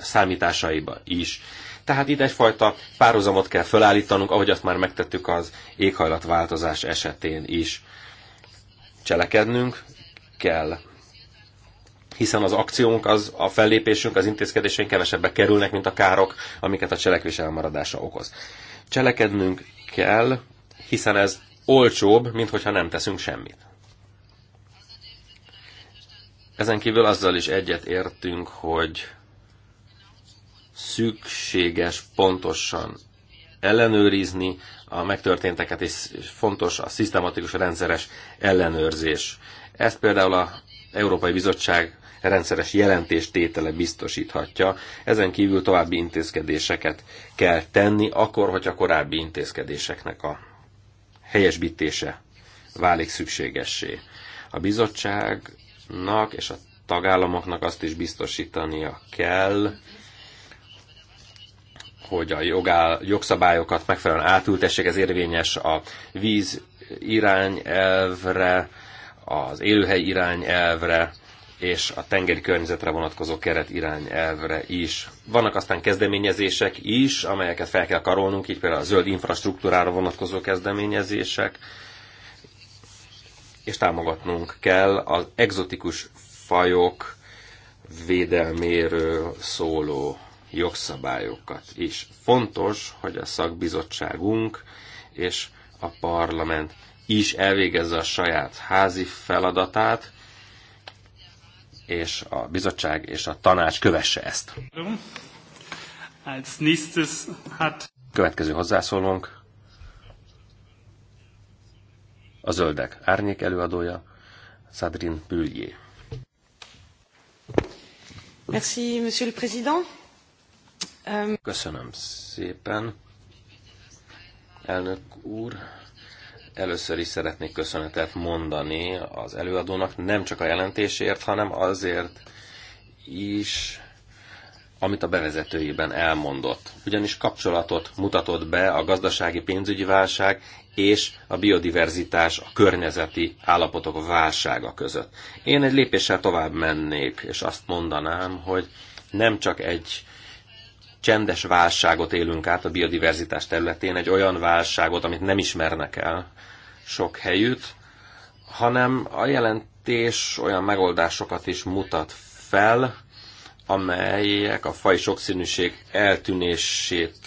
számításaiba is. Tehát itt egyfajta párhuzamot kell felállítanunk, ahogy azt már megtettük az éghajlatváltozás esetén is. Cselekednünk kell hiszen az akciónk, az, a fellépésünk, az intézkedéseink kevesebbe kerülnek, mint a károk, amiket a cselekvés elmaradása okoz. Cselekednünk kell, hiszen ez olcsóbb, mint hogyha nem teszünk semmit. Ezen kívül azzal is egyet értünk, hogy szükséges pontosan ellenőrizni a megtörténteket, és fontos a szisztematikus rendszeres ellenőrzés. Ezt például a Európai Bizottság rendszeres jelentéstétele biztosíthatja. Ezen kívül további intézkedéseket kell tenni, akkor, hogy a korábbi intézkedéseknek a helyesbítése válik szükségessé. A bizottság Nak és a tagállamoknak azt is biztosítania kell, hogy a jogál, jogszabályokat megfelelően átültessék, ez érvényes a víz irányelvre, az élőhely irányelvre, és a tengeri környezetre vonatkozó keret irányelvre is. Vannak aztán kezdeményezések is, amelyeket fel kell karolnunk, így például a zöld infrastruktúrára vonatkozó kezdeményezések, és támogatnunk kell az exotikus fajok védelméről szóló jogszabályokat is. Fontos, hogy a szakbizottságunk és a parlament is elvégezze a saját házi feladatát, és a bizottság és a tanács kövesse ezt. Következő hozzászólónk a zöldek árnyék előadója, Sadrin Büllier. Merci, monsieur le président. Um... Köszönöm szépen, elnök úr. Először is szeretnék köszönetet mondani az előadónak, nem csak a jelentésért, hanem azért is, amit a bevezetőjében elmondott. Ugyanis kapcsolatot mutatott be a gazdasági pénzügyi válság és a biodiverzitás, a környezeti állapotok válsága között. Én egy lépéssel tovább mennék, és azt mondanám, hogy nem csak egy csendes válságot élünk át a biodiverzitás területén, egy olyan válságot, amit nem ismernek el sok helyütt, hanem a jelentés olyan megoldásokat is mutat fel, amelyek a faj sokszínűség eltűnését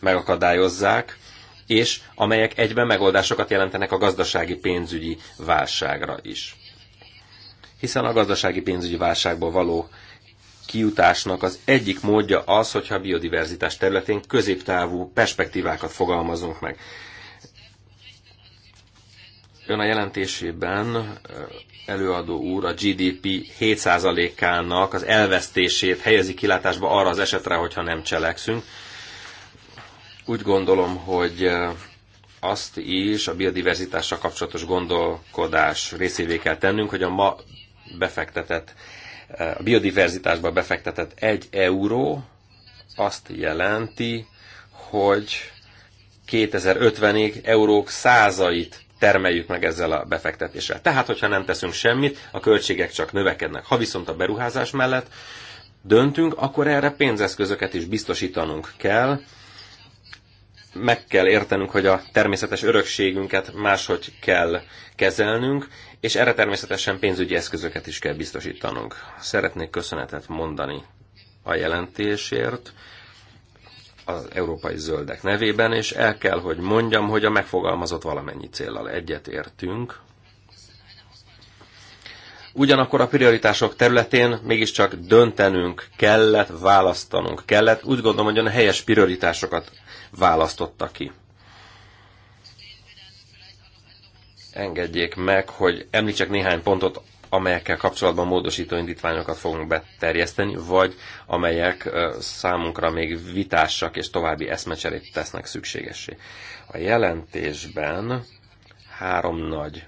megakadályozzák, és amelyek egyben megoldásokat jelentenek a gazdasági pénzügyi válságra is. Hiszen a gazdasági pénzügyi válságból való kiutásnak az egyik módja az, hogyha a biodiverzitás területén középtávú perspektívákat fogalmazunk meg. Ön a jelentésében eh, előadó úr a GDP 7%-ának az elvesztését helyezi kilátásba arra az esetre, hogyha nem cselekszünk. Úgy gondolom, hogy eh, azt is a biodiverzitással kapcsolatos gondolkodás részévé kell tennünk, hogy a ma befektetett, eh, a biodiverzitásba befektetett egy euró azt jelenti, hogy 2050-ig eurók százait termeljük meg ezzel a befektetéssel. Tehát, hogyha nem teszünk semmit, a költségek csak növekednek. Ha viszont a beruházás mellett döntünk, akkor erre pénzeszközöket is biztosítanunk kell, meg kell értenünk, hogy a természetes örökségünket máshogy kell kezelnünk, és erre természetesen pénzügyi eszközöket is kell biztosítanunk. Szeretnék köszönetet mondani a jelentésért, az európai zöldek nevében, és el kell, hogy mondjam, hogy a megfogalmazott valamennyi céllal egyetértünk. Ugyanakkor a prioritások területén mégiscsak döntenünk kellett, választanunk kellett. Úgy gondolom, hogy a helyes prioritásokat választotta ki. Engedjék meg, hogy említsek néhány pontot amelyekkel kapcsolatban módosító indítványokat fogunk beterjeszteni, vagy amelyek számunkra még vitásak és további eszmecserét tesznek szükségessé. A jelentésben három nagy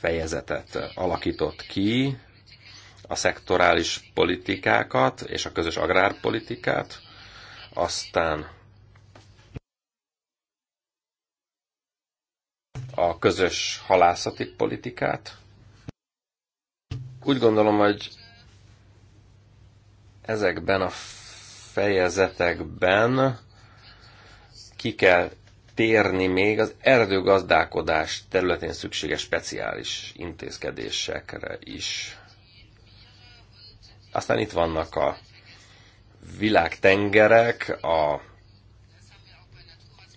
fejezetet alakított ki, a szektorális politikákat és a közös agrárpolitikát, aztán a közös halászati politikát, úgy gondolom, hogy ezekben a fejezetekben ki kell térni még az erdőgazdálkodás területén szükséges speciális intézkedésekre is. Aztán itt vannak a világtengerek, a...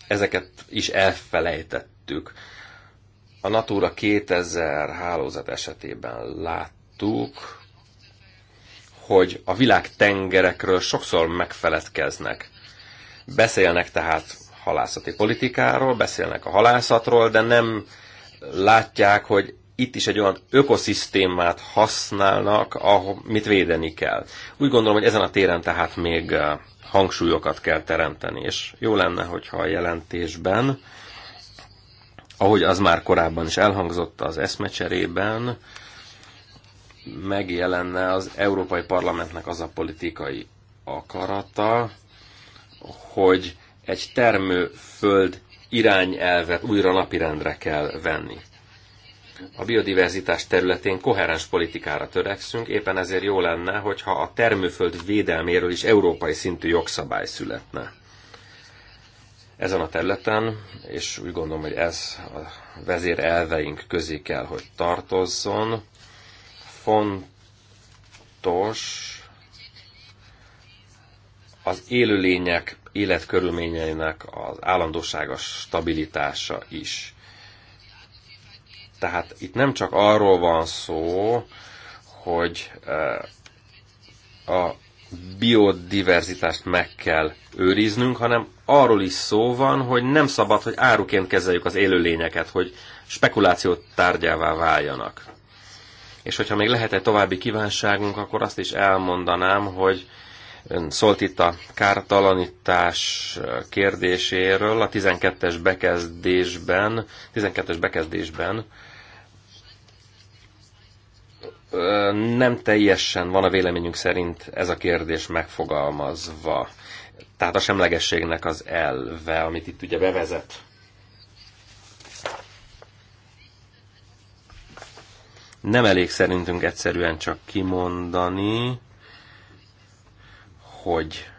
ezeket is elfelejtettük. A Natura 2000 hálózat esetében lát láttuk, hogy a világ tengerekről sokszor megfeledkeznek. Beszélnek tehát halászati politikáról, beszélnek a halászatról, de nem látják, hogy itt is egy olyan ökoszisztémát használnak, amit védeni kell. Úgy gondolom, hogy ezen a téren tehát még eh, hangsúlyokat kell teremteni, és jó lenne, hogyha a jelentésben, ahogy az már korábban is elhangzott az eszmecserében, megjelenne az Európai Parlamentnek az a politikai akarata, hogy egy termőföld irányelvet újra napirendre kell venni. A biodiverzitás területén koherens politikára törekszünk, éppen ezért jó lenne, hogyha a termőföld védelméről is európai szintű jogszabály születne. Ezen a területen, és úgy gondolom, hogy ez a vezérelveink közé kell, hogy tartozzon, fontos az élőlények életkörülményeinek az állandósága, stabilitása is. Tehát itt nem csak arról van szó, hogy eh, a biodiverzitást meg kell őriznünk, hanem arról is szó van, hogy nem szabad, hogy áruként kezeljük az élőlényeket, hogy spekulációt tárgyává váljanak. És hogyha még lehet egy további kívánságunk, akkor azt is elmondanám, hogy ön szólt itt a kártalanítás kérdéséről a 12-es bekezdésben, 12-es bekezdésben nem teljesen van a véleményünk szerint ez a kérdés megfogalmazva. Tehát a semlegességnek az elve, amit itt ugye bevezet Nem elég szerintünk egyszerűen csak kimondani, hogy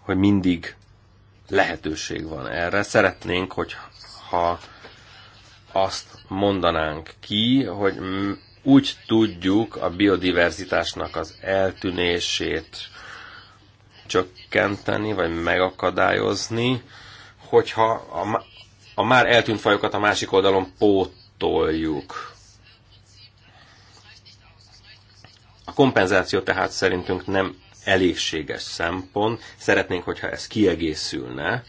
hogy mindig lehetőség van erre. Szeretnénk, hogy ha azt mondanánk ki, hogy úgy tudjuk a biodiverzitásnak az eltűnését csökkenteni, vagy megakadályozni, hogyha a, a már eltűnt fajokat a másik oldalon pótoljuk. A kompenzáció tehát szerintünk nem elégséges szempont. Szeretnénk, hogyha ez kiegészülne.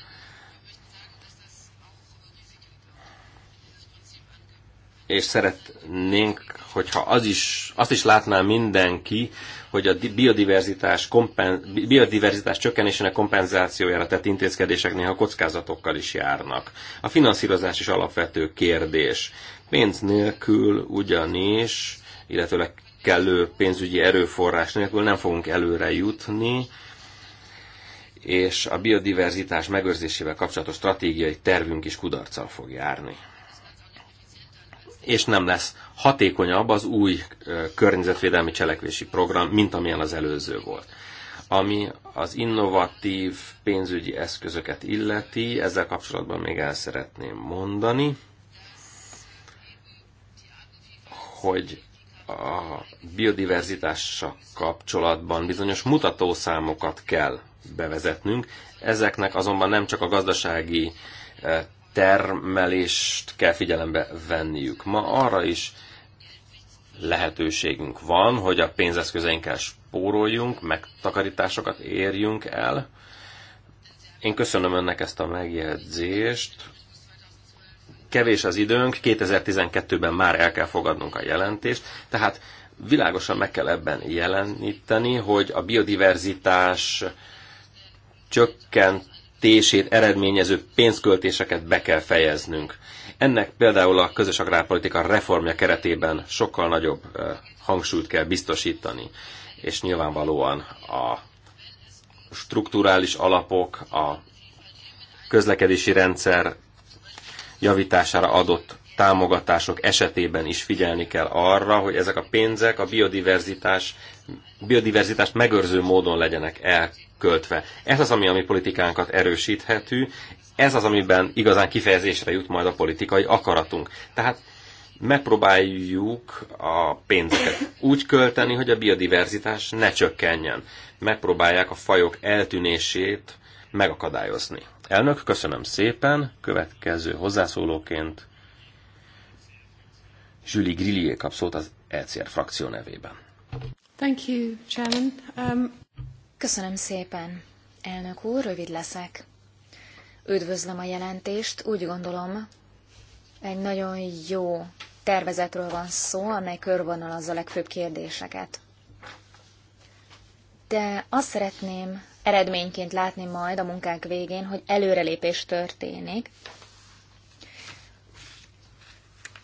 És szeretnénk, hogyha az is, azt is látná mindenki, hogy a biodiverzitás, kompen, biodiverzitás csökkenésének kompenzációjára tett intézkedések néha kockázatokkal is járnak. A finanszírozás is alapvető kérdés. Pénz nélkül ugyanis, illetőleg kellő pénzügyi erőforrás nélkül nem fogunk előre jutni, és a biodiverzitás megőrzésével kapcsolatos stratégiai tervünk is kudarccal fog járni és nem lesz hatékonyabb az új környezetvédelmi cselekvési program, mint amilyen az előző volt. Ami az innovatív pénzügyi eszközöket illeti, ezzel kapcsolatban még el szeretném mondani, hogy a biodiverzitással kapcsolatban bizonyos mutatószámokat kell bevezetnünk. Ezeknek azonban nem csak a gazdasági termelést kell figyelembe venniük. Ma arra is lehetőségünk van, hogy a pénzeszközeinkkel spóroljunk, megtakarításokat érjünk el. Én köszönöm önnek ezt a megjegyzést. Kevés az időnk, 2012-ben már el kell fogadnunk a jelentést, tehát világosan meg kell ebben jeleníteni, hogy a biodiverzitás csökkent költését eredményező pénzköltéseket be kell fejeznünk. Ennek például a közös agrárpolitika reformja keretében sokkal nagyobb hangsúlyt kell biztosítani, és nyilvánvalóan a strukturális alapok, a közlekedési rendszer javítására adott támogatások esetében is figyelni kell arra, hogy ezek a pénzek a biodiverzitás biodiverzitást megőrző módon legyenek elköltve. Ez az, ami a mi politikánkat erősíthető, ez az, amiben igazán kifejezésre jut majd a politikai akaratunk. Tehát megpróbáljuk a pénzeket úgy költeni, hogy a biodiverzitás ne csökkenjen. Megpróbálják a fajok eltűnését megakadályozni. Elnök, köszönöm szépen. Következő hozzászólóként Julie Grillier kap szót az ECR frakció nevében. Thank you, Chairman. Um... Köszönöm szépen, elnök úr, rövid leszek. Üdvözlöm a jelentést, úgy gondolom, egy nagyon jó tervezetről van szó, amely körvonalazza a legfőbb kérdéseket. De azt szeretném eredményként látni majd a munkánk végén, hogy előrelépés történik,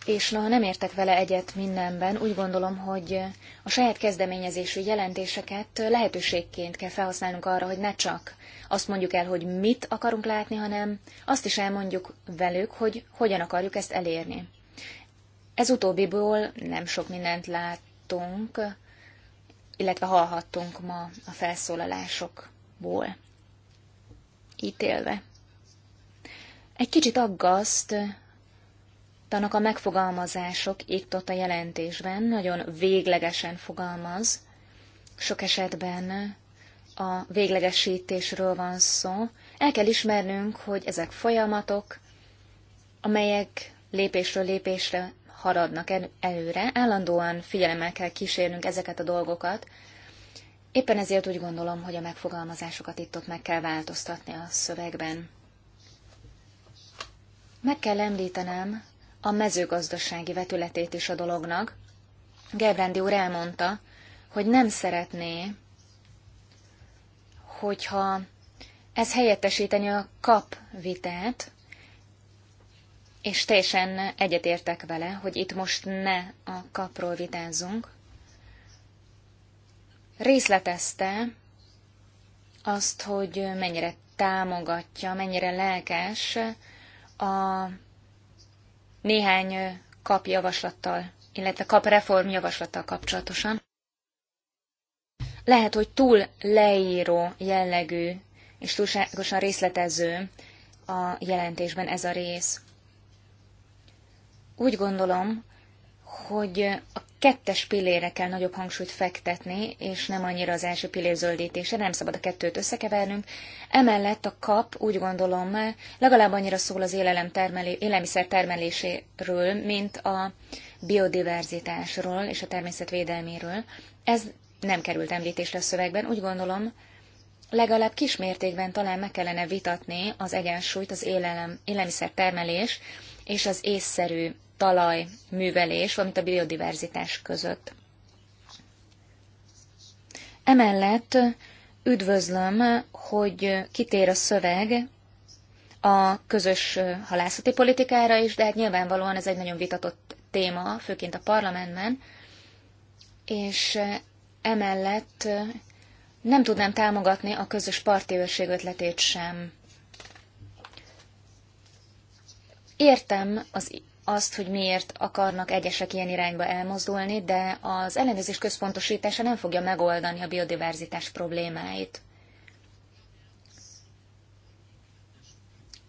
és noha nem értek vele egyet mindenben, úgy gondolom, hogy a saját kezdeményezésű jelentéseket lehetőségként kell felhasználnunk arra, hogy ne csak azt mondjuk el, hogy mit akarunk látni, hanem azt is elmondjuk velük, hogy hogyan akarjuk ezt elérni. Ez utóbbiból nem sok mindent láttunk, illetve hallhattunk ma a felszólalásokból. Ítélve. Egy kicsit aggaszt a megfogalmazások itt ott a jelentésben, nagyon véglegesen fogalmaz. Sok esetben a véglegesítésről van szó. El kell ismernünk, hogy ezek folyamatok, amelyek lépésről lépésre haradnak előre, állandóan figyelemmel kell kísérnünk ezeket a dolgokat. Éppen ezért úgy gondolom, hogy a megfogalmazásokat itt-ott meg kell változtatni a szövegben. Meg kell említenem, a mezőgazdasági vetületét is a dolognak. Gebrandi úr elmondta, hogy nem szeretné, hogyha ez helyettesíteni a kapvitát, és teljesen egyetértek vele, hogy itt most ne a kapról vitázzunk. Részletezte azt, hogy mennyire támogatja, mennyire lelkes a néhány kap javaslattal, illetve kap reform javaslattal kapcsolatosan. Lehet, hogy túl leíró jellegű és túlságosan részletező a jelentésben ez a rész. Úgy gondolom, hogy a kettes pillére kell nagyobb hangsúlyt fektetni, és nem annyira az első pillér zöldítése, nem szabad a kettőt összekevernünk. Emellett a kap, úgy gondolom, legalább annyira szól az élelem termelé, élelmiszer termeléséről, mint a biodiverzitásról és a természetvédelméről. Ez nem került említésre a szövegben, úgy gondolom, legalább kismértékben talán meg kellene vitatni az egyensúlyt az élelem, élelmiszer termelés és az észszerű talajművelés, valamint a biodiverzitás között. Emellett üdvözlöm, hogy kitér a szöveg a közös halászati politikára is, de hát nyilvánvalóan ez egy nagyon vitatott téma, főként a parlamentben, és emellett nem tudnám támogatni a közös parti őrség ötletét sem. Értem az azt, hogy miért akarnak egyesek ilyen irányba elmozdulni, de az ellenőrzés központosítása nem fogja megoldani a biodiverzitás problémáit.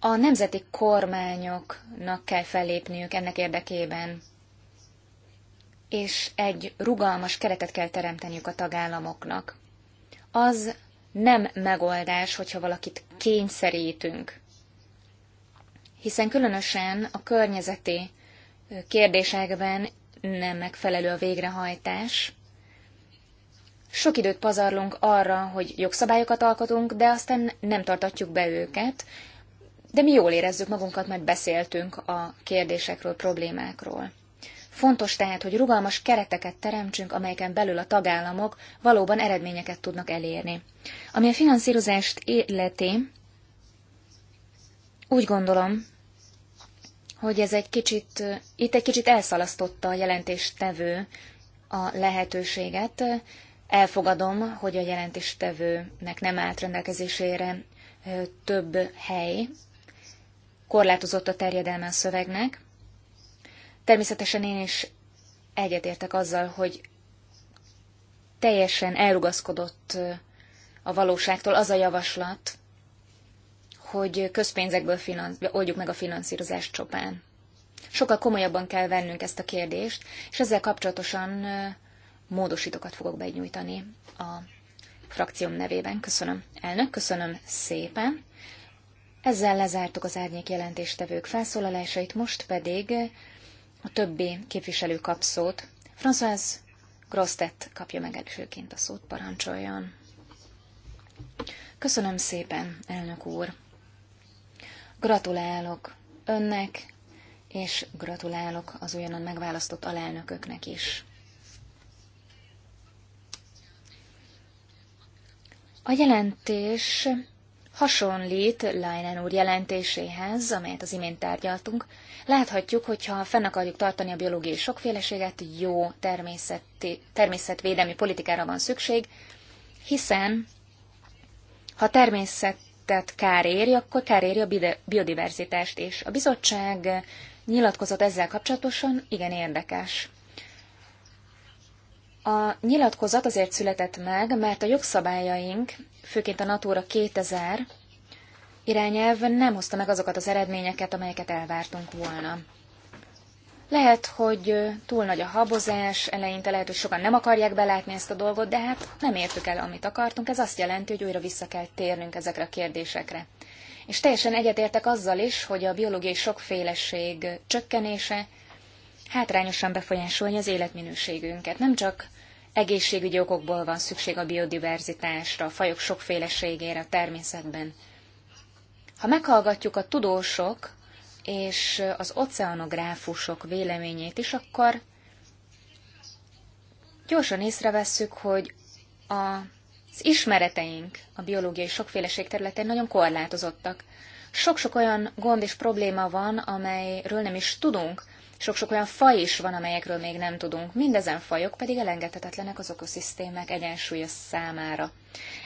A nemzeti kormányoknak kell fellépniük ennek érdekében, és egy rugalmas keretet kell teremteniük a tagállamoknak. Az nem megoldás, hogyha valakit kényszerítünk hiszen különösen a környezeti kérdésekben nem megfelelő a végrehajtás. Sok időt pazarlunk arra, hogy jogszabályokat alkotunk, de aztán nem tartatjuk be őket, de mi jól érezzük magunkat, mert beszéltünk a kérdésekről, problémákról. Fontos tehát, hogy rugalmas kereteket teremtsünk, amelyeken belül a tagállamok valóban eredményeket tudnak elérni. Ami a finanszírozást illeti, úgy gondolom, hogy ez egy kicsit, itt egy kicsit elszalasztotta a jelentéstevő a lehetőséget. Elfogadom, hogy a jelentéstevőnek nem állt rendelkezésére több hely, korlátozott a terjedelme a szövegnek. Természetesen én is egyetértek azzal, hogy teljesen elrugaszkodott a valóságtól az a javaslat, hogy közpénzekből finansz- oldjuk meg a finanszírozást csopán. Sokkal komolyabban kell vennünk ezt a kérdést, és ezzel kapcsolatosan módosítókat fogok benyújtani a frakcióm nevében. Köszönöm, elnök, köszönöm szépen. Ezzel lezártuk az árnyék jelentéstevők felszólalásait, most pedig a többi képviselő kap szót. François Grosztett kapja meg elsőként a szót, parancsoljon. Köszönöm szépen, elnök úr. Gratulálok önnek, és gratulálok az újonnan megválasztott alelnököknek is. A jelentés hasonlít Leinen úr jelentéséhez, amelyet az imént tárgyaltunk. Láthatjuk, hogy ha fenn akarjuk tartani a biológiai sokféleséget, jó természetvédelmi politikára van szükség, hiszen ha természet tett kár éri, akkor kár éri a biodiverzitást is. A bizottság nyilatkozott ezzel kapcsolatosan, igen érdekes. A nyilatkozat azért született meg, mert a jogszabályaink, főként a Natura 2000 irányelv nem hozta meg azokat az eredményeket, amelyeket elvártunk volna. Lehet, hogy túl nagy a habozás, eleinte lehet, hogy sokan nem akarják belátni ezt a dolgot, de hát nem értük el, amit akartunk. Ez azt jelenti, hogy újra vissza kell térnünk ezekre a kérdésekre. És teljesen egyetértek azzal is, hogy a biológiai sokféleség csökkenése hátrányosan befolyásolja az életminőségünket. Nem csak egészségügyi okokból van szükség a biodiverzitásra, a fajok sokféleségére a természetben. Ha meghallgatjuk a tudósok, és az oceanográfusok véleményét is, akkor gyorsan észrevesszük, hogy a, az ismereteink a biológiai sokféleség területén nagyon korlátozottak. Sok-sok olyan gond és probléma van, amelyről nem is tudunk, sok-sok olyan faj is van, amelyekről még nem tudunk, mindezen fajok pedig elengedhetetlenek az ökoszisztémák egyensúlya számára.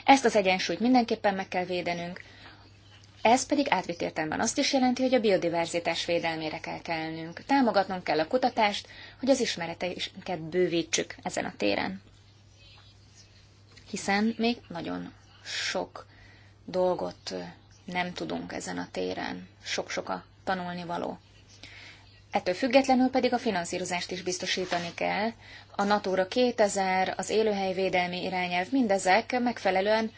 Ezt az egyensúlyt mindenképpen meg kell védenünk, ez pedig átvitt értelemben azt is jelenti, hogy a biodiverzitás védelmére kell kelnünk. Támogatnunk kell a kutatást, hogy az ismereteinket bővítsük ezen a téren. Hiszen még nagyon sok dolgot nem tudunk ezen a téren. Sok-sok a való. Ettől függetlenül pedig a finanszírozást is biztosítani kell. A Natura 2000, az élőhelyvédelmi irányelv, mindezek megfelelően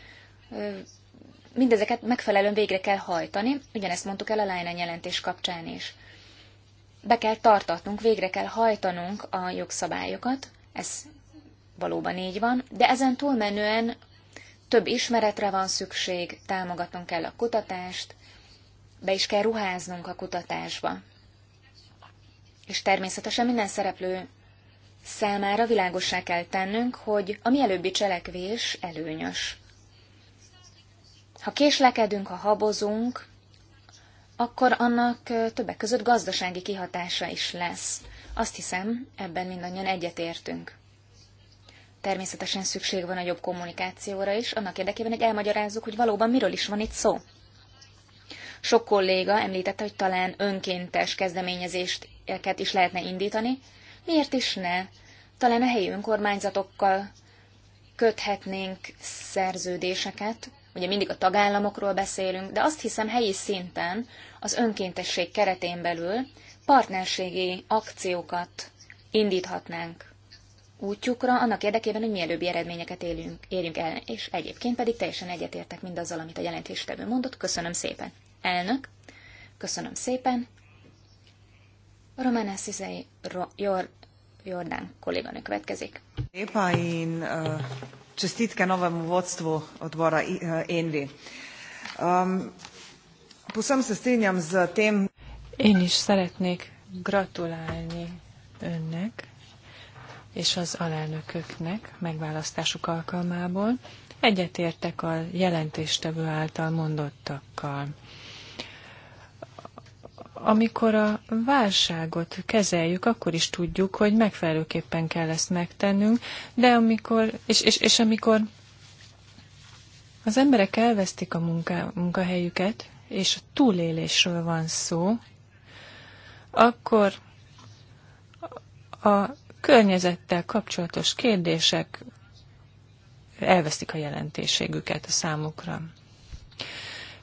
mindezeket megfelelően végre kell hajtani, ugyanezt mondtuk el a Leinen jelentés kapcsán is. Be kell tartatnunk, végre kell hajtanunk a jogszabályokat, ez valóban így van, de ezen túlmenően több ismeretre van szükség, támogatnunk kell a kutatást, be is kell ruháznunk a kutatásba. És természetesen minden szereplő számára világosá kell tennünk, hogy a mielőbbi cselekvés előnyös. Ha késlekedünk, ha habozunk, akkor annak többek között gazdasági kihatása is lesz. Azt hiszem, ebben mindannyian egyetértünk. Természetesen szükség van a jobb kommunikációra is, annak érdekében, hogy elmagyarázzuk, hogy valóban miről is van itt szó. Sok kolléga említette, hogy talán önkéntes kezdeményezést is lehetne indítani. Miért is ne? Talán a helyi önkormányzatokkal köthetnénk szerződéseket, ugye mindig a tagállamokról beszélünk, de azt hiszem helyi szinten az önkéntesség keretén belül partnerségi akciókat indíthatnánk útjukra, annak érdekében, hogy mielőbbi eredményeket élünk, érjünk el, és egyébként pedig teljesen egyetértek mindazzal, amit a jelentéstevő mondott. Köszönöm szépen. Elnök, köszönöm szépen. Romana Szizei Jor, Jordán kolléganő következik. Éppen én čestitke novemu vodstvu odbora Envi. Eh, um, Posem se strinjam z tem. Én is szeretnék gratulálni önnek és az alelnököknek megválasztásuk alkalmából. Egyetértek a jelentéstevő által mondottakkal amikor a válságot kezeljük, akkor is tudjuk, hogy megfelelőképpen kell ezt megtennünk, de amikor, és, és, és amikor az emberek elvesztik a munka, munkahelyüket, és a túlélésről van szó, akkor a környezettel kapcsolatos kérdések elvesztik a jelentőségüket a számukra.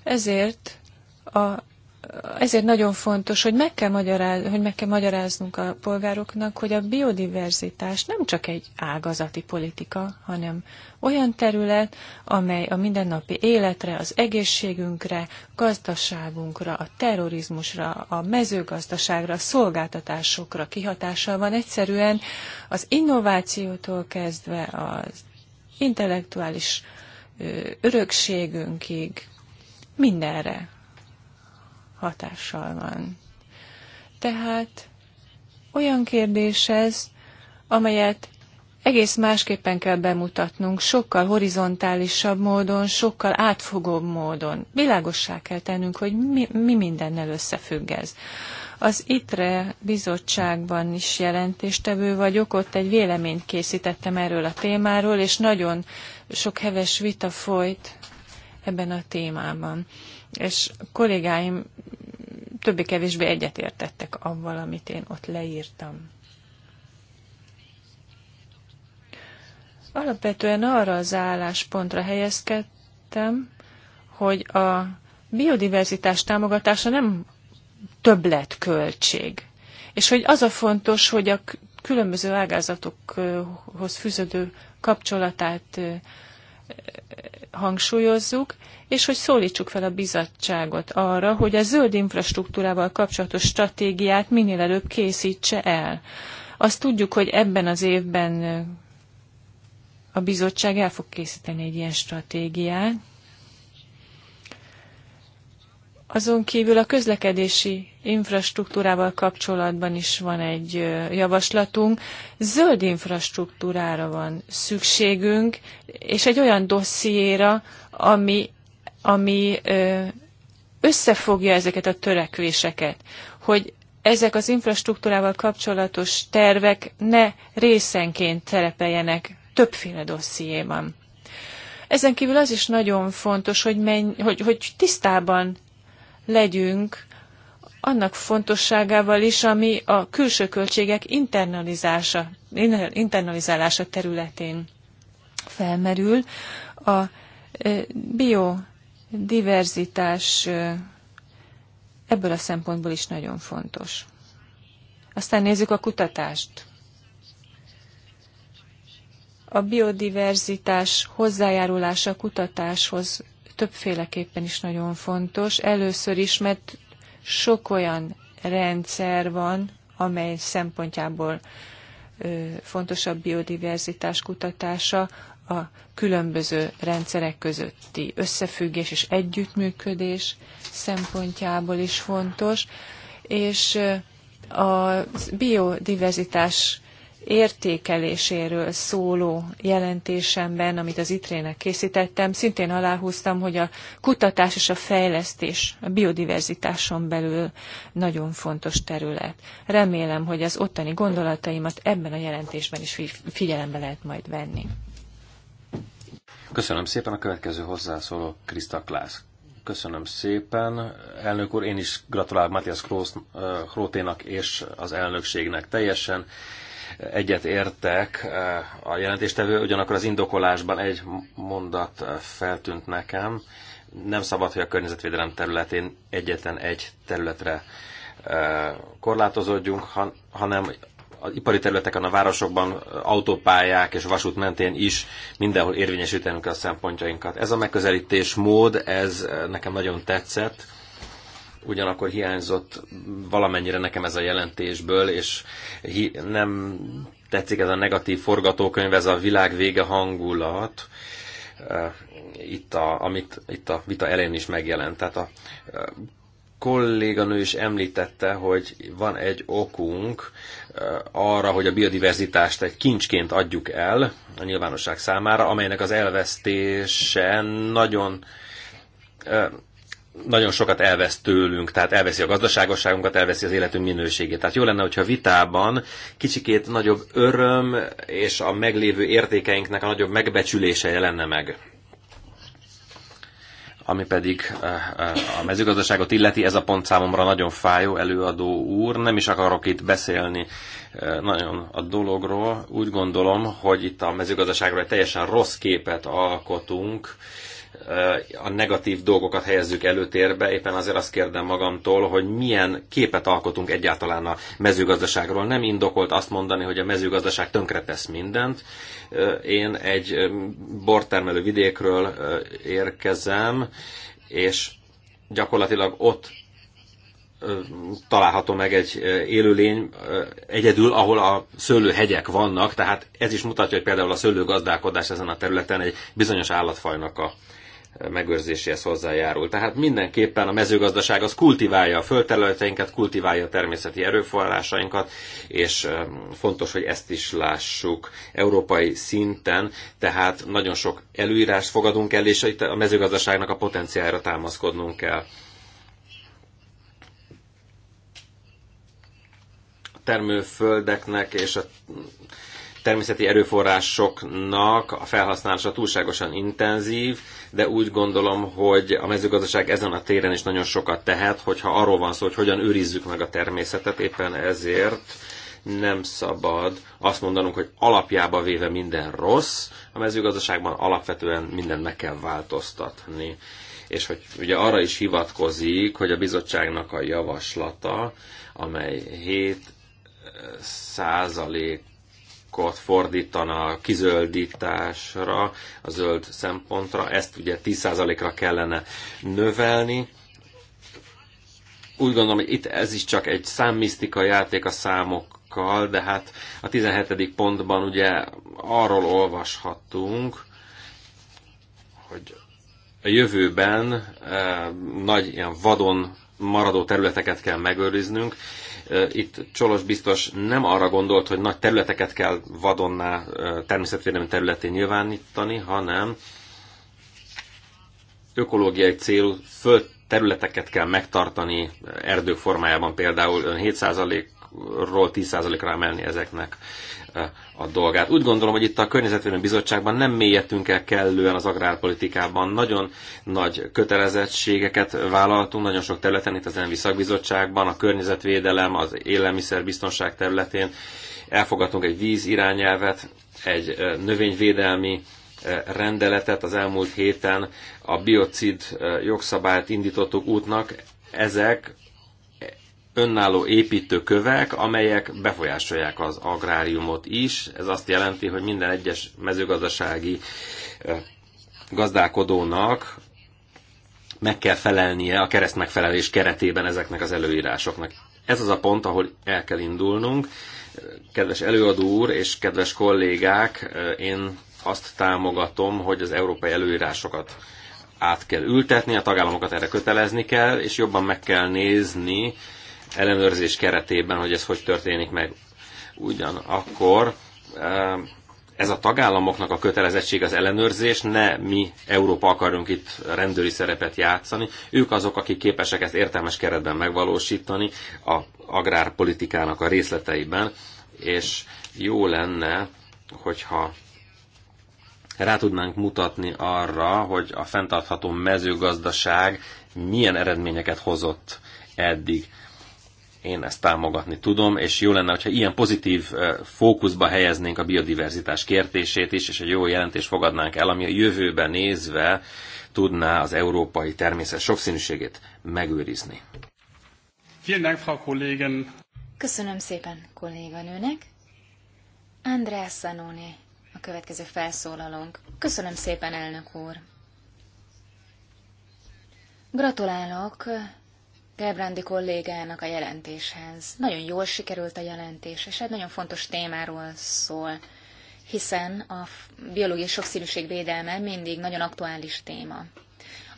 Ezért a ezért nagyon fontos, hogy meg, kell magyaráz, hogy meg kell magyaráznunk a polgároknak, hogy a biodiverzitás nem csak egy ágazati politika, hanem olyan terület, amely a mindennapi életre, az egészségünkre, gazdaságunkra, a terrorizmusra, a mezőgazdaságra, a szolgáltatásokra kihatással van. Egyszerűen az innovációtól kezdve az intellektuális örökségünkig mindenre hatással van. Tehát olyan kérdés ez, amelyet egész másképpen kell bemutatnunk, sokkal horizontálisabb módon, sokkal átfogóbb módon. Világossá kell tennünk, hogy mi, mi mindennel összefügg ez. Az ITRE bizottságban is jelentéstevő vagyok, ott egy véleményt készítettem erről a témáról, és nagyon sok heves vita folyt ebben a témában és kollégáim többé-kevésbé egyetértettek avval, amit én ott leírtam. Alapvetően arra az álláspontra helyezkedtem, hogy a biodiverzitás támogatása nem többletköltség. És hogy az a fontos, hogy a különböző ágázatokhoz fűződő kapcsolatát hangsúlyozzuk, és hogy szólítsuk fel a bizottságot arra, hogy a zöld infrastruktúrával kapcsolatos stratégiát minél előbb készítse el. Azt tudjuk, hogy ebben az évben a bizottság el fog készíteni egy ilyen stratégiát. Azon kívül a közlekedési infrastruktúrával kapcsolatban is van egy javaslatunk. Zöld infrastruktúrára van szükségünk, és egy olyan dossziéra, ami ami összefogja ezeket a törekvéseket, hogy ezek az infrastruktúrával kapcsolatos tervek ne részenként szerepeljenek többféle dossziéban. Ezen kívül az is nagyon fontos, hogy, menj, hogy, hogy tisztában legyünk annak fontosságával is, ami a külső költségek internalizása, internalizálása területén felmerül. A bio diverzitás ebből a szempontból is nagyon fontos. Aztán nézzük a kutatást. A biodiverzitás hozzájárulása a kutatáshoz többféleképpen is nagyon fontos. Először is, mert sok olyan rendszer van, amely szempontjából fontos a biodiverzitás kutatása, a különböző rendszerek közötti összefüggés és együttműködés szempontjából is fontos, és a biodiverzitás értékeléséről szóló jelentésemben, amit az ITRÉ-nek készítettem, szintén aláhúztam, hogy a kutatás és a fejlesztés a biodiverzitáson belül nagyon fontos terület. Remélem, hogy az ottani gondolataimat ebben a jelentésben is figyelembe lehet majd venni. Köszönöm szépen a következő hozzászóló Krista Klász. Köszönöm szépen. Elnök úr, én is gratulálok Matthias eh, Króténak és az elnökségnek teljesen. Egyet értek eh, a jelentéstevő, ugyanakkor az indokolásban egy mondat eh, feltűnt nekem. Nem szabad, hogy a környezetvédelem területén egyetlen egy területre korlátozódjunk, hanem az ipari területeken, a városokban, autópályák és vasút mentén is mindenhol érvényesítenünk a szempontjainkat. Ez a megközelítés mód, ez nekem nagyon tetszett, ugyanakkor hiányzott valamennyire nekem ez a jelentésből, és nem tetszik ez a negatív forgatókönyv, ez a világ vége hangulat, itt a, amit itt a vita elején is megjelent. Tehát a kolléganő is említette, hogy van egy okunk eh, arra, hogy a biodiverzitást egy kincsként adjuk el a nyilvánosság számára, amelynek az elvesztése nagyon eh, nagyon sokat elvesz tőlünk, tehát elveszi a gazdaságosságunkat, elveszi az életünk minőségét. Tehát jó lenne, hogyha vitában kicsikét nagyobb öröm és a meglévő értékeinknek a nagyobb megbecsülése jelenne meg. Ami pedig eh, eh, a mezőgazdaságot illeti, ez a pont számomra nagyon fájó előadó úr. Nem is akarok itt beszélni eh, nagyon a dologról. Úgy gondolom, hogy itt a mezőgazdaságról egy teljesen rossz képet alkotunk, a negatív dolgokat helyezzük előtérbe, éppen azért azt kérdem magamtól, hogy milyen képet alkotunk egyáltalán a mezőgazdaságról. Nem indokolt azt mondani, hogy a mezőgazdaság tönkretesz mindent. Én egy bortermelő vidékről érkezem, és gyakorlatilag ott található meg egy élőlény egyedül, ahol a szőlőhegyek vannak, tehát ez is mutatja, hogy például a szőlőgazdálkodás ezen a területen egy bizonyos állatfajnak a megőrzéséhez hozzájárul. Tehát mindenképpen a mezőgazdaság az kultiválja a földterületeinket, kultiválja a természeti erőforrásainkat, és fontos, hogy ezt is lássuk európai szinten, tehát nagyon sok előírást fogadunk el, és itt a mezőgazdaságnak a potenciára támaszkodnunk kell. A termőföldeknek és a természeti erőforrásoknak a felhasználása túlságosan intenzív, de úgy gondolom, hogy a mezőgazdaság ezen a téren is nagyon sokat tehet, hogyha arról van szó, hogy hogyan őrizzük meg a természetet, éppen ezért nem szabad azt mondanunk, hogy alapjába véve minden rossz, a mezőgazdaságban alapvetően mindent meg kell változtatni. És hogy ugye arra is hivatkozik, hogy a bizottságnak a javaslata, amely 7 százalék sokat fordítana kizöldításra, a zöld szempontra, ezt ugye 10%-ra kellene növelni. Úgy gondolom, hogy itt ez is csak egy számmisztika játék a számokkal, de hát a 17. pontban ugye arról olvashatunk, hogy a jövőben eh, nagy ilyen vadon maradó területeket kell megőriznünk, itt Csolos biztos nem arra gondolt, hogy nagy területeket kell vadonná természetvédelmi területén nyilvánítani, hanem ökológiai célú föld területeket kell megtartani erdők formájában például 7%-ról 10%-ra emelni ezeknek a dolgát. Úgy gondolom, hogy itt a Környezetvédelmi Bizottságban nem mélyedtünk el kellően az agrárpolitikában. Nagyon nagy kötelezettségeket vállaltunk nagyon sok területen, itt az Envi Szakbizottságban, a környezetvédelem, az élelmiszerbiztonság területén. Elfogadtunk egy víz irányelvet, egy növényvédelmi rendeletet az elmúlt héten, a biocid jogszabályt indítottuk útnak. Ezek önálló építőkövek, amelyek befolyásolják az agráriumot is. Ez azt jelenti, hogy minden egyes mezőgazdasági gazdálkodónak meg kell felelnie a kereszt megfelelés keretében ezeknek az előírásoknak. Ez az a pont, ahol el kell indulnunk. Kedves előadó úr és kedves kollégák, én azt támogatom, hogy az európai előírásokat át kell ültetni, a tagállamokat erre kötelezni kell, és jobban meg kell nézni ellenőrzés keretében, hogy ez hogy történik meg. Ugyanakkor ez a tagállamoknak a kötelezettség az ellenőrzés, ne mi Európa akarunk itt rendőri szerepet játszani. Ők azok, akik képesek ezt értelmes keretben megvalósítani a agrárpolitikának a részleteiben, és jó lenne, hogyha rá tudnánk mutatni arra, hogy a fenntartható mezőgazdaság milyen eredményeket hozott eddig. Én ezt támogatni tudom, és jó lenne, hogyha ilyen pozitív fókuszba helyeznénk a biodiverzitás kértését is, és egy jó jelentést fogadnánk el, ami a jövőbe nézve tudná az európai természet sokszínűségét megőrizni. Köszönöm szépen kolléganőnek. András Szanóné, a következő felszólalónk. Köszönöm szépen, elnök úr. Gratulálok Gelbrandi kollégának a jelentéshez. Nagyon jól sikerült a jelentés, és egy nagyon fontos témáról szól, hiszen a biológiai sokszínűség védelme mindig nagyon aktuális téma.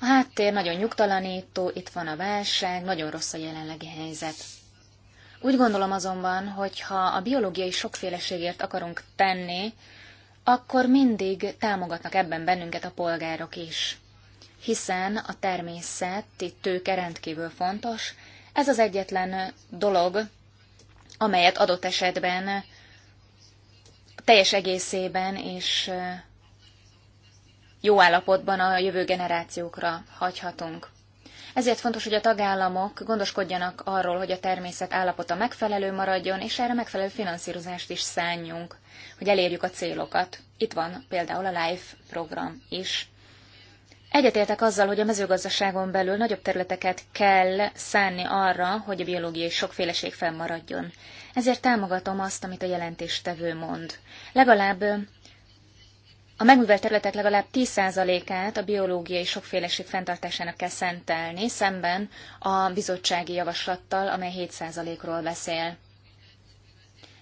A háttér nagyon nyugtalanító, itt van a válság, nagyon rossz a jelenlegi helyzet. Úgy gondolom azonban, hogy ha a biológiai sokféleségért akarunk tenni, akkor mindig támogatnak ebben bennünket a polgárok is hiszen a természeti tőke rendkívül fontos. Ez az egyetlen dolog, amelyet adott esetben teljes egészében és jó állapotban a jövő generációkra hagyhatunk. Ezért fontos, hogy a tagállamok gondoskodjanak arról, hogy a természet állapota megfelelő maradjon, és erre megfelelő finanszírozást is szánjunk, hogy elérjük a célokat. Itt van például a LIFE program is. Egyetértek azzal, hogy a mezőgazdaságon belül nagyobb területeket kell szánni arra, hogy a biológiai sokféleség fennmaradjon. Ezért támogatom azt, amit a jelentéstevő mond. Legalább a megművelt területek legalább 10%-át a biológiai sokféleség fenntartásának kell szentelni, szemben a bizottsági javaslattal, amely 7%-ról beszél.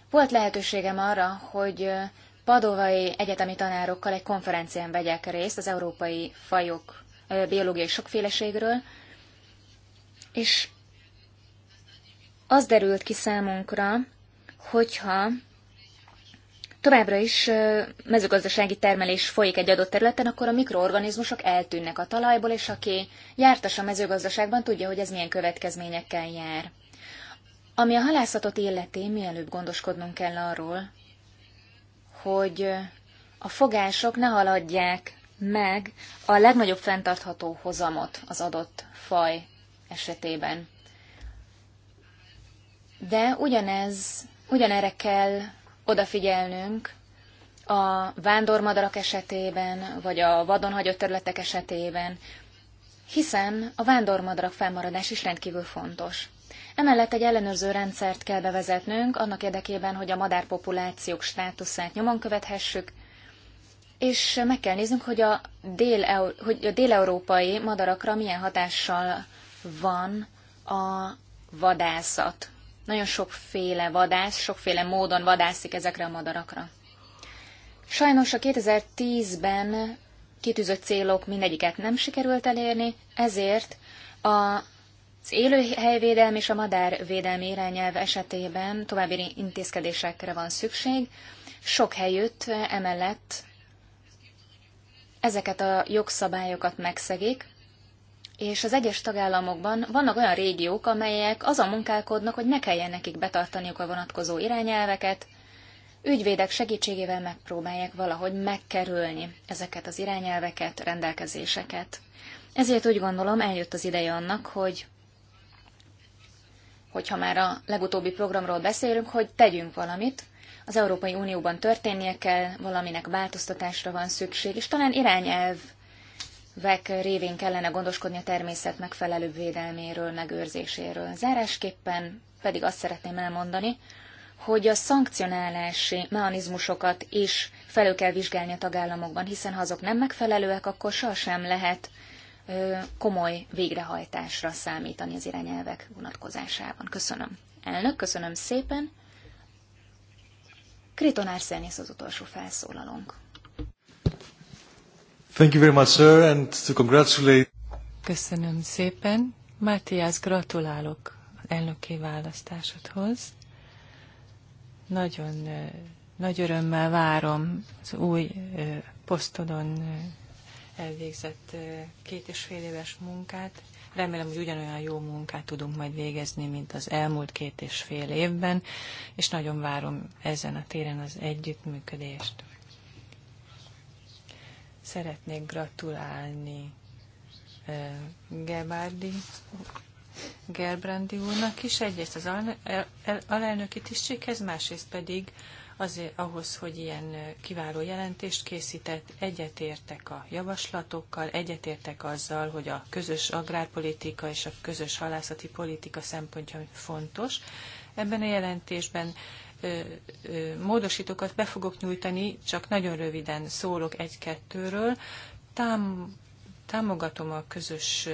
Volt lehetőségem arra, hogy padovai egyetemi tanárokkal egy konferencián vegyek részt az európai fajok biológiai sokféleségről, és az derült ki számunkra, hogyha továbbra is mezőgazdasági termelés folyik egy adott területen, akkor a mikroorganizmusok eltűnnek a talajból, és aki jártas a mezőgazdaságban, tudja, hogy ez milyen következményekkel jár. Ami a halászatot illeti, mielőbb gondoskodnunk kell arról, hogy a fogások ne haladják meg a legnagyobb fenntartható hozamot az adott faj esetében. De ugyanez, ugyanerre kell odafigyelnünk a vándormadarak esetében, vagy a vadon hagyott területek esetében, hiszen a vándormadarak felmaradás is rendkívül fontos. Emellett egy ellenőrző rendszert kell bevezetnünk annak érdekében, hogy a madárpopulációk státuszát nyomon követhessük, és meg kell néznünk, hogy a, dél, hogy a déleurópai madarakra milyen hatással van a vadászat. Nagyon sokféle vadász, sokféle módon vadászik ezekre a madarakra. Sajnos a 2010-ben kitűzött célok mindegyiket nem sikerült elérni, ezért a az élőhelyvédelmi és a madárvédelmi irányelv esetében további intézkedésekre van szükség. Sok helyütt emellett ezeket a jogszabályokat megszegik, és az egyes tagállamokban vannak olyan régiók, amelyek azon munkálkodnak, hogy ne kelljen nekik betartaniuk a vonatkozó irányelveket, ügyvédek segítségével megpróbálják valahogy megkerülni ezeket az irányelveket, rendelkezéseket. Ezért úgy gondolom, eljött az ideje annak, hogy hogyha már a legutóbbi programról beszélünk, hogy tegyünk valamit. Az Európai Unióban történnie kell, valaminek változtatásra van szükség, és talán irányelvek révén kellene gondoskodni a természet megfelelőbb védelméről, megőrzéséről. Zárásképpen pedig azt szeretném elmondani, hogy a szankcionálási mechanizmusokat is felül kell vizsgálni a tagállamokban, hiszen ha azok nem megfelelőek, akkor sohasem lehet komoly végrehajtásra számítani az irányelvek vonatkozásában. Köszönöm. Elnök, köszönöm szépen. Kriton Arsenis az utolsó felszólalónk. Thank you very much, sir, and to congratulate... Köszönöm szépen. Mátiás, gratulálok elnöki választásodhoz. Nagyon nagy örömmel várom az új posztodon elvégzett két és fél éves munkát. Remélem, hogy ugyanolyan jó munkát tudunk majd végezni, mint az elmúlt két és fél évben, és nagyon várom ezen a téren az együttműködést. Szeretnék gratulálni Gebárdi Gerbrandi úrnak is, egyrészt az alelnöki tisztséghez, másrészt pedig azért ahhoz, hogy ilyen kiváló jelentést készített, egyetértek a javaslatokkal, egyetértek azzal, hogy a közös agrárpolitika és a közös halászati politika szempontja fontos. Ebben a jelentésben ö, ö, módosítókat be fogok nyújtani, csak nagyon röviden szólok egy-kettőről. Tám, támogatom a közös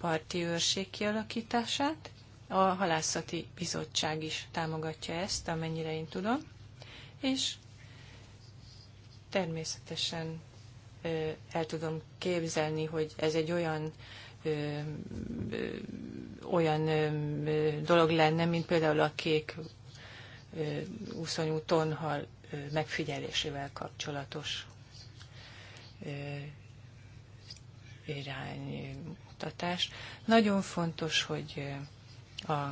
parti őrség kialakítását, a halászati bizottság is támogatja ezt, amennyire én tudom és természetesen el tudom képzelni, hogy ez egy olyan ö, ö, olyan ö, dolog lenne, mint például a kék úszonyú tonhal ö, megfigyelésével kapcsolatos ö, iránymutatás. Nagyon fontos, hogy a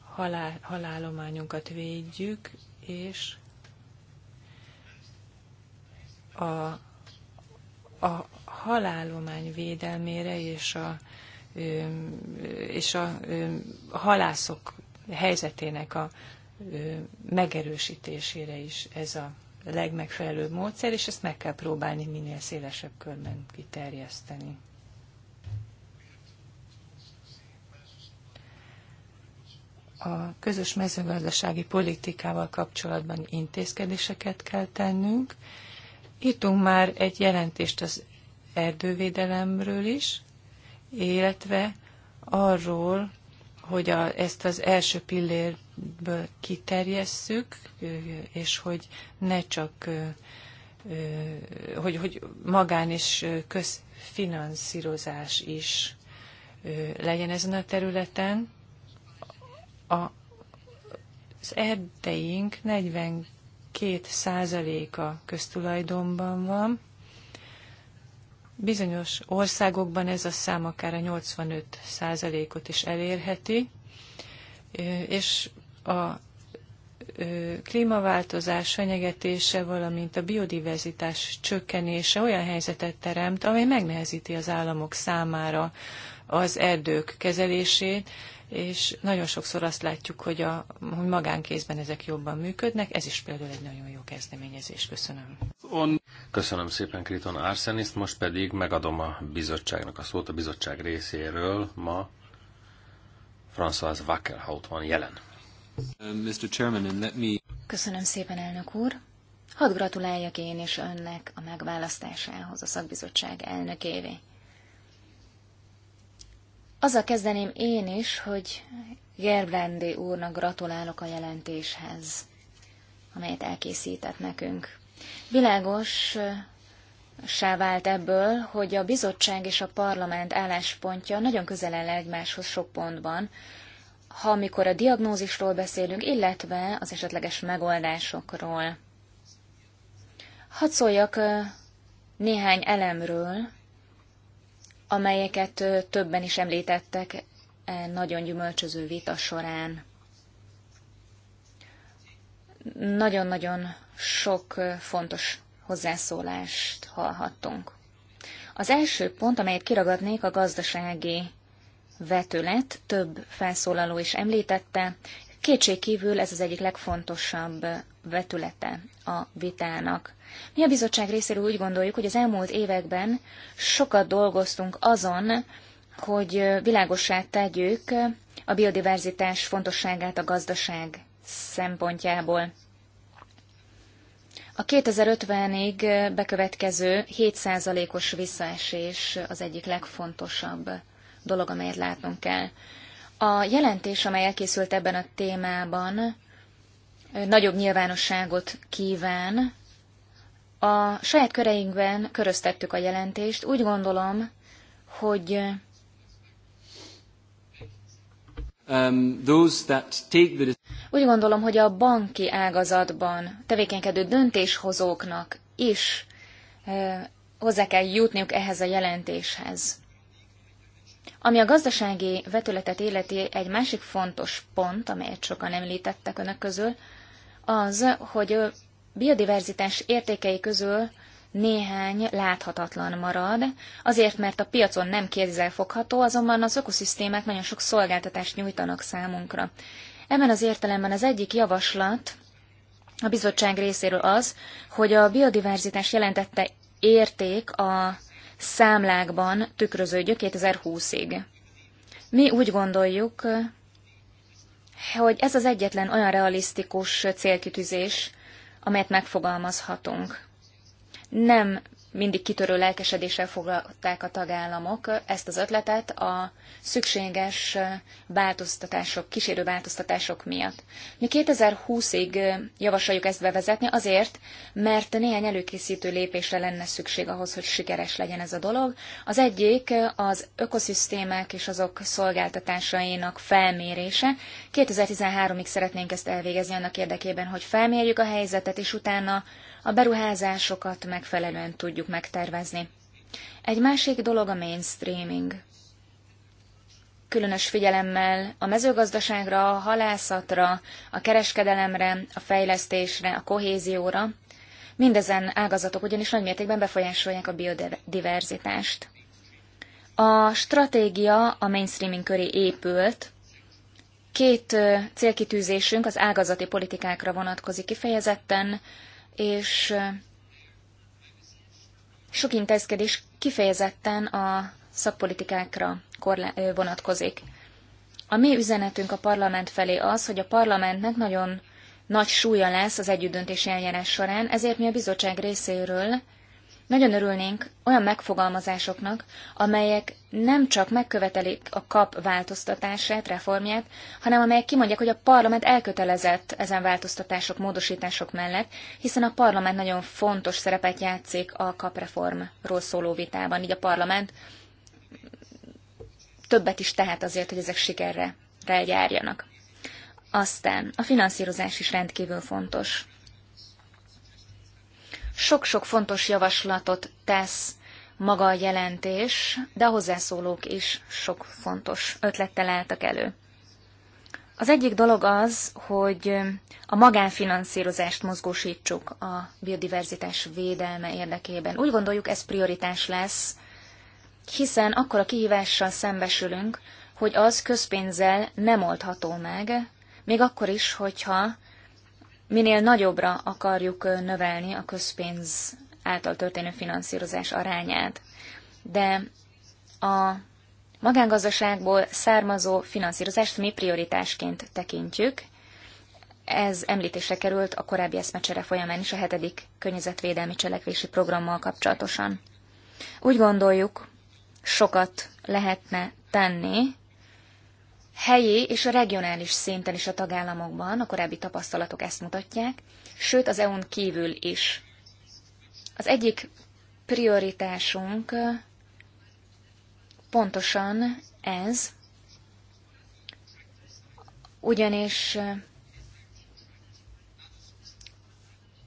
halál, halálományunkat védjük, és a, a halálomány védelmére és a, és a halászok helyzetének a megerősítésére is ez a legmegfelelőbb módszer, és ezt meg kell próbálni minél szélesebb körben kiterjeszteni. a közös mezőgazdasági politikával kapcsolatban intézkedéseket kell tennünk, Írtunk már egy jelentést az erdővédelemről is, illetve arról, hogy a, ezt az első pillérből kiterjesszük, és hogy ne csak hogy, hogy magán és közfinanszírozás is legyen ezen a területen. A, az erdeink 40 2%-a köztulajdonban van. Bizonyos országokban ez a szám akár a 85%-ot is elérheti, és a klímaváltozás fenyegetése, valamint a biodiverzitás csökkenése olyan helyzetet teremt, amely megnehezíti az államok számára az erdők kezelését, és nagyon sokszor azt látjuk, hogy a hogy magánkézben ezek jobban működnek, ez is például egy nagyon jó kezdeményezés. Köszönöm. Köszönöm szépen Kriton Arseniszt, most pedig megadom a bizottságnak a szót a bizottság részéről. Ma François Wackelhaut van jelen. Uh, Mr. Chairman, and let me... Köszönöm szépen, elnök úr. Hadd gratuláljak én is önnek a megválasztásához a szakbizottság elnökévé. Azzal kezdeném én is, hogy Gerbrandi úrnak gratulálok a jelentéshez, amelyet elkészített nekünk. Világos se vált ebből, hogy a bizottság és a parlament álláspontja nagyon közel áll egymáshoz sok pontban, ha amikor a diagnózisról beszélünk, illetve az esetleges megoldásokról. Hadd szóljak néhány elemről, amelyeket többen is említettek e, nagyon gyümölcsöző vita során. Nagyon-nagyon sok fontos hozzászólást hallhattunk. Az első pont, amelyet kiragadnék, a gazdasági vetület, több felszólaló is említette, Kétségkívül ez az egyik legfontosabb vetülete a vitának. Mi a bizottság részéről úgy gondoljuk, hogy az elmúlt években sokat dolgoztunk azon, hogy világossá tegyük a biodiverzitás fontosságát a gazdaság szempontjából. A 2050-ig bekövetkező 7%-os visszaesés az egyik legfontosabb dolog, amelyet látnunk kell. A jelentés, amely elkészült ebben a témában, nagyobb nyilvánosságot kíván. A saját köreinkben köröztettük a jelentést. Úgy gondolom, hogy Um, those that take the... Úgy gondolom, hogy a banki ágazatban tevékenykedő döntéshozóknak is uh, hozzá kell jutniuk ehhez a jelentéshez. Ami a gazdasági vetületet életi egy másik fontos pont, amelyet sokan említettek önök közül, az, hogy a biodiverzitás értékei közül néhány láthatatlan marad, azért mert a piacon nem kézzel fogható, azonban az ökoszisztémák nagyon sok szolgáltatást nyújtanak számunkra. Ebben az értelemben az egyik javaslat a bizottság részéről az, hogy a biodiverzitás jelentette érték a számlákban tükröződjük 2020-ig. Mi úgy gondoljuk, hogy ez az egyetlen olyan realisztikus célkitűzés, amelyet megfogalmazhatunk. Nem mindig kitörő lelkesedéssel fogadták a tagállamok ezt az ötletet a szükséges változtatások, kísérő változtatások miatt. Mi 2020-ig javasoljuk ezt bevezetni azért, mert néhány előkészítő lépésre lenne szükség ahhoz, hogy sikeres legyen ez a dolog. Az egyik az ökoszisztémák és azok szolgáltatásainak felmérése. 2013-ig szeretnénk ezt elvégezni annak érdekében, hogy felmérjük a helyzetet, és utána a beruházásokat megfelelően tudjuk megtervezni. Egy másik dolog a mainstreaming. Különös figyelemmel a mezőgazdaságra, a halászatra, a kereskedelemre, a fejlesztésre, a kohézióra, Mindezen ágazatok ugyanis nagymértékben befolyásolják a biodiverzitást. A stratégia a mainstreaming köré épült. Két célkitűzésünk az ágazati politikákra vonatkozik kifejezetten, és sok intézkedés kifejezetten a szakpolitikákra vonatkozik. A mi üzenetünk a parlament felé az, hogy a parlamentnek nagyon nagy súlya lesz az együttdöntési eljárás során, ezért mi a bizottság részéről nagyon örülnénk olyan megfogalmazásoknak, amelyek nem csak megkövetelik a kap változtatását, reformját, hanem amelyek kimondják, hogy a parlament elkötelezett ezen változtatások, módosítások mellett, hiszen a parlament nagyon fontos szerepet játszik a kap reformról szóló vitában, így a parlament többet is tehet azért, hogy ezek sikerre elgyárjanak. Aztán a finanszírozás is rendkívül fontos. Sok-sok fontos javaslatot tesz maga a jelentés, de a hozzászólók is sok fontos ötlettel álltak elő. Az egyik dolog az, hogy a magánfinanszírozást mozgósítsuk a biodiverzitás védelme érdekében. Úgy gondoljuk, ez prioritás lesz, hiszen akkor a kihívással szembesülünk, hogy az közpénzzel nem oldható meg, még akkor is, hogyha minél nagyobbra akarjuk növelni a közpénz által történő finanszírozás arányát. De a magángazdaságból származó finanszírozást mi prioritásként tekintjük. Ez említésre került a korábbi eszmecsere folyamán is a hetedik környezetvédelmi cselekvési programmal kapcsolatosan. Úgy gondoljuk, sokat lehetne tenni helyi és a regionális szinten is a tagállamokban, a korábbi tapasztalatok ezt mutatják, sőt az EU-n kívül is az egyik prioritásunk pontosan ez, ugyanis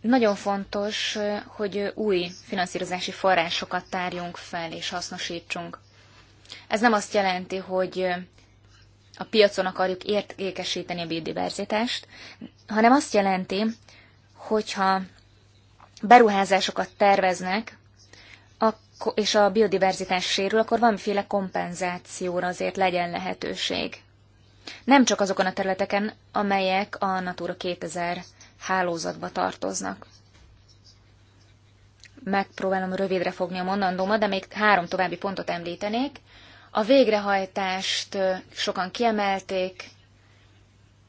nagyon fontos, hogy új finanszírozási forrásokat tárjunk fel és hasznosítsunk. Ez nem azt jelenti, hogy a piacon akarjuk értékesíteni a biodiverzitást, hanem azt jelenti, hogyha beruházásokat terveznek, és a biodiverzitás sérül, akkor valamiféle kompenzációra azért legyen lehetőség. Nem csak azokon a területeken, amelyek a Natura 2000 hálózatba tartoznak. Megpróbálom rövidre fogni a mondandómat, de még három további pontot említenék. A végrehajtást sokan kiemelték,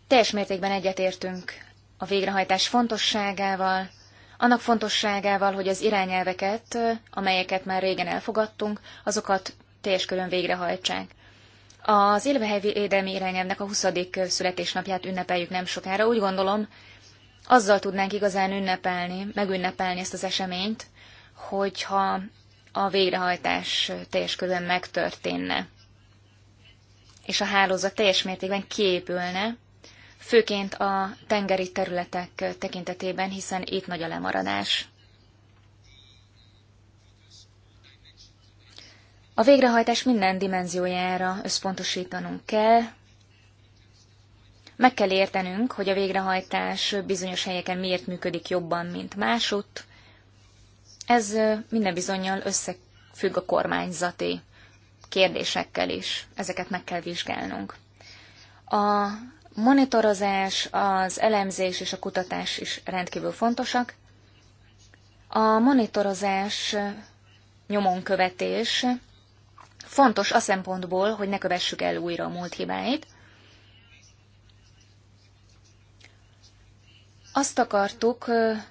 teljes mértékben egyetértünk a végrehajtás fontosságával, annak fontosságával, hogy az irányelveket, amelyeket már régen elfogadtunk, azokat teljes külön végrehajtsák. Az élvehédelmi irányelvnek a 20. születésnapját ünnepeljük nem sokára. Úgy gondolom, azzal tudnánk igazán ünnepelni, megünnepelni ezt az eseményt, hogyha a végrehajtás teljes körben megtörténne, és a hálózat teljes mértékben képülne, főként a tengeri területek tekintetében, hiszen itt nagy a lemaradás. A végrehajtás minden dimenziójára összpontosítanunk kell. Meg kell értenünk, hogy a végrehajtás bizonyos helyeken miért működik jobban, mint másutt. Ez minden bizonyal összefügg a kormányzati kérdésekkel is. Ezeket meg kell vizsgálnunk. A monitorozás, az elemzés és a kutatás is rendkívül fontosak. A monitorozás, nyomon követés fontos a szempontból, hogy ne kövessük el újra a múlt hibáit. Azt akartuk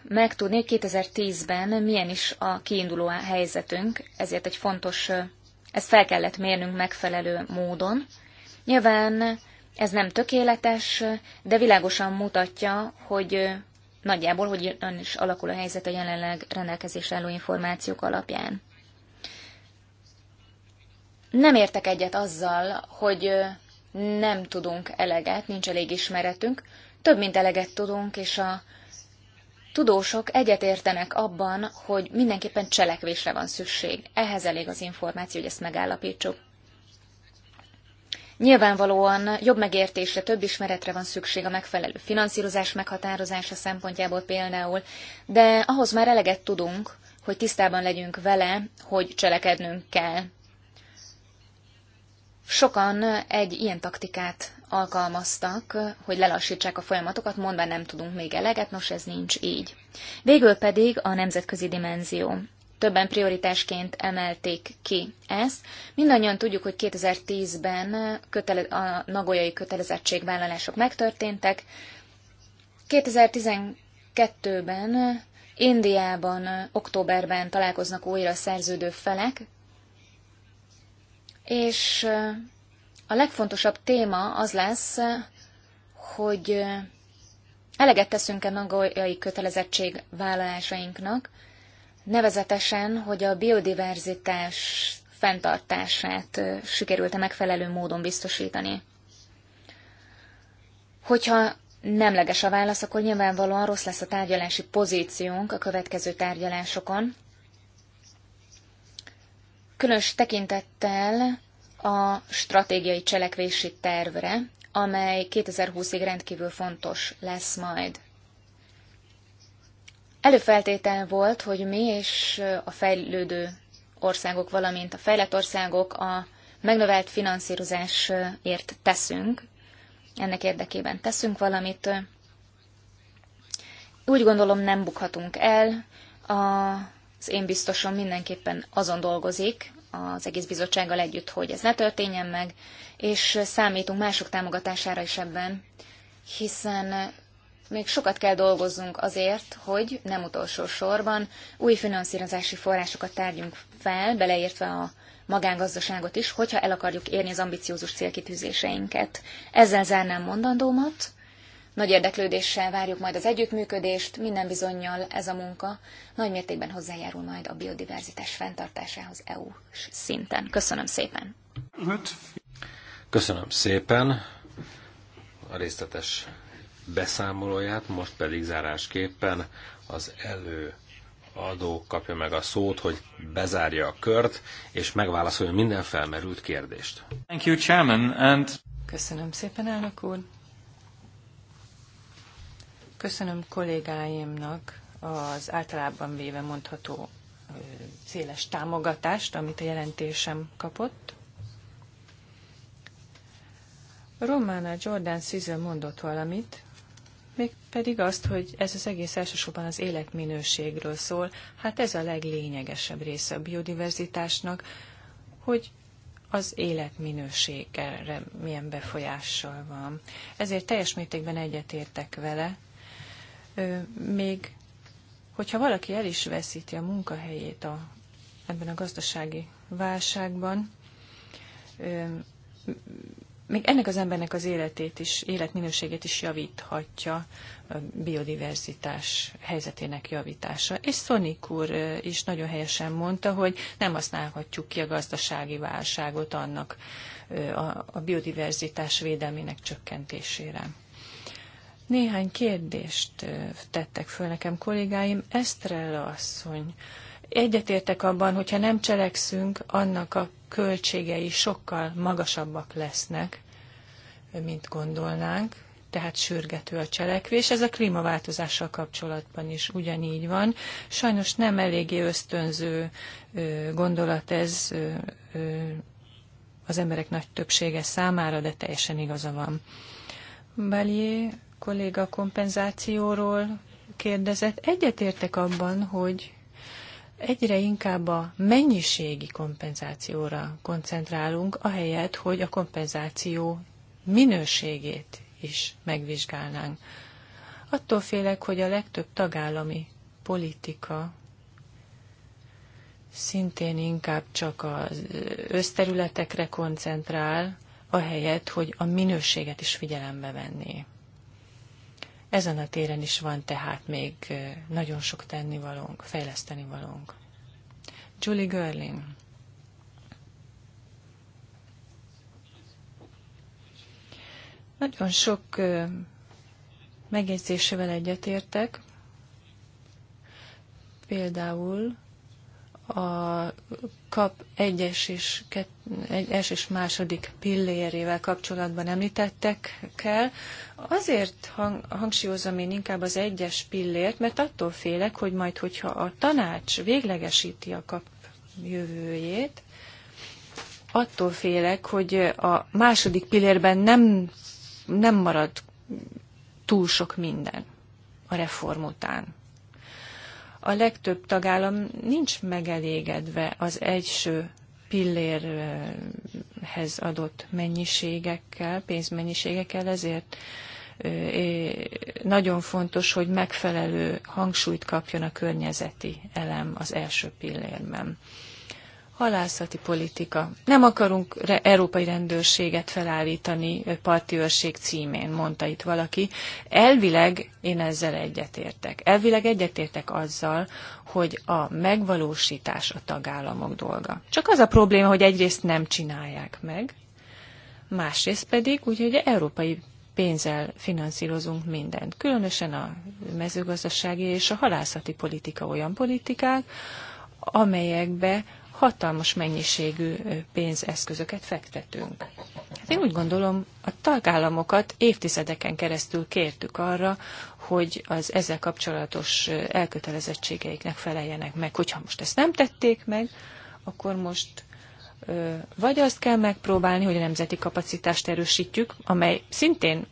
megtudni, 2010-ben milyen is a kiinduló helyzetünk, ezért egy fontos, ezt fel kellett mérnünk megfelelő módon. Nyilván ez nem tökéletes, de világosan mutatja, hogy nagyjából ön is alakul a helyzet a jelenleg rendelkezés álló információk alapján. Nem értek egyet azzal, hogy nem tudunk eleget, nincs elég ismeretünk, több mint eleget tudunk, és a tudósok egyetértenek abban, hogy mindenképpen cselekvésre van szükség. Ehhez elég az információ, hogy ezt megállapítsuk. Nyilvánvalóan jobb megértésre, több ismeretre van szükség a megfelelő finanszírozás meghatározása szempontjából például, de ahhoz már eleget tudunk, hogy tisztában legyünk vele, hogy cselekednünk kell. Sokan egy ilyen taktikát alkalmaztak, hogy lelassítsák a folyamatokat, mondván nem tudunk még eleget, nos ez nincs így. Végül pedig a nemzetközi dimenzió többen prioritásként emelték ki ezt. Mindannyian tudjuk, hogy 2010-ben a nagolyai kötelezettségvállalások megtörténtek. 2012-ben Indiában, októberben találkoznak újra a szerződő felek, és a legfontosabb téma az lesz, hogy eleget teszünk-e nagolyai kötelezettség vállalásainknak, Nevezetesen, hogy a biodiverzitás fenntartását sikerült-e megfelelő módon biztosítani. Hogyha nemleges a válasz, akkor nyilvánvalóan rossz lesz a tárgyalási pozíciónk a következő tárgyalásokon. Különös tekintettel a stratégiai cselekvési tervre, amely 2020-ig rendkívül fontos lesz majd. Előfeltétel volt, hogy mi és a fejlődő országok, valamint a fejlett országok a megnövelt finanszírozásért teszünk, ennek érdekében teszünk valamit. Úgy gondolom nem bukhatunk el, az én biztosom mindenképpen azon dolgozik, az egész bizottsággal együtt, hogy ez ne történjen meg, és számítunk mások támogatására is ebben, hiszen még sokat kell dolgoznunk azért, hogy nem utolsó sorban új finanszírozási forrásokat tárgyunk fel, beleértve a magángazdaságot is, hogyha el akarjuk érni az ambiciózus célkitűzéseinket. Ezzel zárnám mondandómat. Nagy érdeklődéssel várjuk majd az együttműködést, minden bizonyal ez a munka nagy mértékben hozzájárul majd a biodiverzitás fenntartásához EU szinten. Köszönöm szépen! Köszönöm szépen a részletes beszámolóját, most pedig zárásképpen az elő adó kapja meg a szót, hogy bezárja a kört, és megválaszolja minden felmerült kérdést. Thank you, Chairman, and... Köszönöm szépen, elnök úr. Köszönöm kollégáimnak az általában véve mondható széles támogatást, amit a jelentésem kapott. Romana Jordan Szűző mondott valamit, még pedig azt, hogy ez az egész elsősorban az életminőségről szól. Hát ez a leglényegesebb része a biodiverzitásnak, hogy az életminőségre milyen befolyással van. Ezért teljes mértékben egyetértek vele. Még hogyha valaki el is veszíti a munkahelyét a, ebben a gazdasági válságban, még ennek az embernek az életét is, életminőségét is javíthatja a biodiverzitás helyzetének javítása. És Szonik úr is nagyon helyesen mondta, hogy nem használhatjuk ki a gazdasági válságot annak a, a biodiverzitás védelmének csökkentésére. Néhány kérdést tettek föl nekem kollégáim. Esztrella asszony, Egyetértek abban, hogyha nem cselekszünk, annak a költségei sokkal magasabbak lesznek, mint gondolnánk, tehát sürgető a cselekvés. Ez a klímaváltozással kapcsolatban is ugyanígy van. Sajnos nem eléggé ösztönző gondolat ez az emberek nagy többsége számára, de teljesen igaza van. Belié kolléga kompenzációról kérdezett. Egyetértek abban, hogy egyre inkább a mennyiségi kompenzációra koncentrálunk, ahelyett, hogy a kompenzáció minőségét is megvizsgálnánk. Attól félek, hogy a legtöbb tagállami politika szintén inkább csak az összterületekre koncentrál, ahelyett, hogy a minőséget is figyelembe venné. Ezen a téren is van tehát még nagyon sok tennivalónk, fejleszteni valónk. Julie Görling. Nagyon sok megjegyzésével egyetértek. Például a kap egyes és, ket, egyes és második pillérével kapcsolatban kell. Azért hang, hangsúlyozom én inkább az egyes pillért, mert attól félek, hogy majd, hogyha a tanács véglegesíti a kap jövőjét, attól félek, hogy a második pillérben nem, nem marad túl sok minden a reform után a legtöbb tagállam nincs megelégedve az első pillérhez adott mennyiségekkel, pénzmennyiségekkel, ezért nagyon fontos, hogy megfelelő hangsúlyt kapjon a környezeti elem az első pillérben halászati politika. Nem akarunk re- európai rendőrséget felállítani parti őrség címén, mondta itt valaki. Elvileg én ezzel egyetértek. Elvileg egyetértek azzal, hogy a megvalósítás a tagállamok dolga. Csak az a probléma, hogy egyrészt nem csinálják meg, másrészt pedig, úgyhogy európai pénzzel finanszírozunk mindent. Különösen a mezőgazdasági és a halászati politika olyan politikák, amelyekbe hatalmas mennyiségű pénzeszközöket fektetünk. Hát én úgy gondolom, a tagállamokat évtizedeken keresztül kértük arra, hogy az ezzel kapcsolatos elkötelezettségeiknek feleljenek meg. Hogyha most ezt nem tették meg, akkor most vagy azt kell megpróbálni, hogy a nemzeti kapacitást erősítjük, amely szintén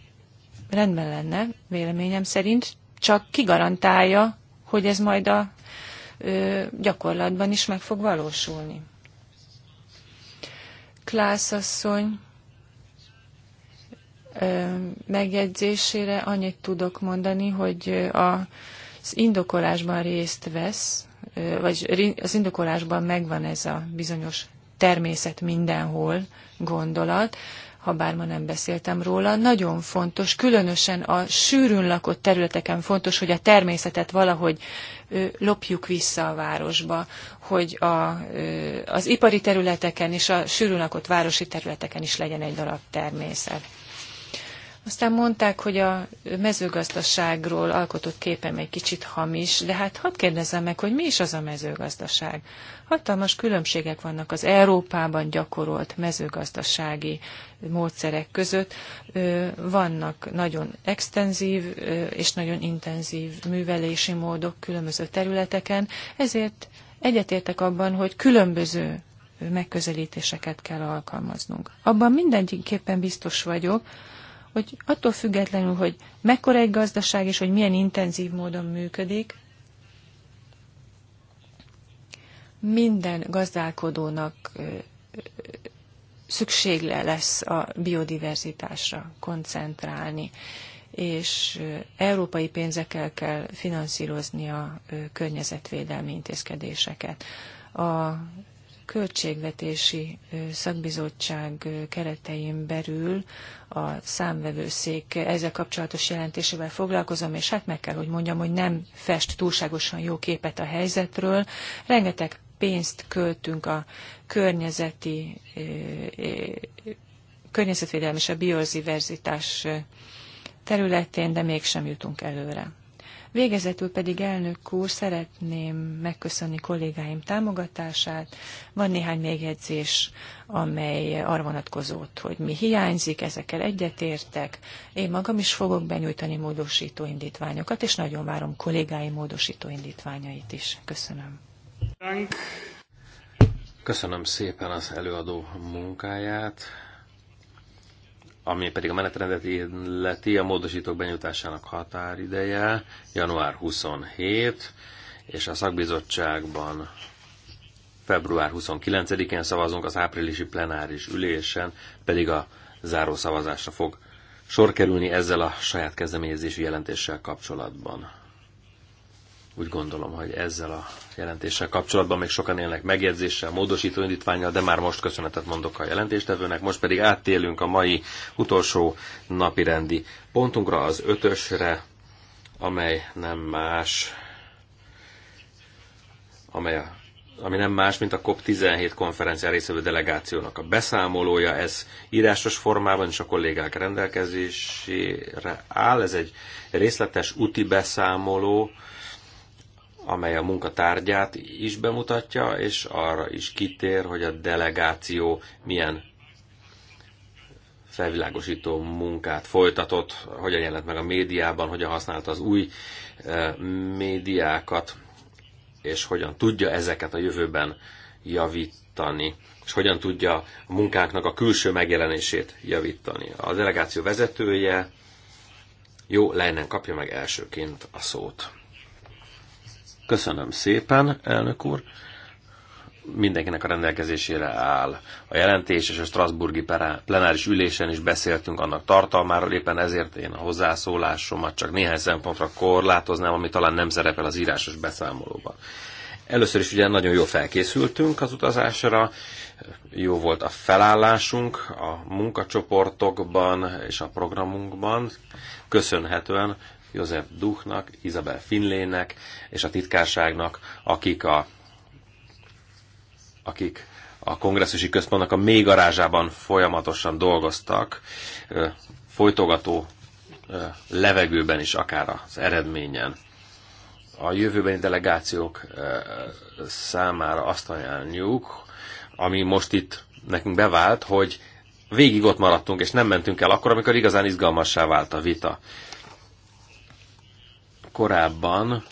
rendben lenne, véleményem szerint, csak kigarantálja, hogy ez majd a gyakorlatban is meg fog valósulni. Klász asszony megjegyzésére annyit tudok mondani, hogy az indokolásban részt vesz, vagy az indokolásban megvan ez a bizonyos természet mindenhol gondolat, ha bár ma nem beszéltem róla, nagyon fontos, különösen a sűrűn lakott területeken fontos, hogy a természetet valahogy lopjuk vissza a városba, hogy a, az ipari területeken és a sűrűn lakott városi területeken is legyen egy darab természet. Aztán mondták, hogy a mezőgazdaságról alkotott képem egy kicsit hamis, de hát hadd kérdezzem meg, hogy mi is az a mezőgazdaság. Hatalmas különbségek vannak az Európában gyakorolt mezőgazdasági módszerek között. Vannak nagyon extenzív és nagyon intenzív művelési módok különböző területeken, ezért egyetértek abban, hogy különböző megközelítéseket kell alkalmaznunk. Abban mindenképpen biztos vagyok, hogy attól függetlenül, hogy mekkora egy gazdaság és hogy milyen intenzív módon működik, minden gazdálkodónak szükségle lesz a biodiverzitásra koncentrálni, és európai pénzekkel kell finanszírozni a környezetvédelmi intézkedéseket. A költségvetési szakbizottság keretein belül a számvevőszék ezzel kapcsolatos jelentésével foglalkozom, és hát meg kell, hogy mondjam, hogy nem fest túlságosan jó képet a helyzetről. Rengeteg pénzt költünk a környezeti, környezetvédelmi, és a biodiverzitás területén, de mégsem jutunk előre. Végezetül pedig elnök úr, szeretném megköszönni kollégáim támogatását. Van néhány megjegyzés, amely arra vonatkozott, hogy mi hiányzik, ezekkel egyetértek. Én magam is fogok benyújtani módosító indítványokat, és nagyon várom kollégáim módosító indítványait is. Köszönöm. Köszönöm szépen az előadó munkáját ami pedig a menetrendet illeti a módosítók benyújtásának határideje január 27, és a szakbizottságban február 29-én szavazunk, az áprilisi plenáris ülésen pedig a záró szavazásra fog sor kerülni ezzel a saját kezdeményezésű jelentéssel kapcsolatban. Úgy gondolom, hogy ezzel a jelentéssel kapcsolatban még sokan élnek megjegyzéssel, módosító indítványjal, de már most köszönetet mondok a jelentéstevőnek. Most pedig áttélünk a mai utolsó napirendi pontunkra, az ötösre, amely nem más, amely a ami nem más, mint a COP17 konferencián részvevő delegációnak a beszámolója. Ez írásos formában is a kollégák rendelkezésére áll. Ez egy részletes úti beszámoló amely a munkatárgyát is bemutatja, és arra is kitér, hogy a delegáció milyen felvilágosító munkát folytatott, hogyan jelent meg a médiában, hogyan használta az új eh, médiákat, és hogyan tudja ezeket a jövőben javítani, és hogyan tudja a munkánknak a külső megjelenését javítani. A delegáció vezetője jó lejnen kapja meg elsőként a szót. Köszönöm szépen, elnök úr. Mindenkinek a rendelkezésére áll a jelentés, és a Strasburgi plenáris ülésen is beszéltünk annak tartalmáról, éppen ezért én a hozzászólásomat csak néhány szempontra korlátoznám, ami talán nem szerepel az írásos beszámolóban. Először is ugye nagyon jól felkészültünk az utazásra, jó volt a felállásunk a munkacsoportokban és a programunkban, köszönhetően József Duchnak, Izabel Finlének és a titkárságnak, akik a, akik a kongresszusi központnak a mély garázsában folyamatosan dolgoztak, folytogató levegőben is, akár az eredményen. A jövőbeni delegációk számára azt ajánljuk, ami most itt nekünk bevált, hogy végig ott maradtunk, és nem mentünk el akkor, amikor igazán izgalmassá vált a vita korábban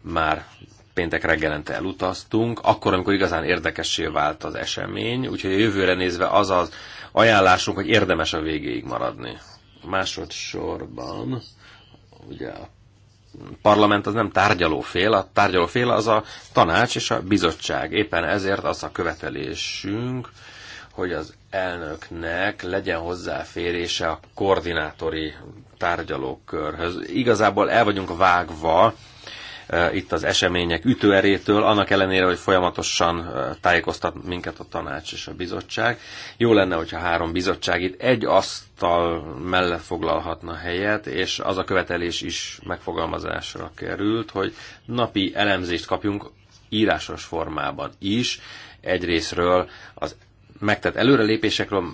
már péntek reggelente elutaztunk, akkor, amikor igazán érdekessé vált az esemény, úgyhogy a jövőre nézve az az ajánlásunk, hogy érdemes a végéig maradni. Másodszorban, ugye a parlament az nem tárgyaló fél, a fél az a tanács és a bizottság. Éppen ezért az a követelésünk, hogy az elnöknek legyen hozzáférése a koordinátori tárgyalókörhöz. Igazából el vagyunk vágva eh, itt az események ütőerétől, annak ellenére, hogy folyamatosan eh, tájékoztat minket a tanács és a bizottság. Jó lenne, hogyha három bizottság itt egy asztal mellett foglalhatna helyet, és az a követelés is megfogalmazásra került, hogy napi elemzést kapjunk írásos formában is, egyrésztről az megtett előrelépésekről,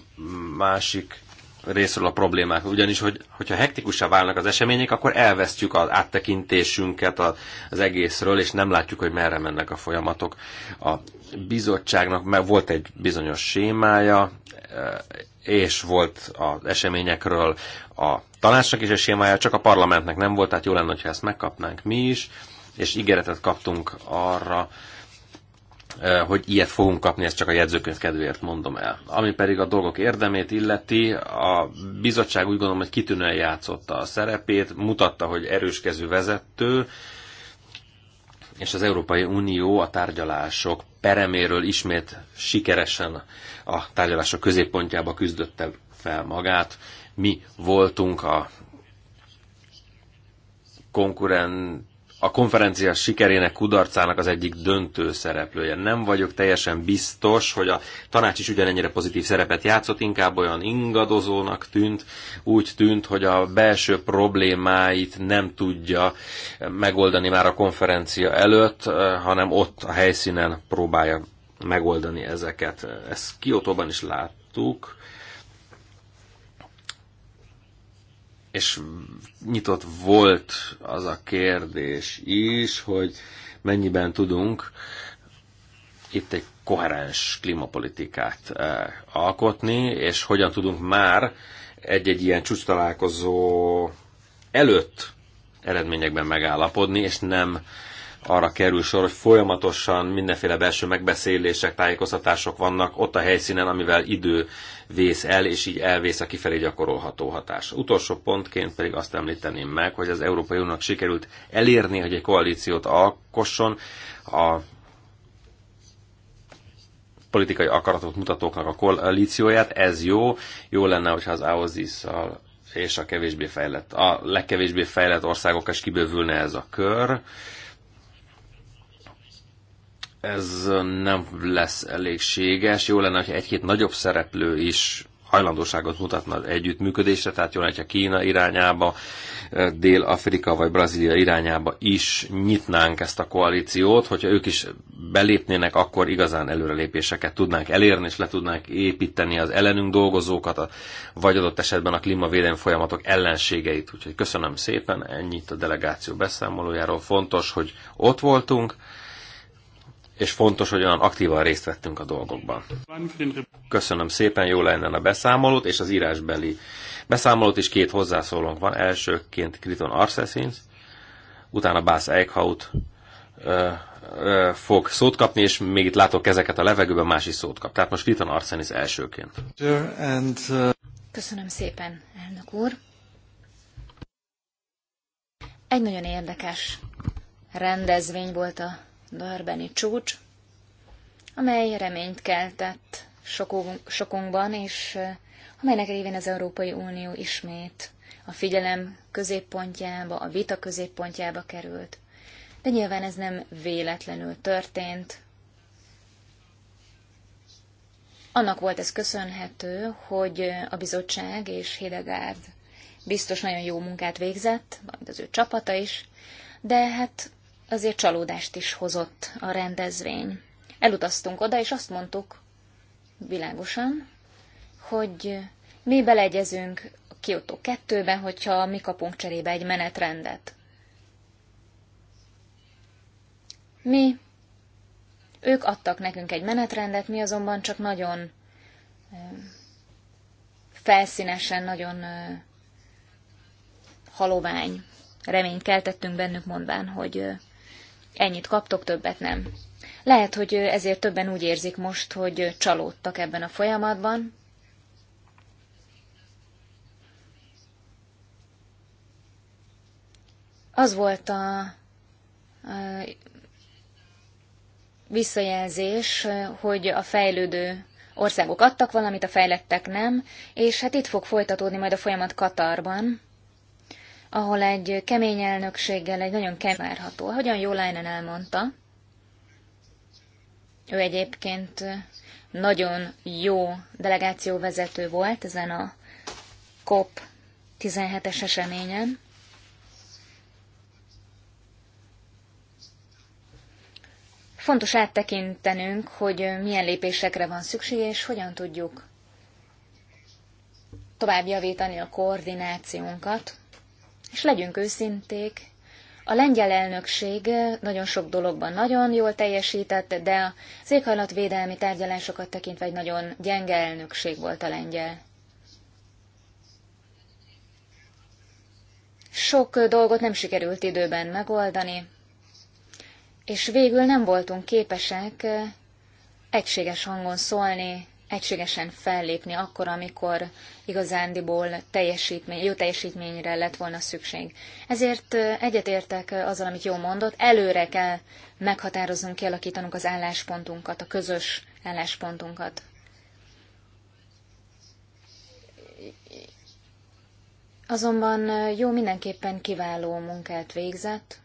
másik részről a problémák. Ugyanis, hogy, hogyha hektikusá válnak az események, akkor elvesztjük az áttekintésünket az egészről, és nem látjuk, hogy merre mennek a folyamatok. A bizottságnak mert volt egy bizonyos sémája, eh, és volt az eseményekről a tanácsnak is a sémája, csak a parlamentnek nem volt, tehát jó lenne, ha ezt megkapnánk mi is, és ígéretet kaptunk arra, Eh, hogy ilyet fogunk kapni, ezt csak a jegyzőkönyv kedvéért mondom el. Ami pedig a dolgok érdemét illeti, a bizottság úgy gondolom, hogy kitűnően játszotta a szerepét, mutatta, hogy erőskezű vezető, és az Európai Unió a tárgyalások pereméről ismét sikeresen a tárgyalások középpontjába küzdötte fel magát. Mi voltunk a konkurent a konferencia sikerének, kudarcának az egyik döntő szereplője. Nem vagyok teljesen biztos, hogy a tanács is ugyanennyire pozitív szerepet játszott, inkább olyan ingadozónak tűnt, úgy tűnt, hogy a belső problémáit nem tudja megoldani már a konferencia előtt, eh, hanem ott a helyszínen próbálja megoldani ezeket. Ezt Kiotóban is láttuk és nyitott volt az a kérdés is, hogy mennyiben tudunk itt egy koherens klímapolitikát eh, alkotni, és hogyan tudunk már egy-egy ilyen csúcs találkozó előtt eredményekben megállapodni, és nem arra kerül sor, hogy folyamatosan mindenféle belső megbeszélések, tájékoztatások vannak ott a helyszínen, amivel idő vész el, és így elvész a kifelé gyakorolható hatás. Utolsó pontként pedig azt említeném meg, hogy az Európai Uniónak sikerült elérni, hogy egy koalíciót alkosson a politikai akaratot mutatóknak a koalícióját, ez jó, jó lenne, hogyha az aozis és a kevésbé fejlett, a legkevésbé fejlett országok is kibővülne ez a kör, ez nem lesz elégséges. Jó lenne, hogy egy-két nagyobb szereplő is hajlandóságot mutatna az együttműködésre, tehát jól hogyha Kína irányába, Dél-Afrika vagy Brazília irányába is nyitnánk ezt a koalíciót, hogyha ők is belépnének, akkor igazán előrelépéseket tudnánk elérni, és le tudnánk építeni az ellenünk dolgozókat, vagy adott esetben a klímavédelmi folyamatok ellenségeit. Úgyhogy köszönöm szépen, ennyit a delegáció beszámolójáról. Fontos, hogy ott voltunk, és fontos, hogy olyan aktívan részt vettünk a dolgokban. Köszönöm szépen, jó lenne a beszámolót, és az írásbeli beszámolót is két hozzászólónk van. Elsőként Kriton Arsessins, utána Bász Eichhaut ö, ö, fog szót kapni, és még itt látok kezeket a levegőben, más is szót kap. Tehát most Kriton Arsessins elsőként. Uh, Köszönöm szépen, elnök úr. Egy nagyon érdekes rendezvény volt a Darbeni csúcs, amely reményt keltett sokunkban, és eh, amelynek révén az Európai Unió ismét a figyelem középpontjába, a vita középpontjába került. De nyilván ez nem véletlenül történt. Annak volt ez köszönhető, hogy eh, a bizottság és Hidegárd biztos nagyon jó munkát végzett, majd az ő csapata is, de hát azért csalódást is hozott a rendezvény. Elutaztunk oda, és azt mondtuk világosan, hogy mi beleegyezünk a Kyoto 2-ben, hogyha mi kapunk cserébe egy menetrendet. Mi, ők adtak nekünk egy menetrendet, mi azonban csak nagyon felszínesen, nagyon halovány reményt keltettünk bennük, mondván, hogy ennyit kaptok, többet nem. Lehet, hogy ezért többen úgy érzik most, hogy csalódtak ebben a folyamatban. Az volt a, a visszajelzés, hogy a fejlődő országok adtak valamit, a fejlettek nem, és hát itt fog folytatódni majd a folyamat Katarban ahol egy kemény elnökséggel egy nagyon kemény várható. Hogyan Leinen elmondta, ő egyébként nagyon jó delegációvezető volt ezen a COP 17-es eseményen. Fontos áttekintenünk, hogy milyen lépésekre van szükség, és hogyan tudjuk tovább javítani a koordinációnkat és legyünk őszinték, a lengyel elnökség nagyon sok dologban nagyon jól teljesített, de az éghajlatvédelmi tárgyalásokat tekintve egy nagyon gyenge elnökség volt a lengyel. Sok dolgot nem sikerült időben megoldani, és végül nem voltunk képesek egységes hangon szólni egységesen fellépni akkor, amikor igazándiból teljesítmény, jó teljesítményre lett volna szükség. Ezért egyetértek azzal, amit jó mondott, előre kell meghatároznunk, kialakítanunk az álláspontunkat, a közös álláspontunkat. Azonban jó mindenképpen kiváló munkát végzett,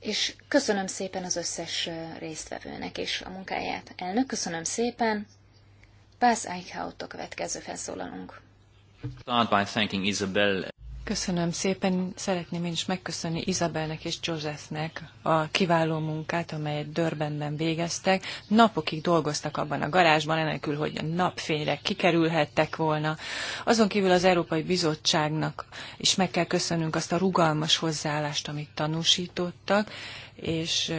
és köszönöm szépen az összes résztvevőnek és a munkáját. Elnök, köszönöm szépen! Pász Eichhout a következő felszólalunk. Köszönöm szépen, szeretném én is megköszönni Izabelnek és Josephnek a kiváló munkát, amelyet Dörbenben végeztek. Napokig dolgoztak abban a garázsban, enélkül, hogy a napfényre kikerülhettek volna. Azon kívül az Európai Bizottságnak is meg kell köszönnünk azt a rugalmas hozzáállást, amit tanúsítottak, és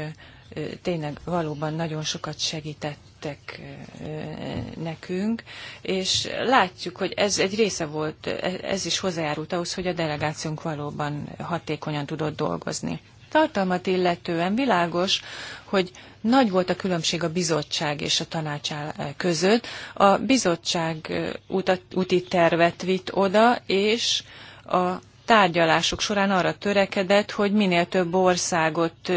tényleg valóban nagyon sokat segítettek nekünk, és látjuk, hogy ez egy része volt, ez is hozzájárult ahhoz, hogy a delegációnk valóban hatékonyan tudott dolgozni. Tartalmat illetően világos, hogy nagy volt a különbség a bizottság és a tanács között. A bizottság utat, úti tervet vitt oda, és a tárgyalások során arra törekedett, hogy minél több országot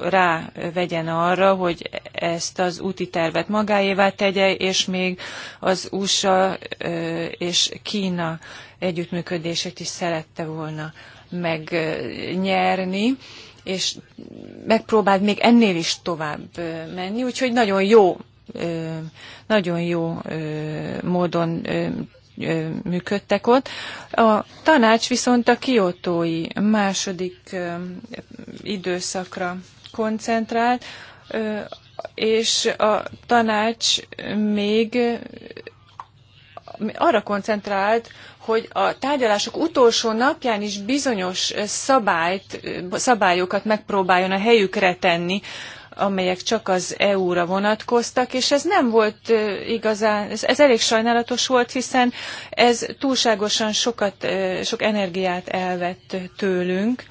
rávegyen arra, hogy ezt az úti tervet magáévá tegye, és még az USA és Kína együttműködését is szerette volna megnyerni és megpróbált még ennél is tovább menni, úgyhogy nagyon jó nagyon jó módon működtek ott. A tanács viszont a kiotói második időszakra koncentrált, és a tanács még arra koncentrált, hogy a tárgyalások utolsó napján is bizonyos szabályt, szabályokat megpróbáljon a helyükre tenni, amelyek csak az EU-ra vonatkoztak, és ez nem volt igazán, ez, ez elég sajnálatos volt, hiszen ez túlságosan sokat, sok energiát elvett tőlünk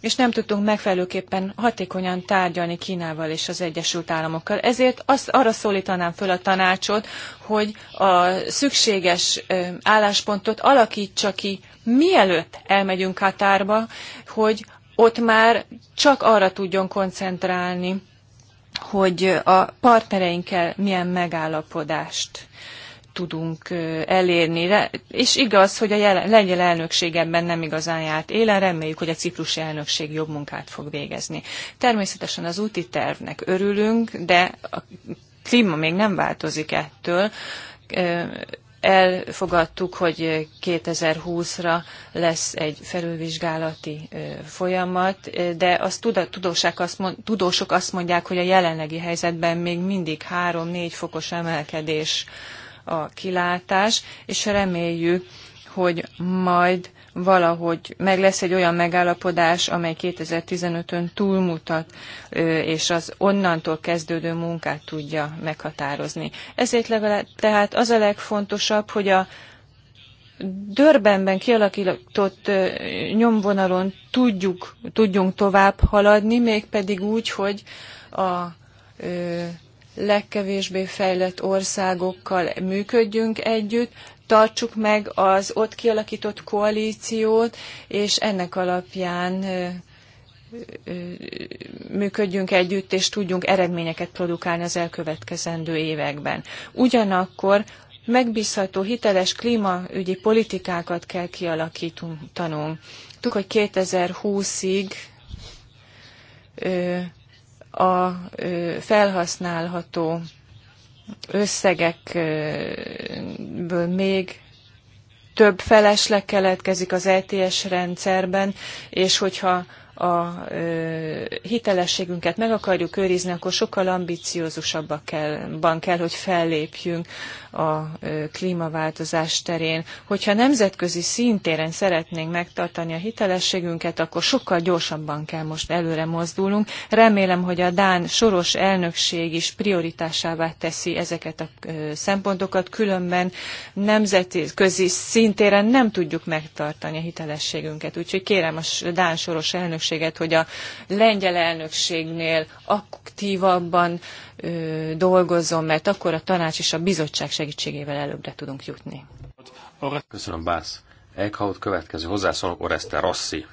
és nem tudtunk megfelelőképpen hatékonyan tárgyalni Kínával és az Egyesült Államokkal. Ezért azt, arra szólítanám föl a tanácsot, hogy a szükséges álláspontot alakítsa ki, mielőtt elmegyünk Katárba, hogy ott már csak arra tudjon koncentrálni, hogy a partnereinkkel milyen megállapodást tudunk elérni. És igaz, hogy a lengyel elnökség ebben nem igazán járt élen, reméljük, hogy a ciprusi elnökség jobb munkát fog végezni. Természetesen az úti tervnek örülünk, de a klíma még nem változik ettől elfogadtuk, hogy 2020-ra lesz egy felülvizsgálati folyamat, de azt azt mond, tudósok azt mondják, hogy a jelenlegi helyzetben még mindig 3-4 fokos emelkedés a kilátás, és reméljük, hogy majd valahogy meg lesz egy olyan megállapodás, amely 2015-ön túlmutat, és az onnantól kezdődő munkát tudja meghatározni. Ezért legalább, tehát az a legfontosabb, hogy a Dörbenben kialakított nyomvonalon tudjuk, tudjunk tovább haladni, mégpedig úgy, hogy a legkevésbé fejlett országokkal működjünk együtt, tartsuk meg az ott kialakított koalíciót, és ennek alapján működjünk együtt, és tudjunk eredményeket produkálni az elkövetkezendő években. Ugyanakkor megbízható, hiteles klímaügyi politikákat kell kialakítanunk. Tudjuk, hogy 2020-ig a felhasználható összegekből még több felesleg keletkezik az ETS rendszerben, és hogyha a hitelességünket meg akarjuk őrizni, akkor sokkal ambiciózusabban kell, kell, hogy fellépjünk a klímaváltozás terén. Hogyha nemzetközi szintéren szeretnénk megtartani a hitelességünket, akkor sokkal gyorsabban kell most előre mozdulnunk. Remélem, hogy a Dán soros elnökség is prioritásává teszi ezeket a szempontokat, különben nemzetközi szintéren nem tudjuk megtartani a hitelességünket. Úgyhogy kérem a Dán soros elnökség lehetőséget, hogy a lengyel elnökségnél aktívabban ö, dolgozzon, mert akkor a tanács és a bizottság segítségével előbbre tudunk jutni. Köszönöm, Bász. Eichhaut következő hozzászólok, Oreste Rossi.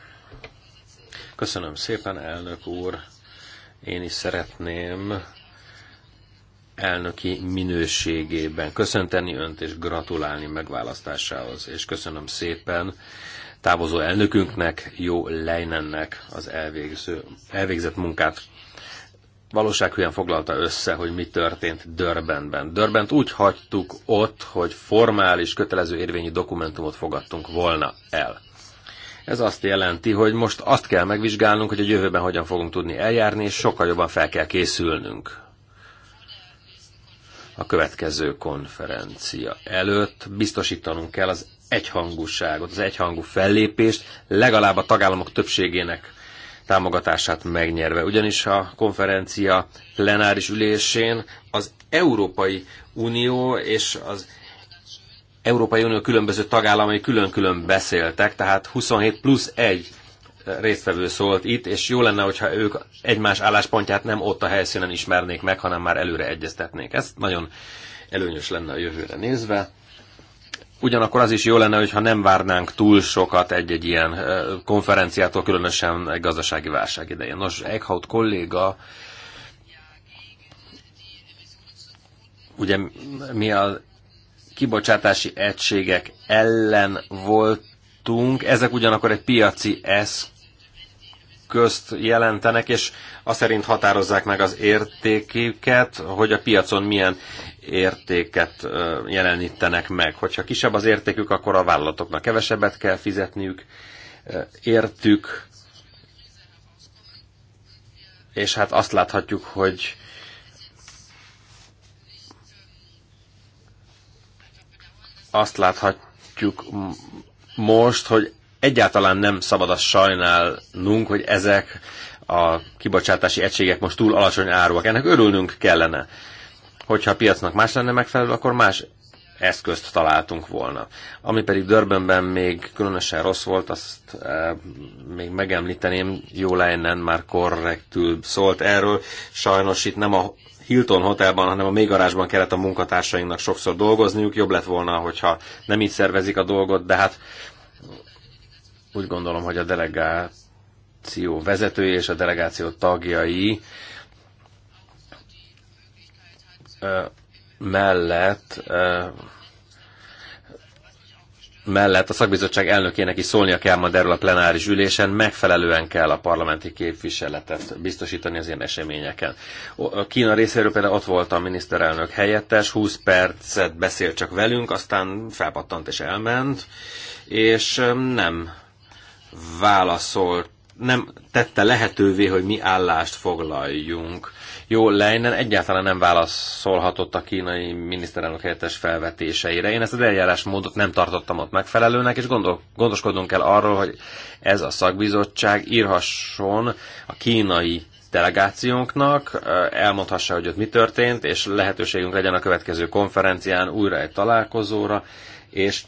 Köszönöm szépen, elnök úr. Én is szeretném elnöki minőségében köszönteni önt és gratulálni megválasztásához. És köszönöm szépen távozó elnökünknek, Jó Leinennek az elvégző, elvégzett munkát. Valósághűen foglalta össze, hogy mi történt Dörbenben. Dörbent úgy hagytuk ott, hogy formális, kötelező érvényi dokumentumot fogadtunk volna el. Ez azt jelenti, hogy most azt kell megvizsgálnunk, hogy a jövőben hogyan fogunk tudni eljárni, és sokkal jobban fel kell készülnünk a következő konferencia előtt biztosítanunk kell az egyhangúságot, az egyhangú fellépést legalább a tagállamok többségének támogatását megnyerve. Ugyanis a konferencia plenáris ülésén az Európai Unió és az Európai Unió különböző tagállamai külön-külön beszéltek, tehát 27 plusz 1 résztvevő szólt itt, és jó lenne, hogyha ők egymás álláspontját nem ott a helyszínen ismernék meg, hanem már előre egyeztetnék. Ez nagyon előnyös lenne a jövőre nézve. Ugyanakkor az is jó lenne, hogyha nem várnánk túl sokat egy-egy ilyen konferenciától, különösen egy gazdasági válság idején. Nos, Eckhout kolléga ugye mi a kibocsátási egységek ellen voltunk, ezek ugyanakkor egy piaci eszközt jelentenek, és azt szerint határozzák meg az értékéket, hogy a piacon milyen értéket jelenítenek meg. Hogyha kisebb az értékük, akkor a vállalatoknak kevesebbet kell fizetniük, értük, és hát azt láthatjuk, hogy azt láthatjuk most, hogy egyáltalán nem szabad azt sajnálnunk, hogy ezek a kibocsátási egységek most túl alacsony áruak. Ennek örülnünk kellene. Hogyha a piacnak más lenne megfelelő, akkor más eszközt találtunk volna. Ami pedig Dörbenben még különösen rossz volt, azt e, még megemlíteném, jó lejnen már korrektül szólt erről. Sajnos itt nem a Hilton Hotelban, hanem a mégarásban kellett a munkatársainknak sokszor dolgozniuk. Jobb lett volna, hogyha nem így szervezik a dolgot, de hát úgy gondolom, hogy a delegáció vezetője és a delegáció tagjai mellett mellett a szakbizottság elnökének is szólnia kell majd erről a plenáris ülésen, megfelelően kell a parlamenti képviseletet biztosítani az ilyen eseményeken. A Kína részéről például ott volt a miniszterelnök helyettes, 20 percet beszélt csak velünk, aztán felpattant és elment, és nem válaszolt, nem tette lehetővé, hogy mi állást foglaljunk jó Leinen egyáltalán nem válaszolhatott a kínai miniszterelnök helyettes felvetéseire. Én ezt az eljárásmódot nem tartottam ott megfelelőnek, és gondol, gondoskodunk kell arról, hogy ez a szakbizottság írhasson a kínai delegációnknak, elmondhassa, hogy ott mi történt, és lehetőségünk legyen a következő konferencián újra egy találkozóra, és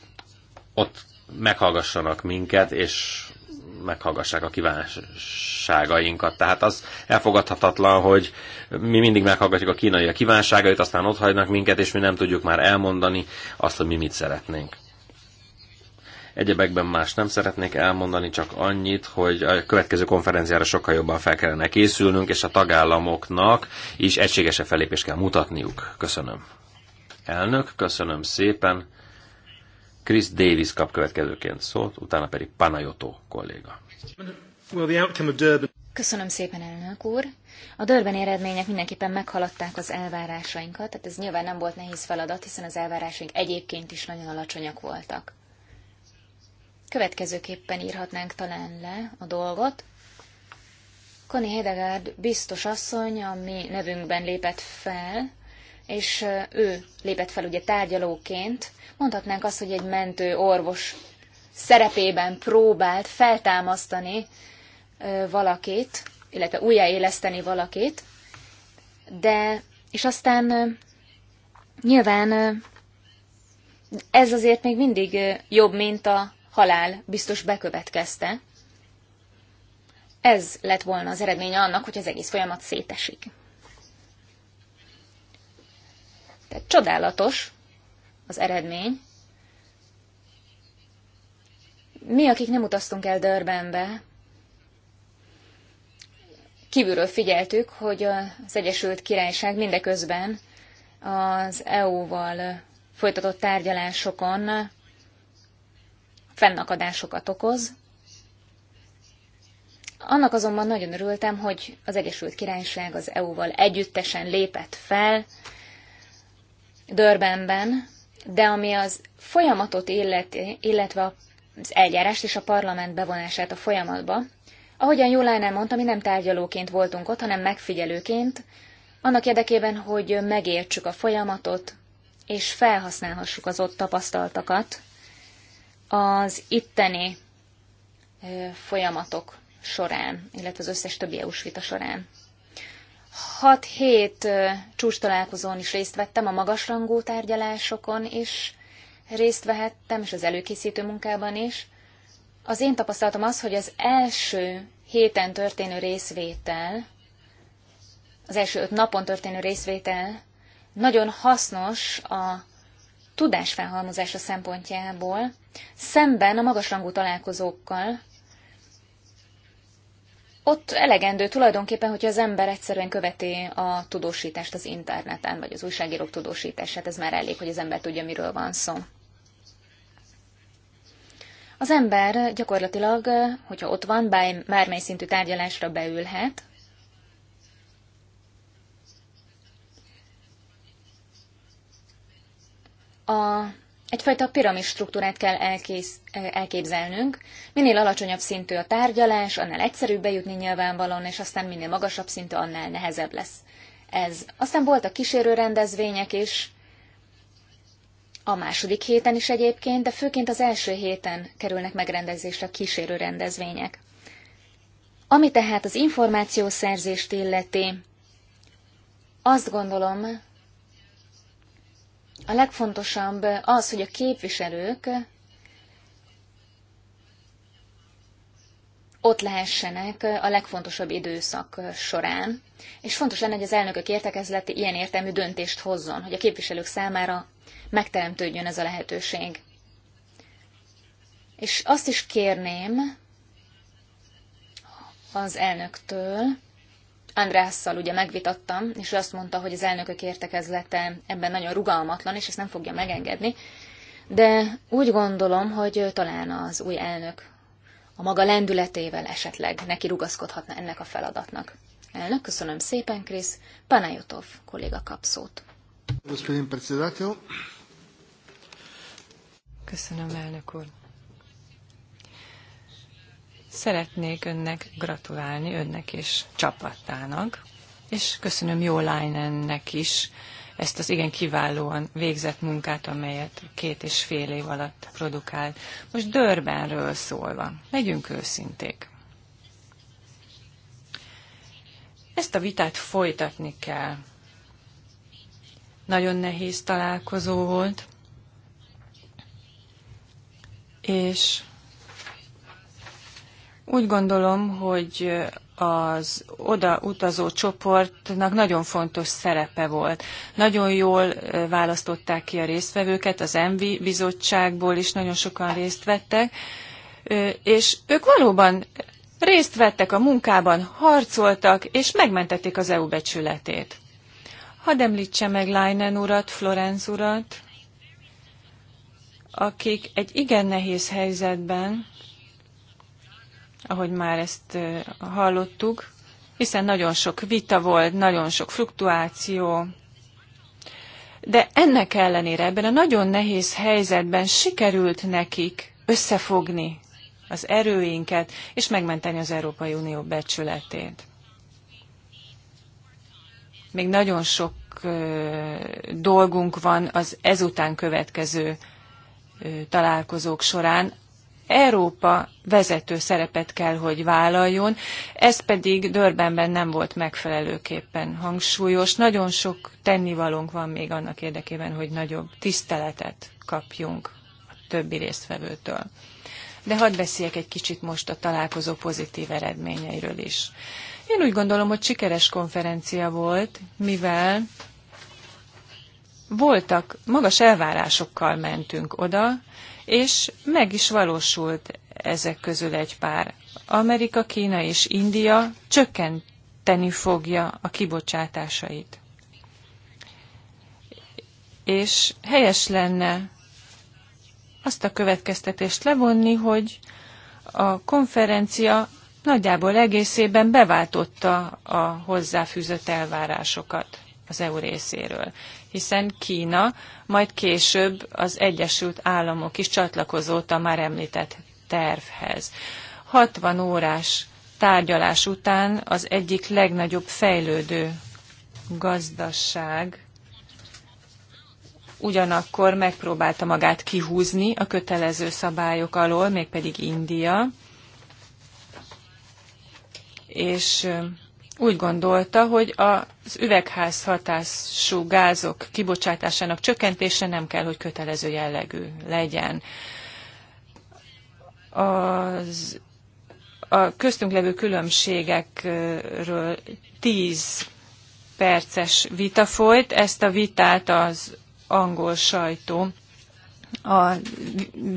ott meghallgassanak minket, és meghallgassák a kívánságainkat. Tehát az elfogadhatatlan, hogy mi mindig meghallgatjuk a kínai a kívánságait, aztán ott hagynak minket, és mi nem tudjuk már elmondani azt, hogy mi mit szeretnénk. Egyebekben más nem szeretnék elmondani, csak annyit, hogy a következő konferenciára sokkal jobban fel kellene készülnünk, és a tagállamoknak is egységesebb felépést kell mutatniuk. Köszönöm. Elnök, köszönöm szépen. Chris Davis kap következőként szólt, utána pedig Panayoto kolléga. Köszönöm szépen, elnök úr. A Durban eredmények mindenképpen meghaladták az elvárásainkat, tehát ez nyilván nem volt nehéz feladat, hiszen az elvárásaink egyébként is nagyon alacsonyak voltak. Következőképpen írhatnánk talán le a dolgot. Connie Hedegaard biztos asszony, a mi nevünkben lépett fel, és ő lépett fel ugye tárgyalóként, Mondhatnánk azt, hogy egy mentő orvos szerepében próbált feltámasztani valakit, illetve újjáéleszteni valakit, de, és aztán nyilván ez azért még mindig jobb, mint a halál biztos bekövetkezte. Ez lett volna az eredménye annak, hogy az egész folyamat szétesik. Tehát csodálatos, az eredmény. Mi, akik nem utaztunk el Dörbenbe, kívülről figyeltük, hogy az Egyesült Királyság mindeközben az EU-val folytatott tárgyalásokon fennakadásokat okoz. Annak azonban nagyon örültem, hogy az Egyesült Királyság az EU-val együttesen lépett fel Dörbenben, de ami az folyamatot illeti, illetve az eljárást és a parlament bevonását a folyamatba, ahogyan Jólánál mondta, mi nem tárgyalóként voltunk ott, hanem megfigyelőként, annak érdekében, hogy megértsük a folyamatot, és felhasználhassuk az ott tapasztaltakat az itteni folyamatok során, illetve az összes többi EU-s vita során. Hat-hét csúcs találkozón is részt vettem, a magasrangú tárgyalásokon is részt vehettem, és az előkészítő munkában is. Az én tapasztalatom az, hogy az első héten történő részvétel, az első öt napon történő részvétel nagyon hasznos a tudás felhalmozása szempontjából, szemben a magasrangú találkozókkal, ott elegendő tulajdonképpen, hogyha az ember egyszerűen követi a tudósítást az interneten, vagy az újságírók tudósítását, ez már elég, hogy az ember tudja, miről van szó. Az ember gyakorlatilag, hogyha ott van, bármely szintű tárgyalásra beülhet, a Egyfajta piramis struktúrát kell elkész, elképzelnünk. Minél alacsonyabb szintű a tárgyalás, annál egyszerűbb bejutni nyilvánvalóan, és aztán minél magasabb szintű, annál nehezebb lesz ez. Aztán voltak kísérő rendezvények is, a második héten is egyébként, de főként az első héten kerülnek megrendezésre a kísérő rendezvények. Ami tehát az információszerzést illeti, azt gondolom, a legfontosabb az, hogy a képviselők ott lehessenek a legfontosabb időszak során, és fontos lenne, hogy az elnökök értekezleti ilyen értelmű döntést hozzon, hogy a képviselők számára megteremtődjön ez a lehetőség. És azt is kérném az elnöktől, Andrásszal ugye megvitattam, és ő azt mondta, hogy az elnökök értekezlete ebben nagyon rugalmatlan, és ezt nem fogja megengedni. De úgy gondolom, hogy talán az új elnök a maga lendületével esetleg neki rugaszkodhatna ennek a feladatnak. Elnök, köszönöm szépen, Krisz. Panajotov kolléga kap szót. Köszönöm, elnök úr. Szeretnék önnek gratulálni, önnek és csapatának, és köszönöm Jó Lájnennek is ezt az igen kiválóan végzett munkát, amelyet két és fél év alatt produkált. Most Dörbenről szólva, legyünk őszinték. Ezt a vitát folytatni kell. Nagyon nehéz találkozó volt, és úgy gondolom, hogy az oda utazó csoportnak nagyon fontos szerepe volt. Nagyon jól választották ki a résztvevőket, az MV bizottságból is nagyon sokan részt vettek, és ők valóban részt vettek a munkában, harcoltak, és megmentették az EU becsületét. Hadd említse meg Leinen urat, Florenz urat, akik egy igen nehéz helyzetben ahogy már ezt hallottuk, hiszen nagyon sok vita volt, nagyon sok fluktuáció, de ennek ellenére ebben a nagyon nehéz helyzetben sikerült nekik összefogni az erőinket, és megmenteni az Európai Unió becsületét. Még nagyon sok ö, dolgunk van az ezután következő ö, találkozók során, Európa vezető szerepet kell, hogy vállaljon, ez pedig Dörbenben nem volt megfelelőképpen hangsúlyos. Nagyon sok tennivalónk van még annak érdekében, hogy nagyobb tiszteletet kapjunk a többi résztvevőtől. De hadd beszéljek egy kicsit most a találkozó pozitív eredményeiről is. Én úgy gondolom, hogy sikeres konferencia volt, mivel voltak, magas elvárásokkal mentünk oda, és meg is valósult ezek közül egy pár. Amerika, Kína és India csökkenteni fogja a kibocsátásait. És helyes lenne azt a következtetést levonni, hogy a konferencia nagyjából egészében beváltotta a hozzáfűzött elvárásokat az EU részéről hiszen Kína majd később az Egyesült Államok is csatlakozott a már említett tervhez. 60 órás tárgyalás után az egyik legnagyobb fejlődő gazdaság ugyanakkor megpróbálta magát kihúzni a kötelező szabályok alól, mégpedig India, és úgy gondolta, hogy az üvegházhatású gázok kibocsátásának csökkentése nem kell, hogy kötelező jellegű legyen. Az, a köztünk levő különbségekről tíz perces vita folyt. Ezt a vitát az angol sajtó a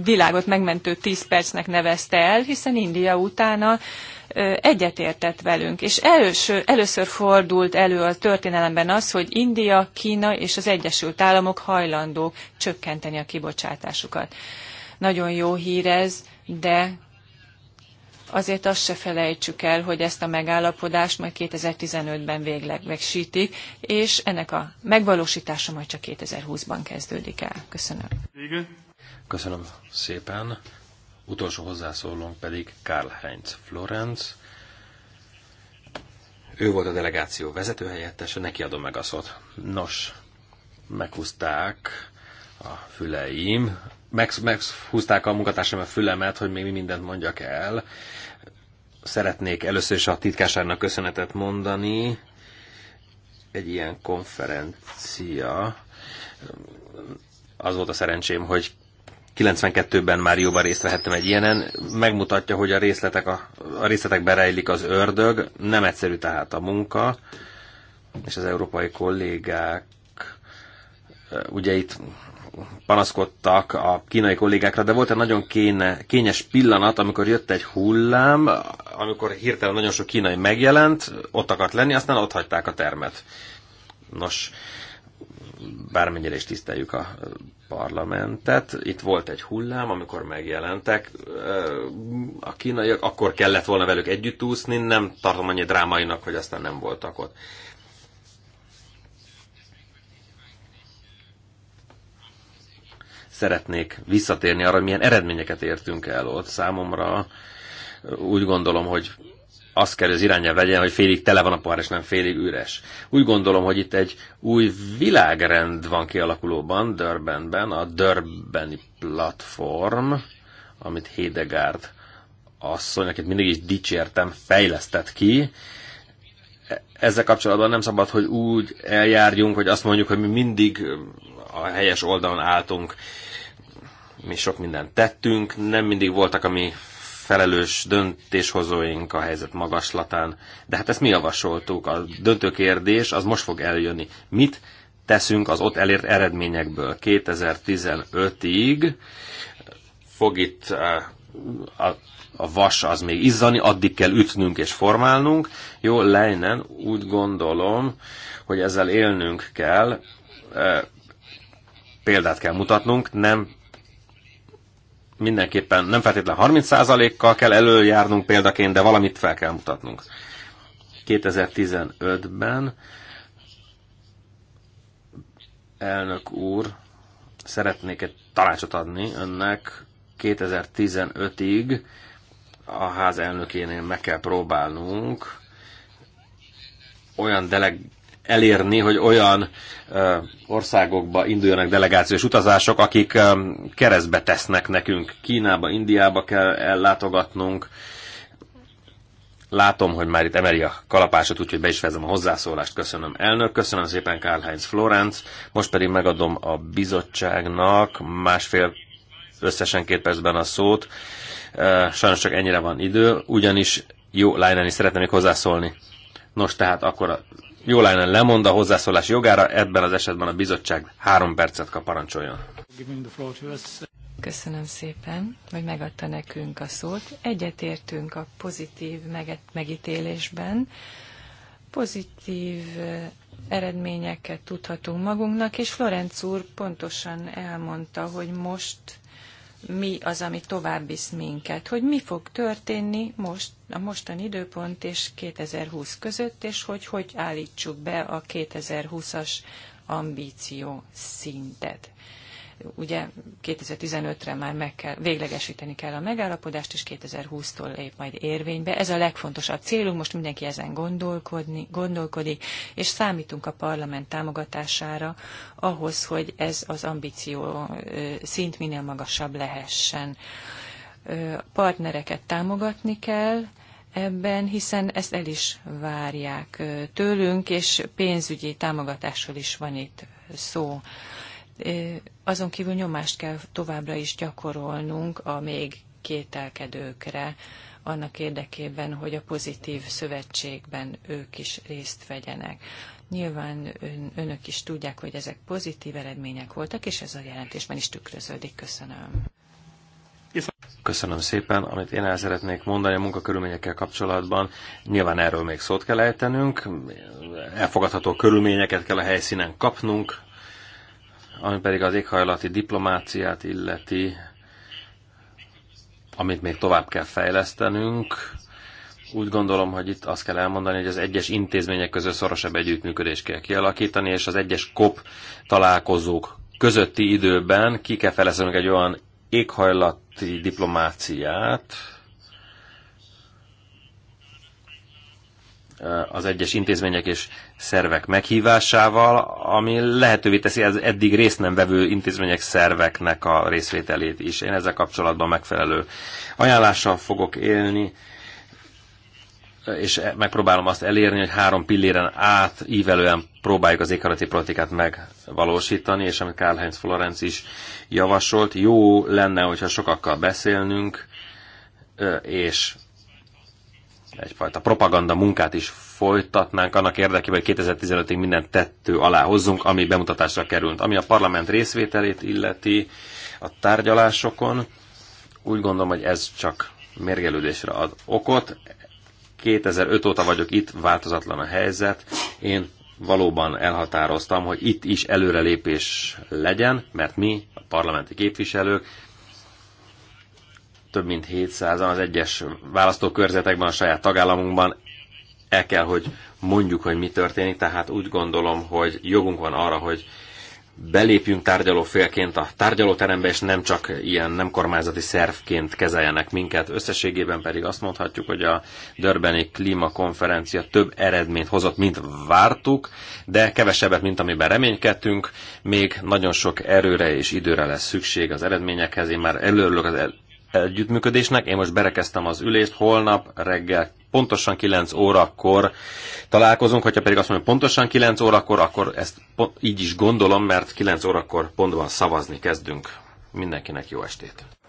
világot megmentő tíz percnek nevezte el, hiszen India utána egyetértett velünk. És először, először fordult elő a történelemben az, hogy India, Kína és az Egyesült Államok hajlandók csökkenteni a kibocsátásukat. Nagyon jó hír ez, de azért azt se felejtsük el, hogy ezt a megállapodást majd 2015-ben végleg megsítik, és ennek a megvalósítása majd csak 2020-ban kezdődik el. Köszönöm. Köszönöm szépen. Utolsó hozzászólónk pedig Karl Heinz Florenz. Ő volt a delegáció vezetőhelyettese, neki adom meg a szót. Nos, meghúzták a füleim, meg, meghúzták a munkatársam a fülemet, hogy még mi mindent mondjak el. Szeretnék először is a titkásárnak köszönetet mondani. Egy ilyen konferencia az volt a szerencsém, hogy 92-ben már jóval részt vehettem egy ilyenen, megmutatja, hogy a, részletek a, a részletekben rejlik az ördög, nem egyszerű tehát a munka, és az európai kollégák ugye itt panaszkodtak a kínai kollégákra, de volt egy nagyon kéne, kényes pillanat, amikor jött egy hullám, amikor hirtelen nagyon sok kínai megjelent, ott akart lenni, aztán ott hagyták a termet. Nos, bármennyire is tiszteljük a parlamentet, itt volt egy hullám, amikor megjelentek a kínaiak, akkor kellett volna velük együtt úszni, nem tartom annyi drámainak, hogy aztán nem voltak ott. Szeretnék visszatérni arra, milyen eredményeket értünk el ott. Számomra úgy gondolom, hogy azt kell, hogy az irányel vegyen, hogy félig tele van a pohár, és nem félig üres. Úgy gondolom, hogy itt egy új világrend van kialakulóban Durbanben, a Durbani platform, amit Hedegard asszony, akit mindig is dicsértem, fejlesztett ki. Ezzel kapcsolatban nem szabad, hogy úgy eljárjunk, hogy azt mondjuk, hogy mi mindig a helyes oldalon álltunk, mi sok mindent tettünk, nem mindig voltak a mi felelős döntéshozóink a helyzet magaslatán. De hát ezt mi javasoltuk, a döntő kérdés az most fog eljönni. Mit teszünk az ott elért eredményekből 2015-ig? Fog itt eh, a, a vas az még izzani, addig kell ütnünk és formálnunk. Jó, Leinen, úgy gondolom, hogy ezzel élnünk kell, eh, példát kell mutatnunk, nem mindenképpen nem feltétlenül 30%-kal kell előjárnunk példaként, de valamit fel kell mutatnunk. 2015-ben elnök úr, szeretnék egy tanácsot adni önnek 2015-ig a ház elnökénél meg kell próbálnunk olyan deleg elérni, hogy olyan országokba induljanak delegációs utazások, akik keresztbe tesznek nekünk. Kínába, Indiába kell ellátogatnunk. Látom, hogy már itt emeli a kalapásot, úgyhogy be is fejezem a hozzászólást. Köszönöm elnök, köszönöm szépen Karl-Heinz Florenc. Most pedig megadom a bizottságnak másfél összesen két percben a szót. Sajnos csak ennyire van idő, ugyanis jó, Lájnán is szeretnék hozzászólni. Nos, tehát akkor a Jólájnán lemond a hozzászólás jogára, ebben az esetben a bizottság három percet kap parancsoljon. Köszönöm szépen, hogy megadta nekünk a szót. Egyetértünk a pozitív megítélésben. Pozitív eh, eredményeket tudhatunk magunknak, és Florenc úr pontosan elmondta, hogy most mi az, ami tovább visz minket, hogy mi fog történni most, a mostani időpont és 2020 között, és hogy hogy állítsuk be a 2020-as ambíció szintet ugye 2015-re már meg kell, véglegesíteni kell a megállapodást, és 2020-tól lép majd érvénybe. Ez a legfontosabb célunk, most mindenki ezen gondolkodni, gondolkodik, és számítunk a parlament támogatására ahhoz, hogy ez az ambíció szint minél magasabb lehessen. Partnereket támogatni kell, ebben, hiszen ezt el is várják tőlünk, és pénzügyi támogatásról is van itt szó azon kívül nyomást kell továbbra is gyakorolnunk a még kételkedőkre, annak érdekében, hogy a pozitív szövetségben ők is részt vegyenek. Nyilván ön, önök is tudják, hogy ezek pozitív eredmények voltak, és ez a jelentésben is tükröződik. Köszönöm. Köszönöm szépen. Amit én el szeretnék mondani a munkakörülményekkel kapcsolatban, nyilván erről még szót kell ejtenünk, elfogadható körülményeket kell a helyszínen kapnunk, ami pedig az éghajlati diplomáciát illeti, amit még tovább kell fejlesztenünk. Úgy gondolom, hogy itt azt kell elmondani, hogy az egyes intézmények között szorosabb együttműködést kell kialakítani, és az egyes kop találkozók közötti időben ki kell egy olyan éghajlati diplomáciát, Eh, az egyes intézmények és szervek meghívásával, ami lehetővé teszi az eddig részt nem vevő intézmények szerveknek a részvételét is. Én ezzel kapcsolatban megfelelő ajánlással fogok élni, és megpróbálom azt elérni, hogy három pilléren át ívelően próbáljuk az ékarati politikát megvalósítani, és amit Karl-Heinz Florenc is javasolt, jó lenne, hogyha sokakkal beszélnünk, eh, és egyfajta propaganda munkát is folytatnánk annak érdekében, hogy 2015-ig minden tettő alá hozzunk, ami bemutatásra került. Ami a parlament részvételét illeti a tárgyalásokon, úgy gondolom, hogy ez csak mérgelődésre ad okot. 2005 óta vagyok itt, változatlan a helyzet. Én valóban elhatároztam, hogy itt is előrelépés legyen, mert mi, a parlamenti képviselők, több mint 700-an az egyes választókörzetekben, a saját tagállamunkban el kell, hogy mondjuk, hogy mi történik, tehát úgy gondolom, hogy jogunk van arra, hogy belépjünk tárgyalófélként a tárgyalóterembe, és nem csak ilyen nem kormányzati szervként kezeljenek minket. Összességében pedig azt mondhatjuk, hogy a Dörbeni klímakonferencia több eredményt hozott, mint vártuk, de kevesebbet, mint amiben reménykedtünk. Még nagyon sok erőre és időre lesz szükség az eredményekhez. Én már előrülök az együttműködésnek. Én most berekeztem az ülést, holnap reggel pontosan 9 órakor találkozunk, hogyha pedig azt mondom, hogy pontosan 9 órakor, akkor ezt így is gondolom, mert 9 órakor pontban szavazni kezdünk. Mindenkinek jó estét!